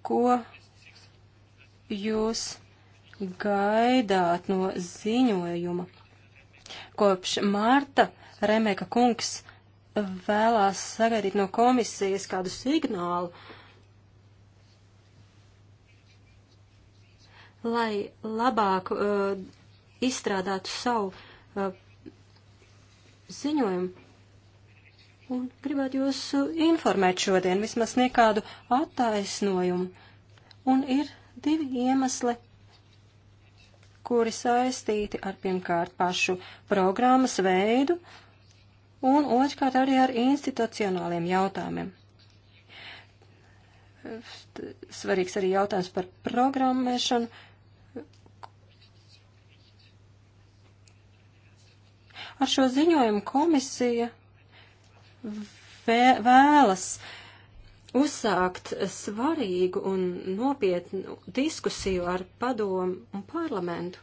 Ko jūs gaidāt no ziņojuma. Kopš marta Remeka kungs vēlās sagaidīt no komisijas kādu signālu, lai labāk uh, izstrādātu savu uh, ziņojumu. Un gribētu jūs uh, informēt šodien, vismaz nekādu attaisnojumu. Un ir divi iemesli, kuri saistīti ar pirmkārt pašu programmas veidu un otrkārt arī ar institucionāliem jautājumiem. Svarīgs arī jautājums par programmēšanu. Ar šo ziņojumu komisija vēlas uh, uzsākt svarīgu un nopietnu diskusiju ar padomu un parlamentu.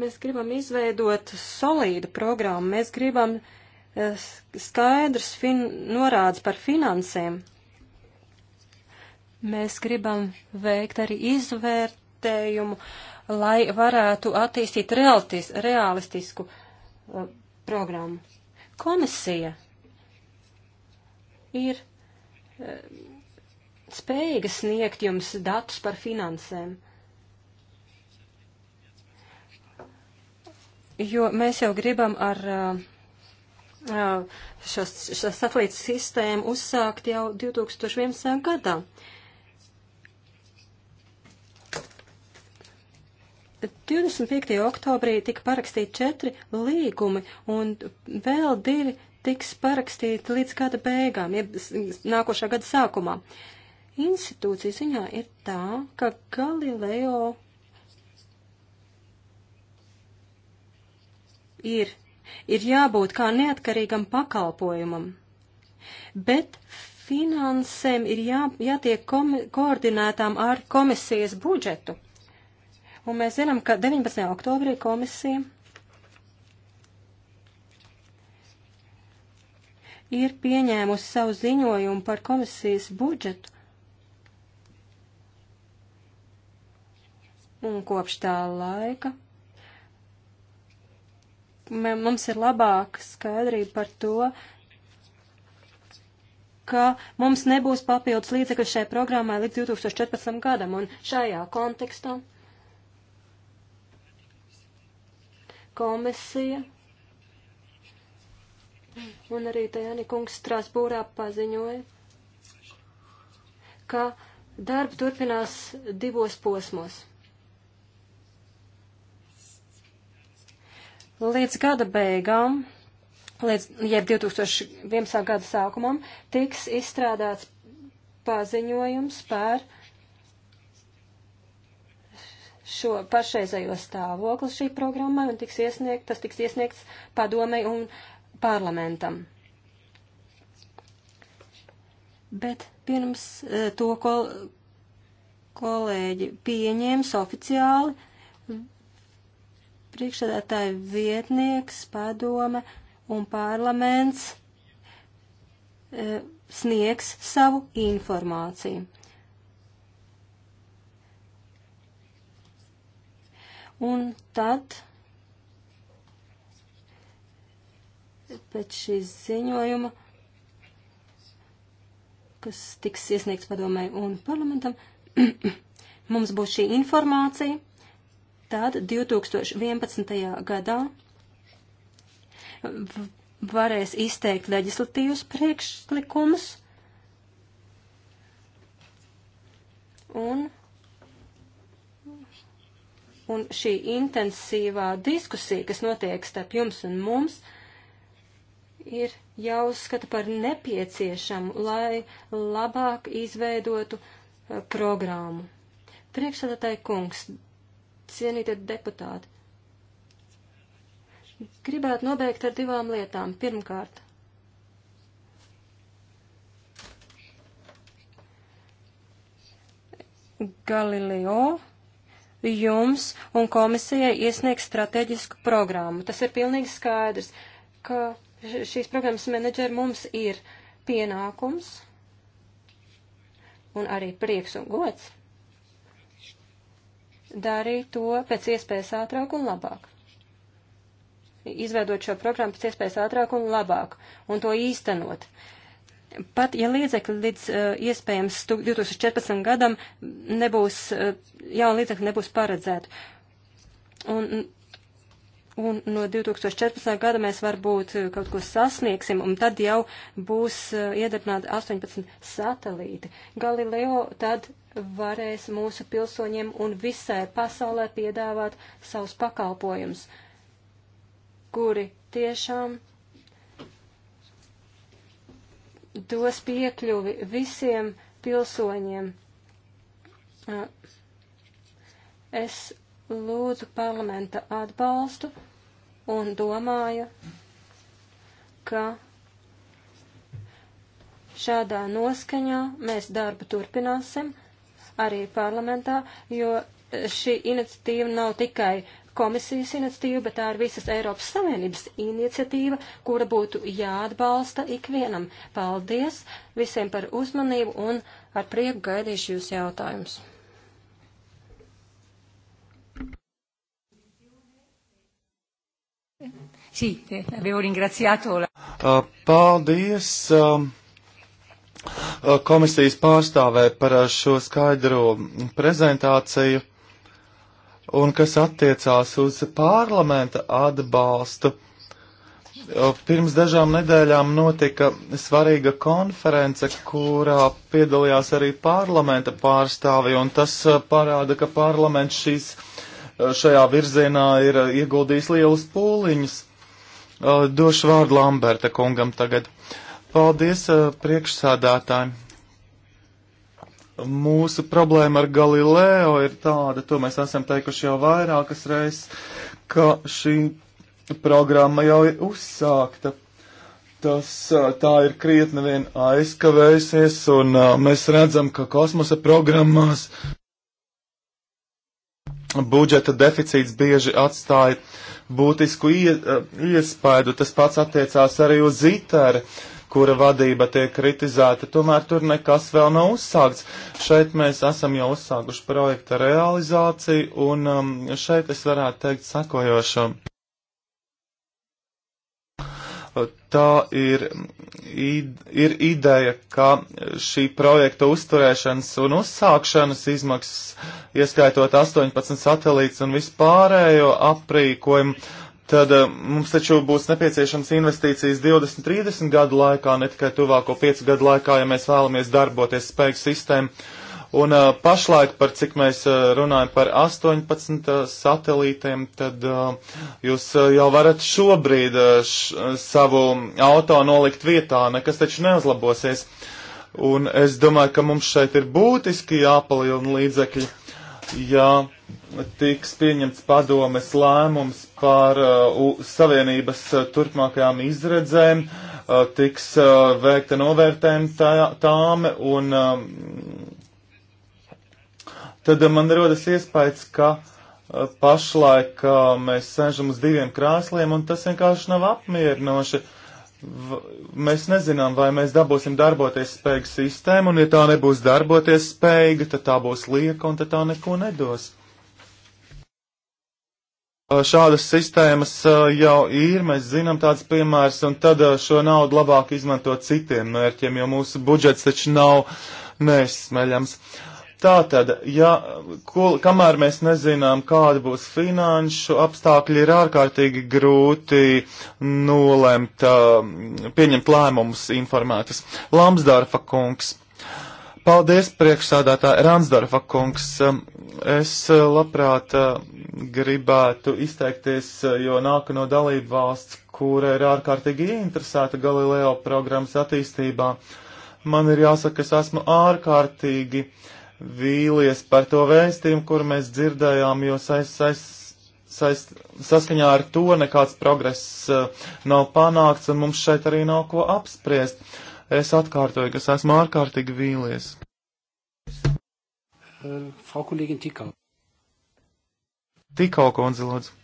Mēs gribam izveidot solīdu programmu, mēs gribam eh, skaidrs fin norādes par finansēm. Mēs gribam veikt arī izvērtējumu, lai varētu attīstīt realistisku uh, programmu. Komisija ir eh, spējīga sniegt jums datus par finansēm. Jo mēs jau gribam ar eh, eh, šo satelītu sistēmu uzsākt jau 2011. gadā. 25. oktobrī tika parakstīti četri līgumi, un vēl divi tiks parakstīti līdz gada beigām, jeb nākošā gada sākumā. Institūcija ziņā ir tā, ka Galileo ir, ir jābūt kā neatkarīgam pakalpojumam, bet finansēm ir jā, jātiek komi, koordinētām ar komisijas budžetu. Un mēs zinām, ka 19. oktobrī komisija ir pieņēmusi savu ziņojumu par komisijas budžetu. Un kopš tā laika mums ir labāka skaidrība par to, ka mums nebūs papildus līdzekļu šai programmai līdz 2014. gadam. Un šajā kontekstā komisija un arī Tajani kungs Strasbūrā paziņoja, ka darba turpinās divos posmos. Līdz gada beigām, līdz, jeb 2011. gada sākumam, tiks izstrādāts paziņojums par šo pašreizējo stāvokli šī programmai un tiks iesniegt, tas tiks iesniegts padomei un parlamentam. Bet pirms eh, to, ko kolēģi pieņēms oficiāli, priekšsēdētāja vietnieks, padome un parlaments eh, sniegs savu informāciju. Un tad pēc šīs ziņojuma, kas tiks iesniegts padomē un parlamentam, mums būs šī informācija. Tad 2011. gadā varēs izteikt leģislatīvus priekšlikumus un un šī intensīvā diskusija, kas notiek starp jums un mums, ir jāuzskata par nepieciešamu, lai labāk izveidotu uh, programmu. Priekšsēdētāji kungs, cienītie deputāti, gribētu nobeigt ar divām lietām. Pirmkārt, Galileo jums un komisijai iesniegt strateģisku programmu. Tas ir pilnīgi skaidrs, ka šīs programmas menedžeri mums ir pienākums un arī prieks un gods darīt to pēc iespējas ātrāk un labāk. Izveidot šo programmu pēc iespējas ātrāk un labāk un to īstenot. Uh, pat ja līdzekļi līdz uh, iespējams 2014. gadam nebūs, uh, jauni līdzekļi nebūs paredzēti. Un, un no 2014. gada mēs varbūt eh, kaut ko sasniegsim, un tad jau būs uh, iedarbināti 18 satelīti. Galileo tad varēs mūsu pilsoņiem un visai pasaulē piedāvāt savus pakalpojumus, kuri tiešām dos piekļuvi visiem pilsoņiem. Es lūdzu parlamenta atbalstu un domāju, ka šādā noskaņā mēs darbu turpināsim arī parlamentā, jo šī iniciatīva nav tikai komisijas iniciatīva, bet tā ir visas Eiropas Savienības iniciatīva, kura būtu jāatbalsta ikvienam. Paldies visiem par uzmanību un ar prieku gaidīšu jūs jautājumus. Eh, eh, paldies ehm, eh, komisijas pārstāvē par šo skaidro prezentāciju un kas attiecās uz parlamenta atbalstu. Pirms dažām nedēļām notika svarīga konference, kurā piedalījās arī parlamenta pārstāvi, un tas parāda, ka parlaments šīs, šajā virzienā ir ieguldījis lielus pūliņus. Došu vārdu Lamberta kungam tagad. Paldies priekšsādātājiem! Mūsu problēma ar Galileo ir tāda, to mēs esam teikuši jau vairākas reizes, ka šī programma jau ir uzsākta. Tas tā ir krietni vien aizkavējusies, un mēs redzam, ka kosmosa programmās budžeta deficīts bieži atstāja būtisku iespēju. Tas pats attiecās arī uz ITER. Uh, kura vadība tiek kritizēta, tomēr tur nekas vēl nav uzsākts. Šeit mēs esam jau uzsākuši projekta realizāciju, un um, šeit es varētu teikt sakojošo. Tā ir, id, ir ideja, ka šī projekta uzturēšanas un uzsākšanas izmaksas, ieskaitot 18 satelītus un vispārējo aprīkojumu, tad eh, mums taču būs nepieciešams investīcijas 20, 30 gadu laikā, ne tikai tuvāko 5 gadu laikā, ja mēs vēlamies darboties spēku sistēmu. Un uh, pašlaik, par cik mēs uh, runājam par 18 uh, satelītiem, tad uh, jūs uh, jau varat šobrīd uh, š, savu auto nolikt vietā, nekas taču neuzlabosies. Un es domāju, ka mums šeit ir būtiski jāpalielina līdzekļi. Uh, ja tiks pieņemts padomes lēmums par uh, savienības uh, turpmākajām izredzēm, uh, tiks uh, veikta novērtējuma tā, tām, un um, tad man rodas iespējas, ka uh, pašlaik uh, mēs sēžam uz diviem krēsliem, un tas vienkārši nav apmierinoši. Uh, mēs nezinām, vai mēs dabūsim darboties spēju sistēmu, un ja tā nebūs darboties spēja, tad tā būs lieka, un tad tā neko nedos. Šādas sistēmas jau ir, mēs zinām tāds piemērs, un tad šo naudu labāk izmanto citiem mērķiem, jo mūsu budžets taču nav neizsmeļams. Uh, Tātad, ja, ko, kamēr mēs nezinām, kādi būs finanšu apstākļi, ir ārkārtīgi grūti nolemt, pieņemt lēmumus informētas. Lamsdorfa kungs. Paldies, priekšsādātāji. Ransdorfa kungs. Es labprāt gribētu izteikties, jo nāku no dalību valsts, kura ir ārkārtīgi interesēta Galileo programmas attīstībā. Man ir jāsaka, es esmu ārkārtīgi. Uh, vīlies par to vēstījumu, kur mēs dzirdējām, jo saist, saist, saist, saskaņā ar to nekāds progress uh, nav panākts, un mums šeit arī nav ko apspriest. Es atkārtoju, ka es esmu ārkārtīgi vīlies. Uh, Frau Kollegin Tikau. Tikau, kundze, lūdzu.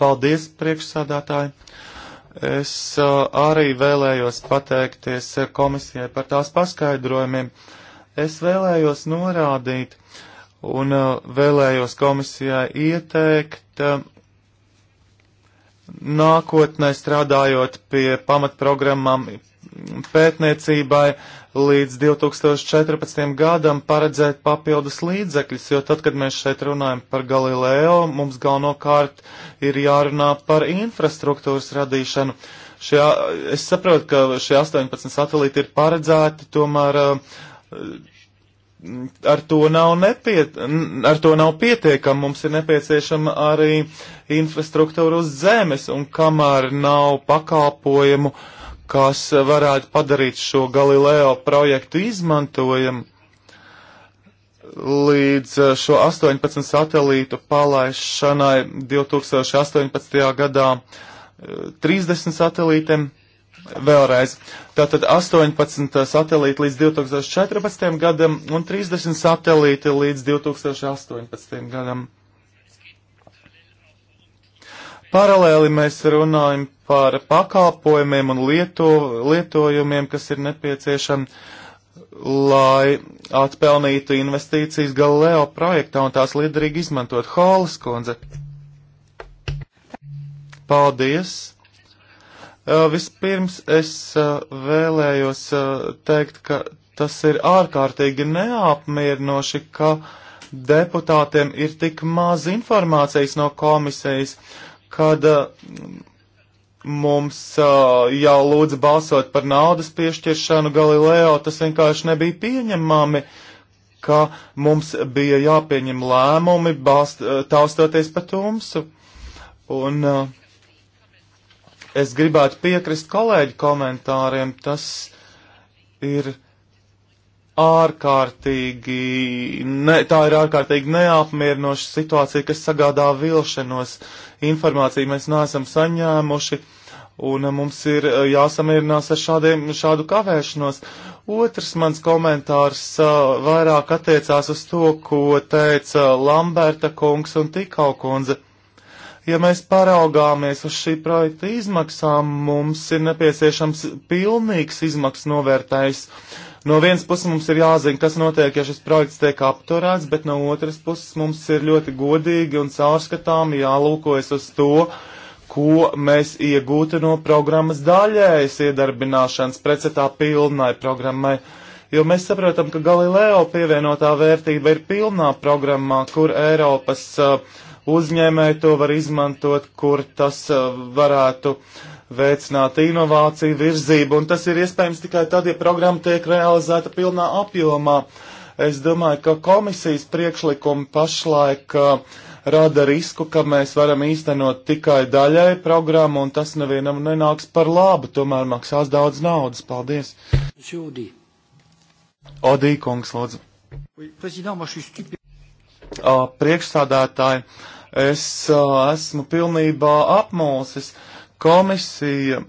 Paldies, priekšsādātāji. Es uh, arī vēlējos pateikties komisijai par tās paskaidrojumiem. Uh, Es vēlējos norādīt un uh, vēlējos komisijai ieteikt uh, nākotnē strādājot pie pamatprogrammām pētniecībai līdz 2014. gadam paredzēt papildus līdzekļus, jo tad, kad mēs šeit runājam par Galileo, mums galvenokārt ir jārunā par infrastruktūras radīšanu. Šajā, es saprotu, ka šie 18 satelīti ir paredzēti, tomēr uh, ar to nav, nepiet, ar to nav pietiekami. Mums ir nepieciešama arī infrastruktūra uz zemes, un kamēr nav pakalpojumu, kas varētu padarīt šo Galileo projektu izmantojumu, līdz eh, šo 18 satelītu palaišanai 2018. gadā 30 eh, satelītiem vēlreiz. Tātad 18 satelīti līdz 2014. gadam un 30 satelīti līdz 2018. gadam. Paralēli mēs runājam par pakalpojumiem un lieto, lietojumiem, kas ir nepieciešami, lai atpelnītu investīcijas Galileo projektā un tās liederīgi izmantot. Holas kundze. Paldies! Uh, vispirms es uh, vēlējos uh, teikt, ka tas ir ārkārtīgi neapmierinoši, ka deputātiem ir tik maz informācijas no komisijas, kad mums jau lūdza balsot par naudas piešķiršanu Galileo, tas vienkārši nebija pieņemami ka mums bija jāpieņem lēmumi, balst, taustoties pa tumsu. Un uh, Es gribētu piekrist kolēģi komentāriem, tas ir ārkārtīgi, ne, tā ir ārkārtīgi neapmierinoša situācija, kas sagādā vilšanos. Informāciju mēs neesam saņēmuši, un mums ir jāsamierinās ar šādiem, šādu kavēšanos. Otrs mans komentārs vairāk attiecās uz to, ko teica Lamberta kungs un Tikau kundze Ja mēs paraugāmies uz šī projekta izmaksām, mums ir nepieciešams pilnīgs izmaksu novērtējs. No vienas puses mums ir jāzina, kas notiek, ja šis projekts tiek apturēts, bet no otras puses mums ir ļoti godīgi un caurskatāmi jālūkojas uz to, ko mēs iegūtu no programmas daļējas iedarbināšanas precetā pilnai programmai jo mēs saprotam, ka Galileo pievienotā vērtība ir pilnā programmā, kur Eiropas uh, uzņēmēji to var izmantot, kur tas eh, varētu veicināt inovāciju, virzību, un tas ir iespējams tikai tad, ja programma tiek realizēta pilnā apjomā. Es domāju, ka komisijas priekšlikumi pašlaik uh, rada risku, ka mēs varam īstenot tikai daļai programmu, un tas nevienam nenāks par labu, tomēr maksās daudz naudas. Paldies! Odī, kungs, lūdzu priekšstādātāji, es esmu pilnībā apmulsis. Komisija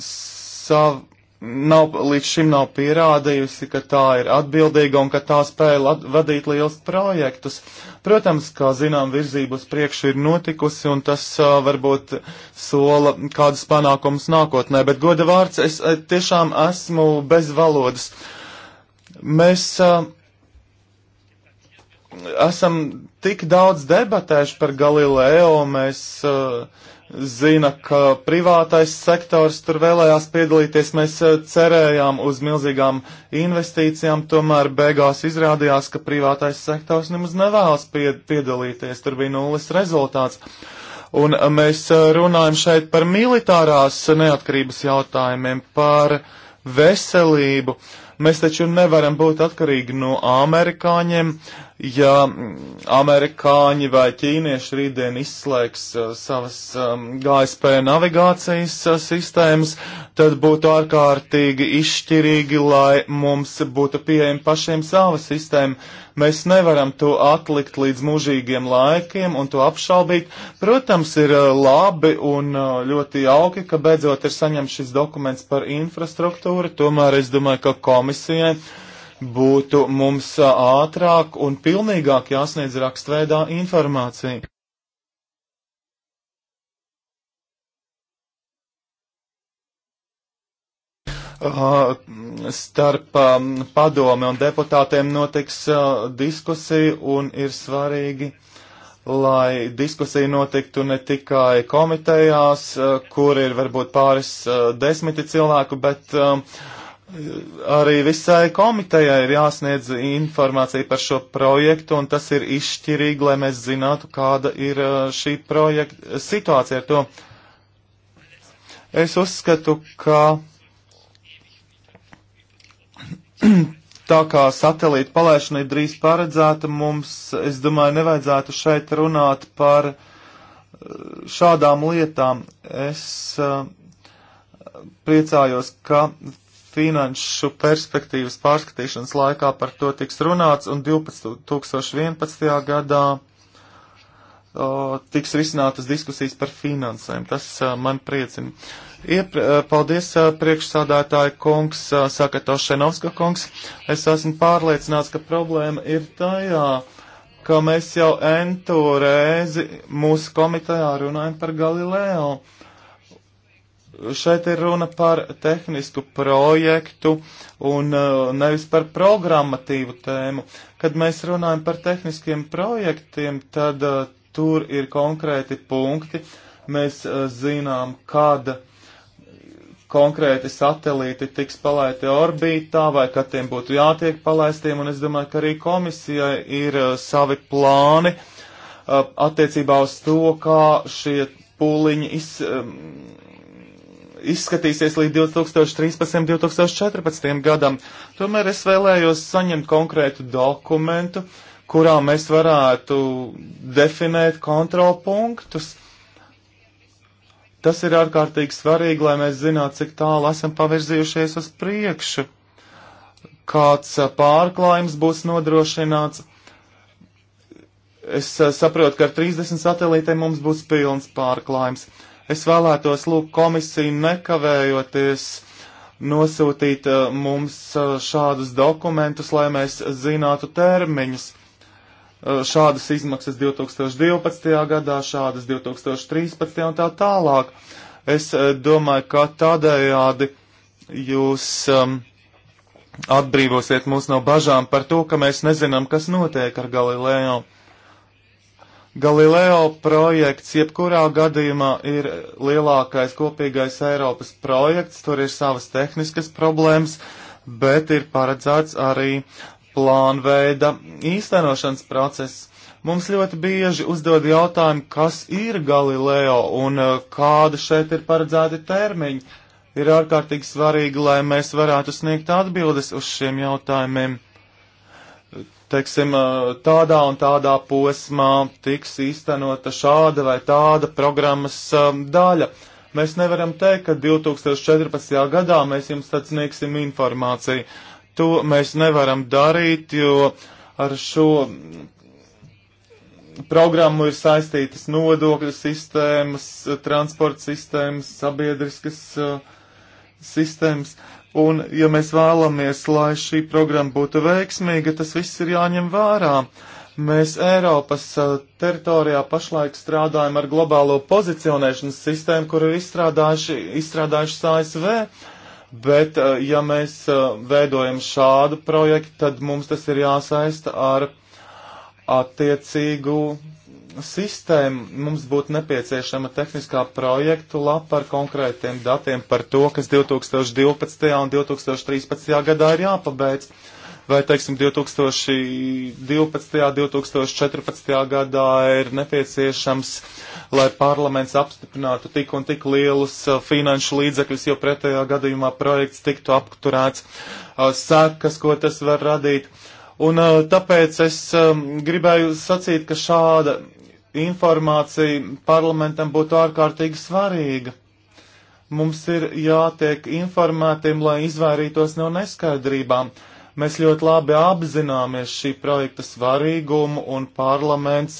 sav, nav, līdz šim nav pierādījusi, ka tā ir atbildīga un ka tā spēja vadīt liels projektus. Protams, kā zinām, virzības priekšu ir notikusi un tas uh, varbūt sola kādus panākumus nākotnē, bet goda vārds, es uh, tiešām esmu bez valodas. Mēs uh, esam tik daudz debatējuši par Galileo, mēs uh, zina, ka privātais sektors tur vēlējās piedalīties. Mēs eh, cerējām uz milzīgām investīcijām, tomēr beigās izrādījās, ka privātais sektors nemaz nevēlas piedalīties. Tur bija nulles rezultāts. Un eh, mēs runājam šeit par militārās neatkarības jautājumiem, par veselību. Mēs taču nevaram būt atkarīgi no amerikāņiem. Uh, ja amerikāņi vai ķīnieši rītdien izslēgs uh, savas um, GSP navigācijas uh, sistēmas, tad būtu ārkārtīgi izšķirīgi, lai mums būtu pieejama pašiem sava sistēma. Mēs nevaram to atlikt līdz mūžīgiem laikiem un to apšaubīt. Protams, ir uh, labi un uh, ļoti jauki, ka beidzot ir saņemts šis dokuments par infrastruktūru, tomēr es domāju, ka komisijai būtu mums ātrāk un pilnīgāk jāsniedz rakstveidā informācija. starp padome un deputātiem notiks diskusija un ir svarīgi, lai diskusija notiktu ne tikai komitejās, kur ir varbūt pāris desmiti cilvēku, bet arī visai komitejai ir jāsniedz informācija par šo projektu, un tas ir izšķirīgi, lai mēs zinātu, kāda ir uh, šī projekta uh, situācija ar to. Es uzskatu, ka tā kā satelīta palaišana ir drīz paredzēta, mums, es domāju, nevajadzētu šeit runāt par uh, šādām lietām. Es priecājos, ka finanšu perspektīvas pārskatīšanas laikā par to tiks runāts, un 12, 2011. gadā o, tiks risinātas diskusijas par finansēm. Tas a, man priecina. Iepr paldies a, priekšsādātāja kungs, a, saka Tošenovska kungs. Es esmu pārliecināts, ka problēma ir tajā ka mēs jau ento reizi mūsu komitejā runājam par Galileo. Uh, šeit ir runa par tehnisku projektu un uh, nevis par programmatīvu tēmu. Kad mēs runājam par tehniskiem projektiem, tad uh, tur ir konkrēti punkti. Mēs uh, zinām, kāda konkrēti satelīti tiks palaisti orbītā vai kad tiem būtu jātiek palaistiem, un es domāju, ka arī komisijai ir uh, savi plāni uh, attiecībā uz to, kā šie pūliņi iz, um, izskatīsies līdz 2013. un 2014. gadam. Tomēr es vēlējos saņemt konkrētu dokumentu, kurā mēs varētu definēt kontrolpunktus. Tas ir ārkārtīgi svarīgi, lai mēs zinātu, cik tālu esam pavirzījušies uz priekšu, kāds pārklājums būs nodrošināts. Es saprotu, ka ar 30 satelītiem mums būs pilns pārklājums. Es vēlētos lūgt komisiju nekavējoties nosūtīt eh, mums eh, šādus dokumentus, lai mēs zinātu termiņus. Eh, šādas izmaksas 2012. gadā, šādas 2013. un tā tālāk. Es domāju, ka tādējādi jūs um, atbrīvosiet mūs no bažām par to, ka mēs nezinām, kas notiek ar Galileo. Galileo projekts jebkurā gadījumā ir lielākais kopīgais Eiropas projekts, tur ir savas tehniskas problēmas, bet ir paredzēts arī plānveida īstenošanas process. Mums ļoti bieži uzdod jautājumu, kas ir Galileo un uh, kāda šeit ir paredzēti termiņi. Ir ārkārtīgi svarīgi, lai mēs varētu sniegt atbildes uz šiem jautājumiem teiksim, tādā un tādā posmā tiks īstenota šāda vai tāda programmas daļa. Mēs nevaram teikt, ka 2014. gadā mēs jums tad sniegsim informāciju. To mēs nevaram darīt, jo ar šo programmu ir saistītas nodokļu sistēmas, transporta sistēmas, sabiedriskas sistēmas. Uh, sistēmas. Un, ja mēs vēlamies, lai šī programma būtu veiksmīga, tas viss ir jāņem vērā. Mēs Eiropas teritorijā pašlaik strādājam ar globālo pozicionēšanas sistēmu, kuru ir izstrādājuši, izstrādājuši ASV, bet, ja mēs veidojam šādu projektu, tad mums tas ir jāsaista ar attiecīgu sistēmu, mums būtu nepieciešama tehniskā projektu lapa ar konkrētiem datiem par to, kas 2012. un 2013. gadā ir jāpabeidz. Vai, teiksim, 2012. un 2014. gadā ir nepieciešams, lai parlaments apstiprinātu tik un tik lielus uh, finanšu līdzekļus, jo pretējā gadījumā projekts tiktu apturēts, uh, sekas, ko tas var radīt. Un uh, tāpēc es um, gribēju sacīt, ka šāda informācija parlamentam būtu ārkārtīgi svarīga. Mums ir jātiek informētiem, lai izvairītos no neskaidrībām. Mēs ļoti labi apzināmies šī projekta svarīgumu un parlaments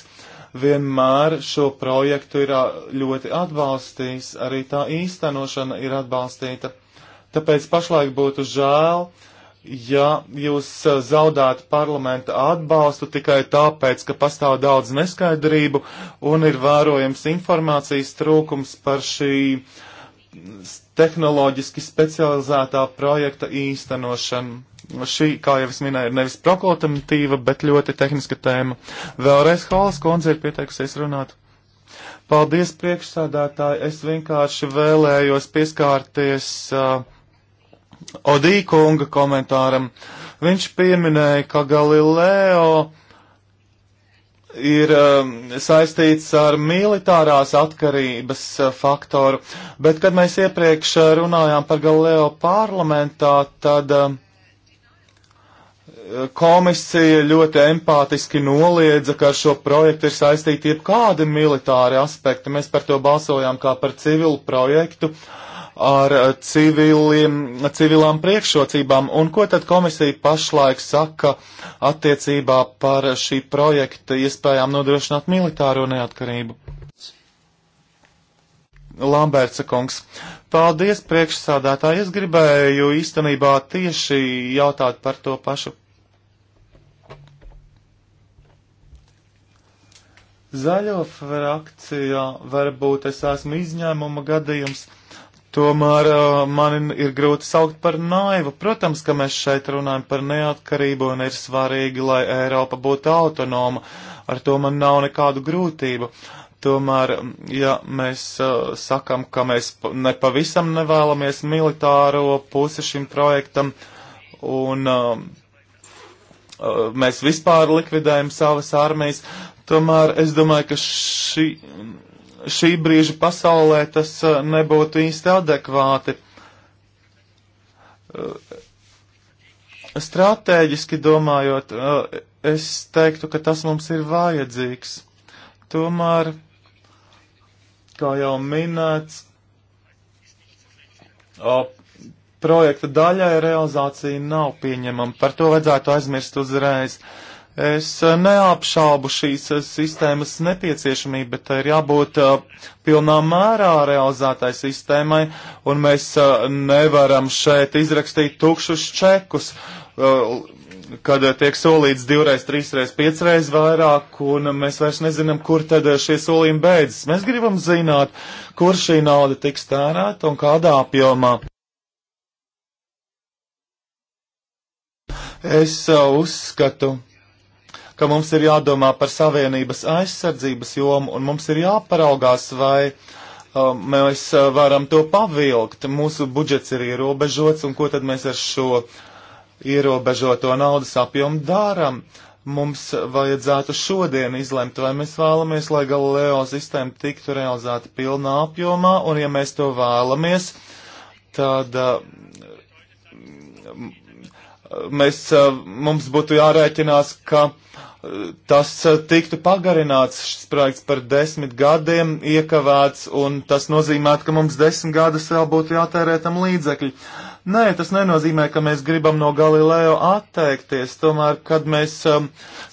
vienmēr šo projektu ir ļoti atbalstījis, arī tā īstenošana ir atbalstīta. Tāpēc pašlaik būtu žēl, uh, ja jūs uh, zaudāt parlamenta atbalstu tikai tāpēc, ka pastāv daudz neskaidrību un ir vērojams informācijas trūkums par šī tehnoloģiski specializētā projekta īstenošanu. Šī, kā jau es minēju, ir nevis prokultatīva, bet ļoti tehniska tēma. Vēlreiz Holas kundze ir pieteikusies runāt. Paldies priekšsādātāji, es vienkārši vēlējos pieskārties uh, Odī kunga komentāram. Viņš pieminēja, ka Galileo ir um, saistīts ar militārās atkarības uh, faktoru, bet kad mēs iepriekš uh, runājām par Galileo parlamentā, tad um, komisija ļoti empātiski noliedza, ka ar šo projektu ir saistīti jebkādi militāri aspekti. Mēs par to balsojām kā par civilu projektu. Uh, ar eh, civiliem, civilām priekšrocībām, un ko tad komisija pašlaik saka attiecībā par šī projekta iespējām nodrošināt militāro neatkarību? Lamberts kungs, paldies priekšsādātāji, es gribēju īstenībā tieši jautāt par to pašu. Zaļo frakcijā varbūt es esmu izņēmuma gadījums Tomēr man ir grūti saukt par naivu. Protams, ka mēs šeit runājam par neatkarību un ir svarīgi, lai Eiropa būtu autonoma. Ar to man nav nekādu grūtību. Tomēr, ja mēs uh, sakam, ka mēs nepavisam nevēlamies militāro pusi šim projektam un uh, mēs vispār likvidējam savas armijas, tomēr es domāju, ka šī šī brīža pasaulē tas uh, nebūtu īsti adekvāti. Uh, Stratēģiski domājot, uh, es teiktu, ka tas mums ir vajadzīgs. Tomēr, kā jau minēts, projekta daļai realizācija nav pieņemama. Par to vajadzētu aizmirst uzreiz. Uh, Es eh, neapšaubu šīs eh, sistēmas nepieciešamību, bet eh, ir jābūt pilnā mērā realizētai sistēmai, un mēs nevaram šeit izrakstīt tukšus čekus, kad tiek solīts divreiz, trīsreiz, piecreiz vairāk, un mēs vairs nezinām, kur tad šie solījumi beidzas. Mēs gribam zināt, kur šī nauda tiks tērēta un kādā apjomā. Es uzskatu, ka mums ir jādomā par savienības aizsardzības jomu un mums ir jāparaugās, vai um, uh, mēs varam to pavilkt. Mūsu budžets ir ierobežots un ko tad mēs ar šo ierobežoto naudas apjomu dārām? Mums vajadzētu šodien izlemt, vai mēs vēlamies, lai Galileo sistēma tiktu realizēta pilnā apjomā, un ja mēs to vēlamies, tad uh, mēs, mums būtu jārēķinās, ka tas tiktu pagarināts šis projekts par desmit gadiem, iekavēts, un tas nozīmē, ka mums desmit gadus vēl būtu jātērē tam līdzekļi. Nē, tas nenozīmē, ka mēs gribam no Galileo atteikties. Tomēr, kad mēs um,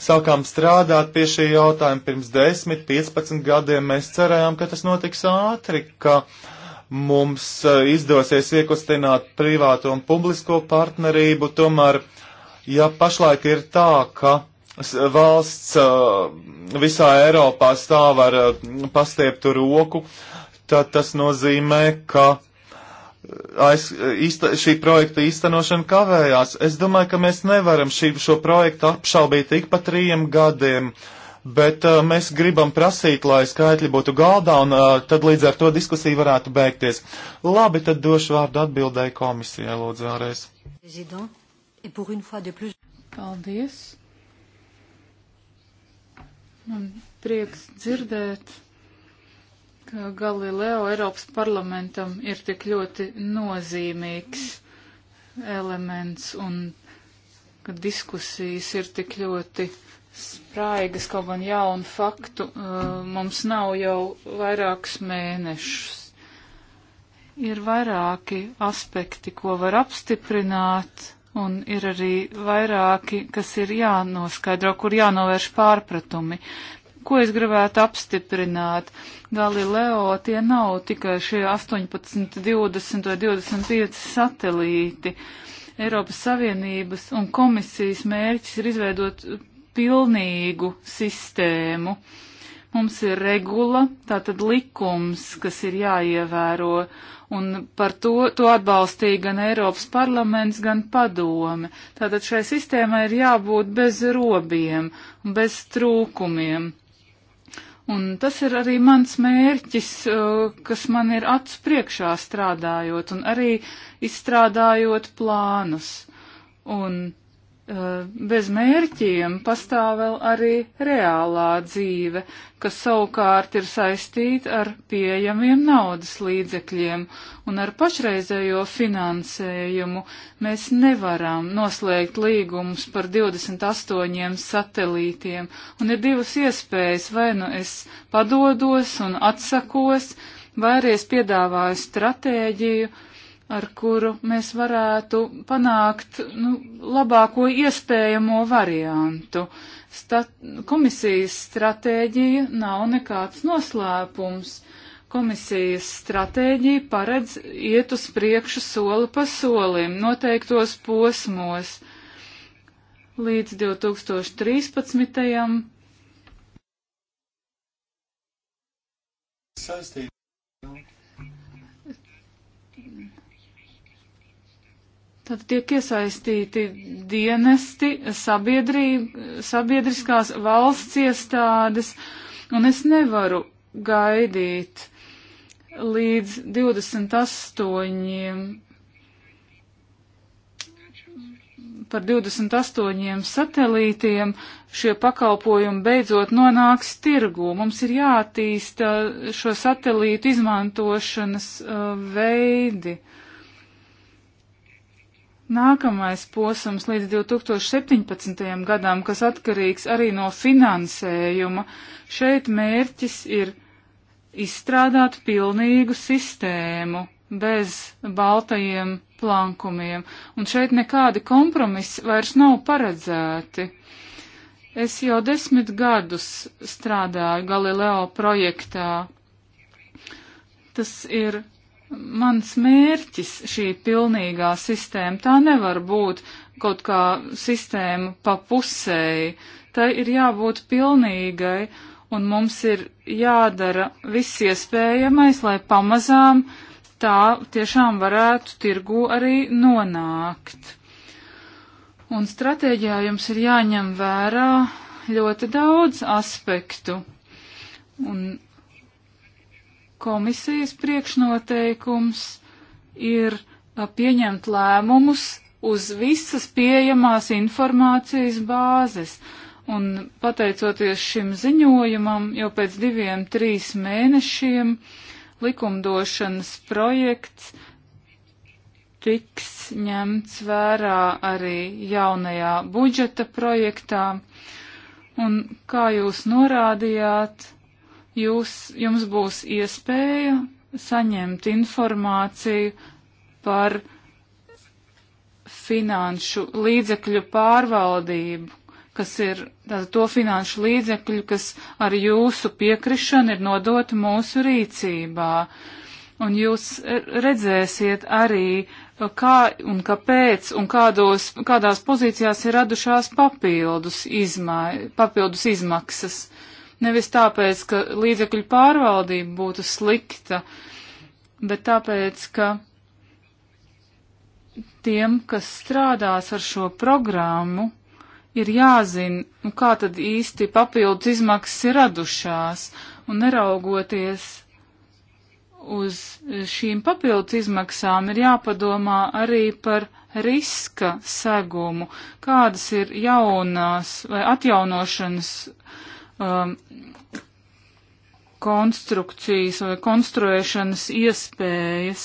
sākām strādāt pie šī jautājuma pirms 10, 15 gadiem, mēs cerējām, ka tas notiks ātri, ka uh, mums eh, izdosies iekustināt privāto un publisko partnerību, tomēr, ja pašlaik ir tā, ka valsts eh, visā Eiropā stāv ar eh, pastieptu roku, tad tas nozīmē, ka aiz, īsta, šī projekta īstenošana kavējās. Es domāju, ka mēs nevaram šī, šo projektu apšaubīt ik pa trījiem gadiem. Uh, bet uh, mēs gribam prasīt, lai skaitļi būtu galdā, un uh, tad līdz ar to diskusija varētu beigties. Labi, tad došu vārdu atbildēji komisijai, lūdzu, vēlreiz. Paldies. Man prieks dzirdēt, ka Galileo Eiropas parlamentam ir tik ļoti nozīmīgs elements un ka diskusijas ir tik ļoti spraigas, kaut gan jaunu faktu uh, mums nav jau vairākus mēnešus. Ir vairāki aspekti, ko var apstiprināt, un ir arī vairāki, kas ir jānoskaidro, kur jānovērš pārpratumi. Ko es gribētu apstiprināt? Galileo tie nav tikai šie 18, 20 vai 25 satelīti. Eiropas Savienības un komisijas mērķis ir izveidot pilnīgu sistēmu. Mums ir regula, tātad likums, kas ir jāievēro, un par to, to atbalstīja gan Eiropas parlaments, gan padome. Tātad šai sistēmai ir jābūt bez robiem un bez trūkumiem. Un tas ir arī mans mērķis, uh, kas man ir acu priekšā strādājot un arī izstrādājot plānus. Un Eh, bez mērķiem pastāv vēl arī reālā dzīve, kas savukārt ir saistīta ar pieejamiem naudas līdzekļiem un ar pašreizējo finansējumu. Mēs nevaram noslēgt līgumus par 28 satelītiem, un ir divas iespējas, vai nu es padodos un atsakos, vai arī es piedāvāju stratēģiju, ar kuru mēs varētu panākt nu, labāko iespējamo variantu. Stat komisijas stratēģija nav nekāds noslēpums. Komisijas stratēģija paredz iet uz priekšu soli pa solim, noteiktos posmos līdz 2013. Saistīt. Tad tiek iesaistīti dienesti, sabiedriskās valsts iestādes, un es nevaru gaidīt līdz 28 par 28 satelītiem šie pakalpojumi beidzot nonāks tirgū. Mums ir jātīsta šo satelītu izmantošanas uh, veidi. Uh, Nākamais posms līdz 2017. gadam, kas atkarīgs arī no finansējuma, šeit mērķis ir izstrādāt pilnīgu sistēmu bez baltajiem plankumiem, un šeit nekādi kompromisi vairs nav paredzēti. Es jau desmit gadus strādāju Galileo projektā. Tas ir mans mērķis šī pilnīgā sistēma. Tā nevar būt kaut kā sistēma pa pusēji. Tai ir jābūt pilnīgai, un mums ir jādara viss iespējamais, lai pamazām tā tiešām varētu tirgu arī nonākt. Un stratēģijā jums ir jāņem vērā ļoti daudz aspektu. Un komisijas priekšnoteikums ir uh, pieņemt lēmumus uz visas pieejamās informācijas bāzes. Un pateicoties šim ziņojumam, jau pēc diviem, trīs mēnešiem likumdošanas projekts tiks ņemts vērā arī jaunajā budžeta projektā. Un kā jūs norādījāt, jūs, jums būs iespēja saņemt informāciju par finanšu līdzekļu pārvaldību, kas ir tātad to finanšu līdzekļu, kas ar jūsu piekrišanu ir nodota mūsu rīcībā. Un jūs redzēsiet arī, kā un kāpēc un kādos, kādās pozīcijās ir radušās papildus, izmai, papildus izmaksas. Nevis tāpēc, ka līdzekļu pārvaldība būtu slikta, bet tāpēc, ka tiem, kas strādās ar šo programmu, ir jāzina, nu, kā tad īsti papildus izmaksas ir radušās, un neraugoties uz šīm papildus izmaksām, ir jāpadomā arī par riska segumu, kādas ir jaunās vai atjaunošanas uh, um, konstrukcijas vai konstruēšanas iespējas.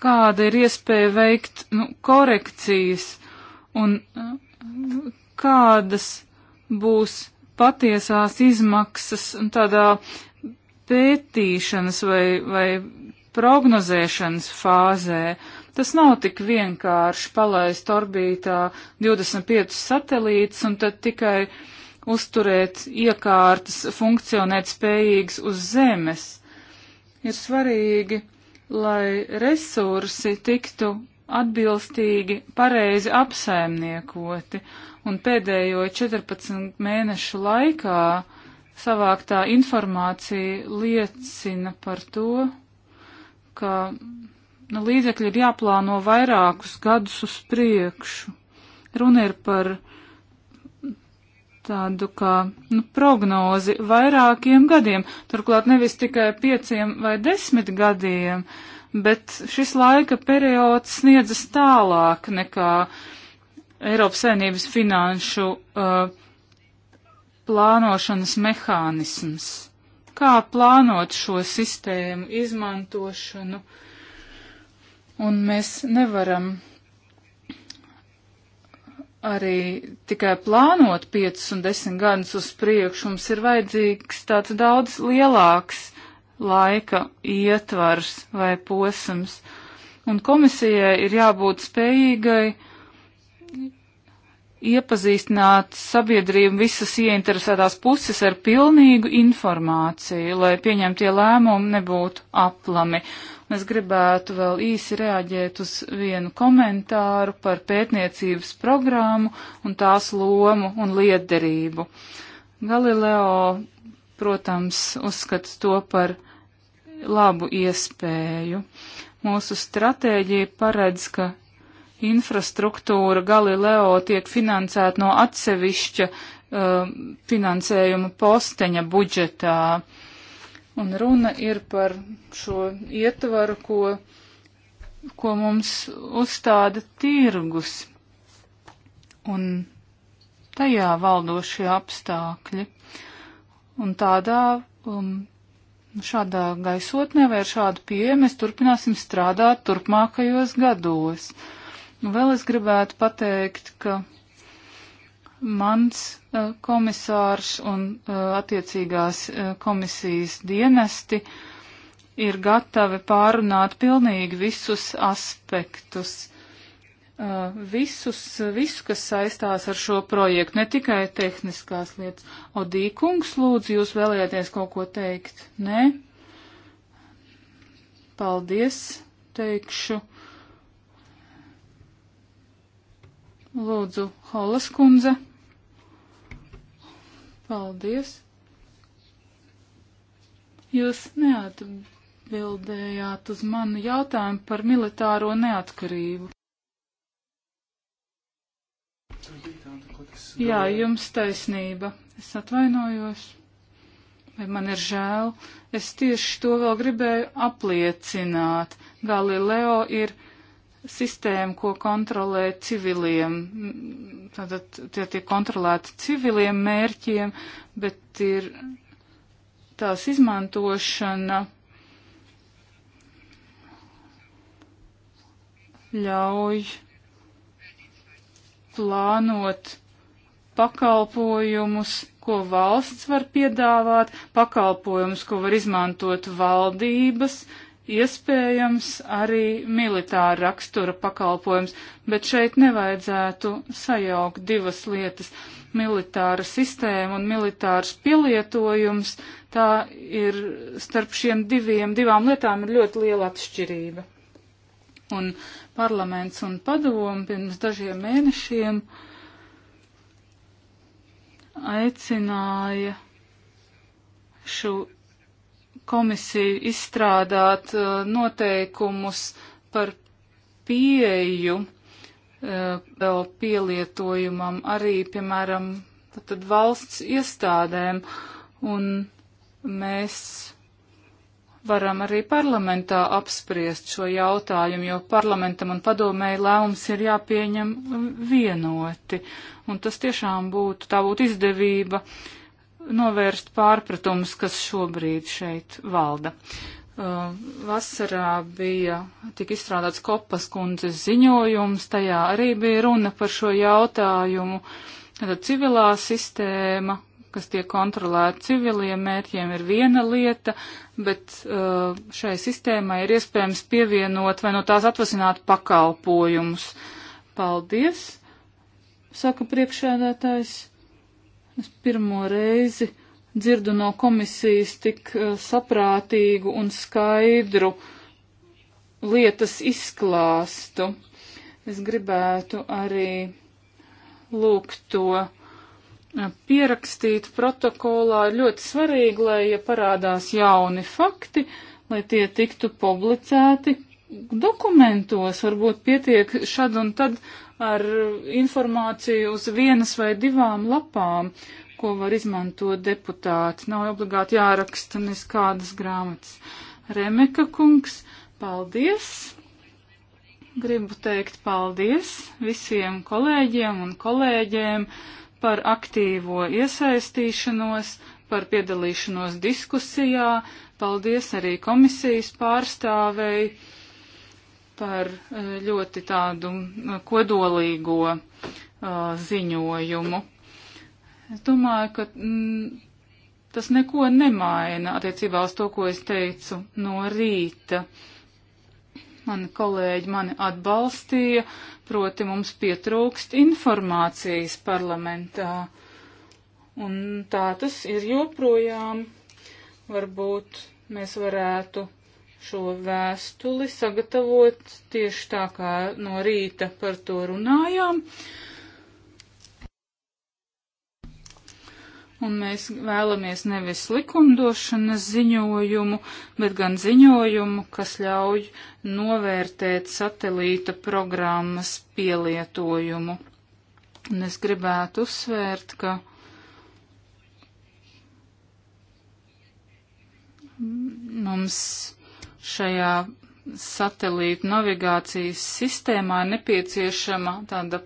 Kāda ir iespēja veikt nu, korekcijas un uh, kādas būs patiesās izmaksas tādā pētīšanas vai, vai prognozēšanas fāzē? Uh, Tas nav tik vienkārši palaist orbītā 25 satelītus un tad tikai uzturēt iekārtas funkcionēt spējīgas uz zemes. Ir svarīgi, lai resursi tiktu atbilstīgi, pareizi apsaimniekoti, un pēdējo 14 mēnešu laikā savāktā informācija liecina par to, ka Nu, līdzekļi ir jāplāno vairākus gadus uz priekšu. Runa ir par tādu kā nu, prognozi vairākiem gadiem, turklāt nevis tikai pieciem vai desmit gadiem, bet šis laika periods sniedzas tālāk nekā Eiropas saimnības finanšu uh, plānošanas mehānisms. Kā plānot šo sistēmu izmantošanu? Uh, un mēs nevaram arī tikai plānot 5 un 10 gadus uz priekšu, mums ir vajadzīgs tāds daudz lielāks laika ietvars vai posms. Un komisijai ir jābūt spējīgai iepazīstināt sabiedrību visas ieinteresētās puses ar pilnīgu informāciju, lai pieņemtie lēmumi nebūtu aplami. Es gribētu vēl īsi reaģēt uz vienu komentāru par pētniecības programmu un tās lomu un liederību. Galileo, protams, uzskata to par labu iespēju. Mūsu stratēģija paredz, ka infrastruktūra Galileo tiek finansēta no atsevišķa uh, finansējuma posteņa budžetā. Uh, Un runa ir par šo ietvaru, ko, ko mums uzstāda tirgus un tajā valdošie apstākļi. Un tādā, um, šādā gaisotnē vai ar šādu pieeju mēs turpināsim strādāt turpmākajos gados. Un vēl es gribētu pateikt, ka mans eh, komisārs un eh, attiecīgās eh, komisijas dienesti ir gatavi pārunāt pilnīgi visus aspektus. Visus, visu, kas saistās ar šo projektu, ne tikai tehniskās lietas. Odīkungs, lūdzu, jūs vēlējāties kaut ko teikt? Nē? Paldies, teikšu. Lūdzu, Holas kundze. Paldies! Jūs neatbildējāt uz manu jautājumu par militāro neatkarību. Jā, jums taisnība. Es atvainojos. Vai man ir žēl? Es tieši to vēl gribēju apliecināt. Galileo ir sistēma, ko kontrolē civiliem, tātad tie tiek kontrolēti civiliem mērķiem, bet ir tās izmantošana ļauj plānot pakalpojumus, ko valsts var piedāvāt, pakalpojumus, ko var izmantot valdības, iespējams arī militāra rakstura pakalpojums, bet šeit nevajadzētu sajaukt divas lietas - militāra sistēma un militārs pielietojums. Tā ir starp šiem diviem, divām lietām ir ļoti liela atšķirība. Un parlaments un padomu pirms dažiem mēnešiem aicināja šo komisiju izstrādāt uh, noteikumus par pieeju uh, vēl pielietojumam arī, piemēram, tad valsts iestādēm, un mēs varam arī parlamentā apspriest šo jautājumu, jo parlamentam un padomēji lēmums ir jāpieņem vienoti, un tas tiešām būtu, tā būtu izdevība. Uh, novērst pārpratumus, kas šobrīd šeit valda. Uh, vasarā bija tik izstrādāts kopas kundzes ziņojums, tajā arī bija runa par šo jautājumu. Tad civilā sistēma, kas tiek kontrolēta civiliem mērķiem, ir viena lieta, bet uh, šai sistēmai ir iespējams pievienot vai no tās atvasināt pakalpojumus. Paldies, saka priekšēdētājs. Es pirmo reizi dzirdu no komisijas tik eh, saprātīgu un skaidru lietas izklāstu. Es gribētu arī lūgt to eh, pierakstīt protokolā. Ir ļoti svarīgi, lai, ja parādās jauni fakti, lai tie tiktu publicēti dokumentos. Varbūt pietiek šad un tad ar informāciju uz vienas vai divām lapām, ko var izmantot deputāti. Nav obligāti jāraksta nes kādas grāmatas. Remeka kungs, paldies! Gribu teikt paldies visiem kolēģiem un kolēģiem par aktīvo iesaistīšanos, par piedalīšanos diskusijā. Paldies arī komisijas pārstāvei par eh, ļoti tādu eh, kodolīgo uh, ziņojumu. Es domāju, ka mm, tas neko nemaina attiecībā uz to, ko es teicu no rīta. Mani kolēģi mani atbalstīja, proti mums pietrūkst informācijas parlamentā. Un tā tas ir joprojām. Varbūt mēs varētu šo vēstuli sagatavot tieši tā, kā no rīta par to runājām. Un mēs vēlamies nevis likumdošanas ziņojumu, bet gan ziņojumu, kas ļauj novērtēt satelīta programmas pielietojumu. Un es gribētu uzsvērt, ka mums šajā satelīta navigācijas sistēmā ir nepieciešama tāda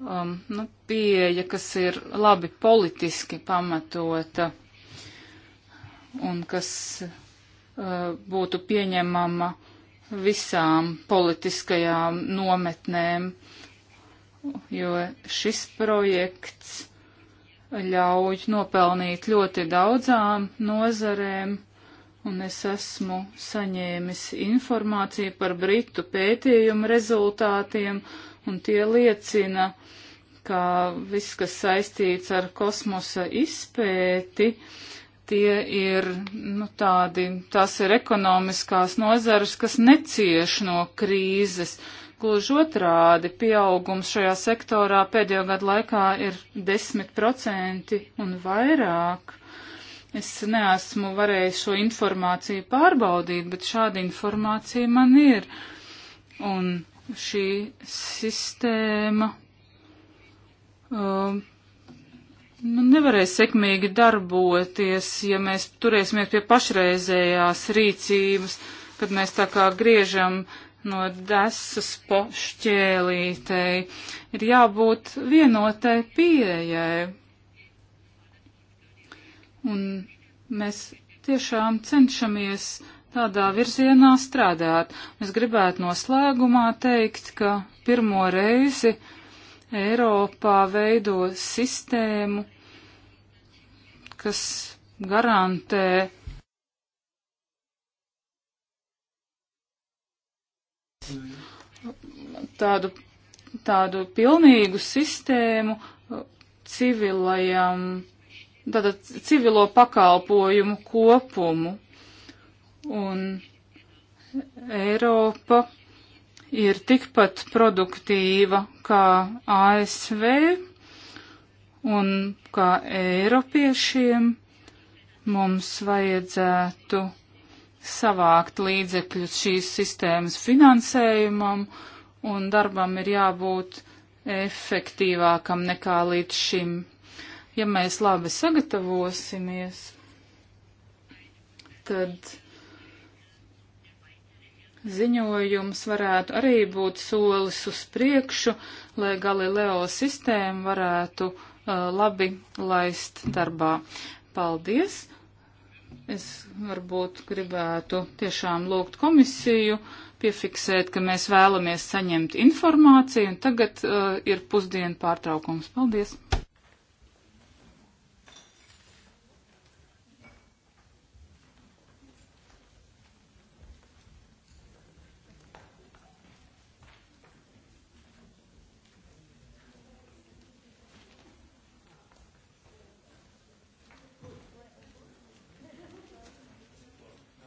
um, nu, pieeja, kas ir labi politiski pamatota un kas uh, būtu pieņemama visām politiskajām nometnēm, jo šis projekts ļauj nopelnīt ļoti daudzām nozarēm un es esmu saņēmis informāciju par Britu pētījumu rezultātiem, un tie liecina, ka viss, kas saistīts ar kosmosa izpēti, tie ir nu, tādi, tās ir ekonomiskās nozares, kas necieš no krīzes. Gluži otrādi, pieaugums šajā sektorā pēdējo gadu laikā ir 10% un vairāk. Es neesmu varējis šo informāciju pārbaudīt, bet šāda informācija man ir. Un šī sistēma um, nu, nevarēs sekmīgi darboties, ja mēs turēsimies pie pašreizējās rīcības, kad mēs tā kā griežam no desas po šķēlītei. Ir jābūt vienotai pieejai Un mēs tiešām cenšamies tādā virzienā strādāt. Es gribētu noslēgumā teikt, ka pirmo reizi Eiropā veido sistēmu, kas garantē tādu, tādu pilnīgu sistēmu civilajam tātad civilo pakalpojumu kopumu. Un Eiropa ir tikpat produktīva kā ASV un kā Eiropiešiem mums vajadzētu savākt līdzekļus šīs sistēmas finansējumam un darbam ir jābūt efektīvākam nekā līdz šim ja mēs labi sagatavosimies, tad ziņojums varētu arī būt solis uz priekšu, lai Galileo sistēmu varētu uh, labi laist darbā. Paldies! Es varbūt gribētu tiešām lūgt komisiju piefiksēt, ka mēs vēlamies saņemt informāciju, un tagad uh, ir pusdienu pārtraukums. Paldies!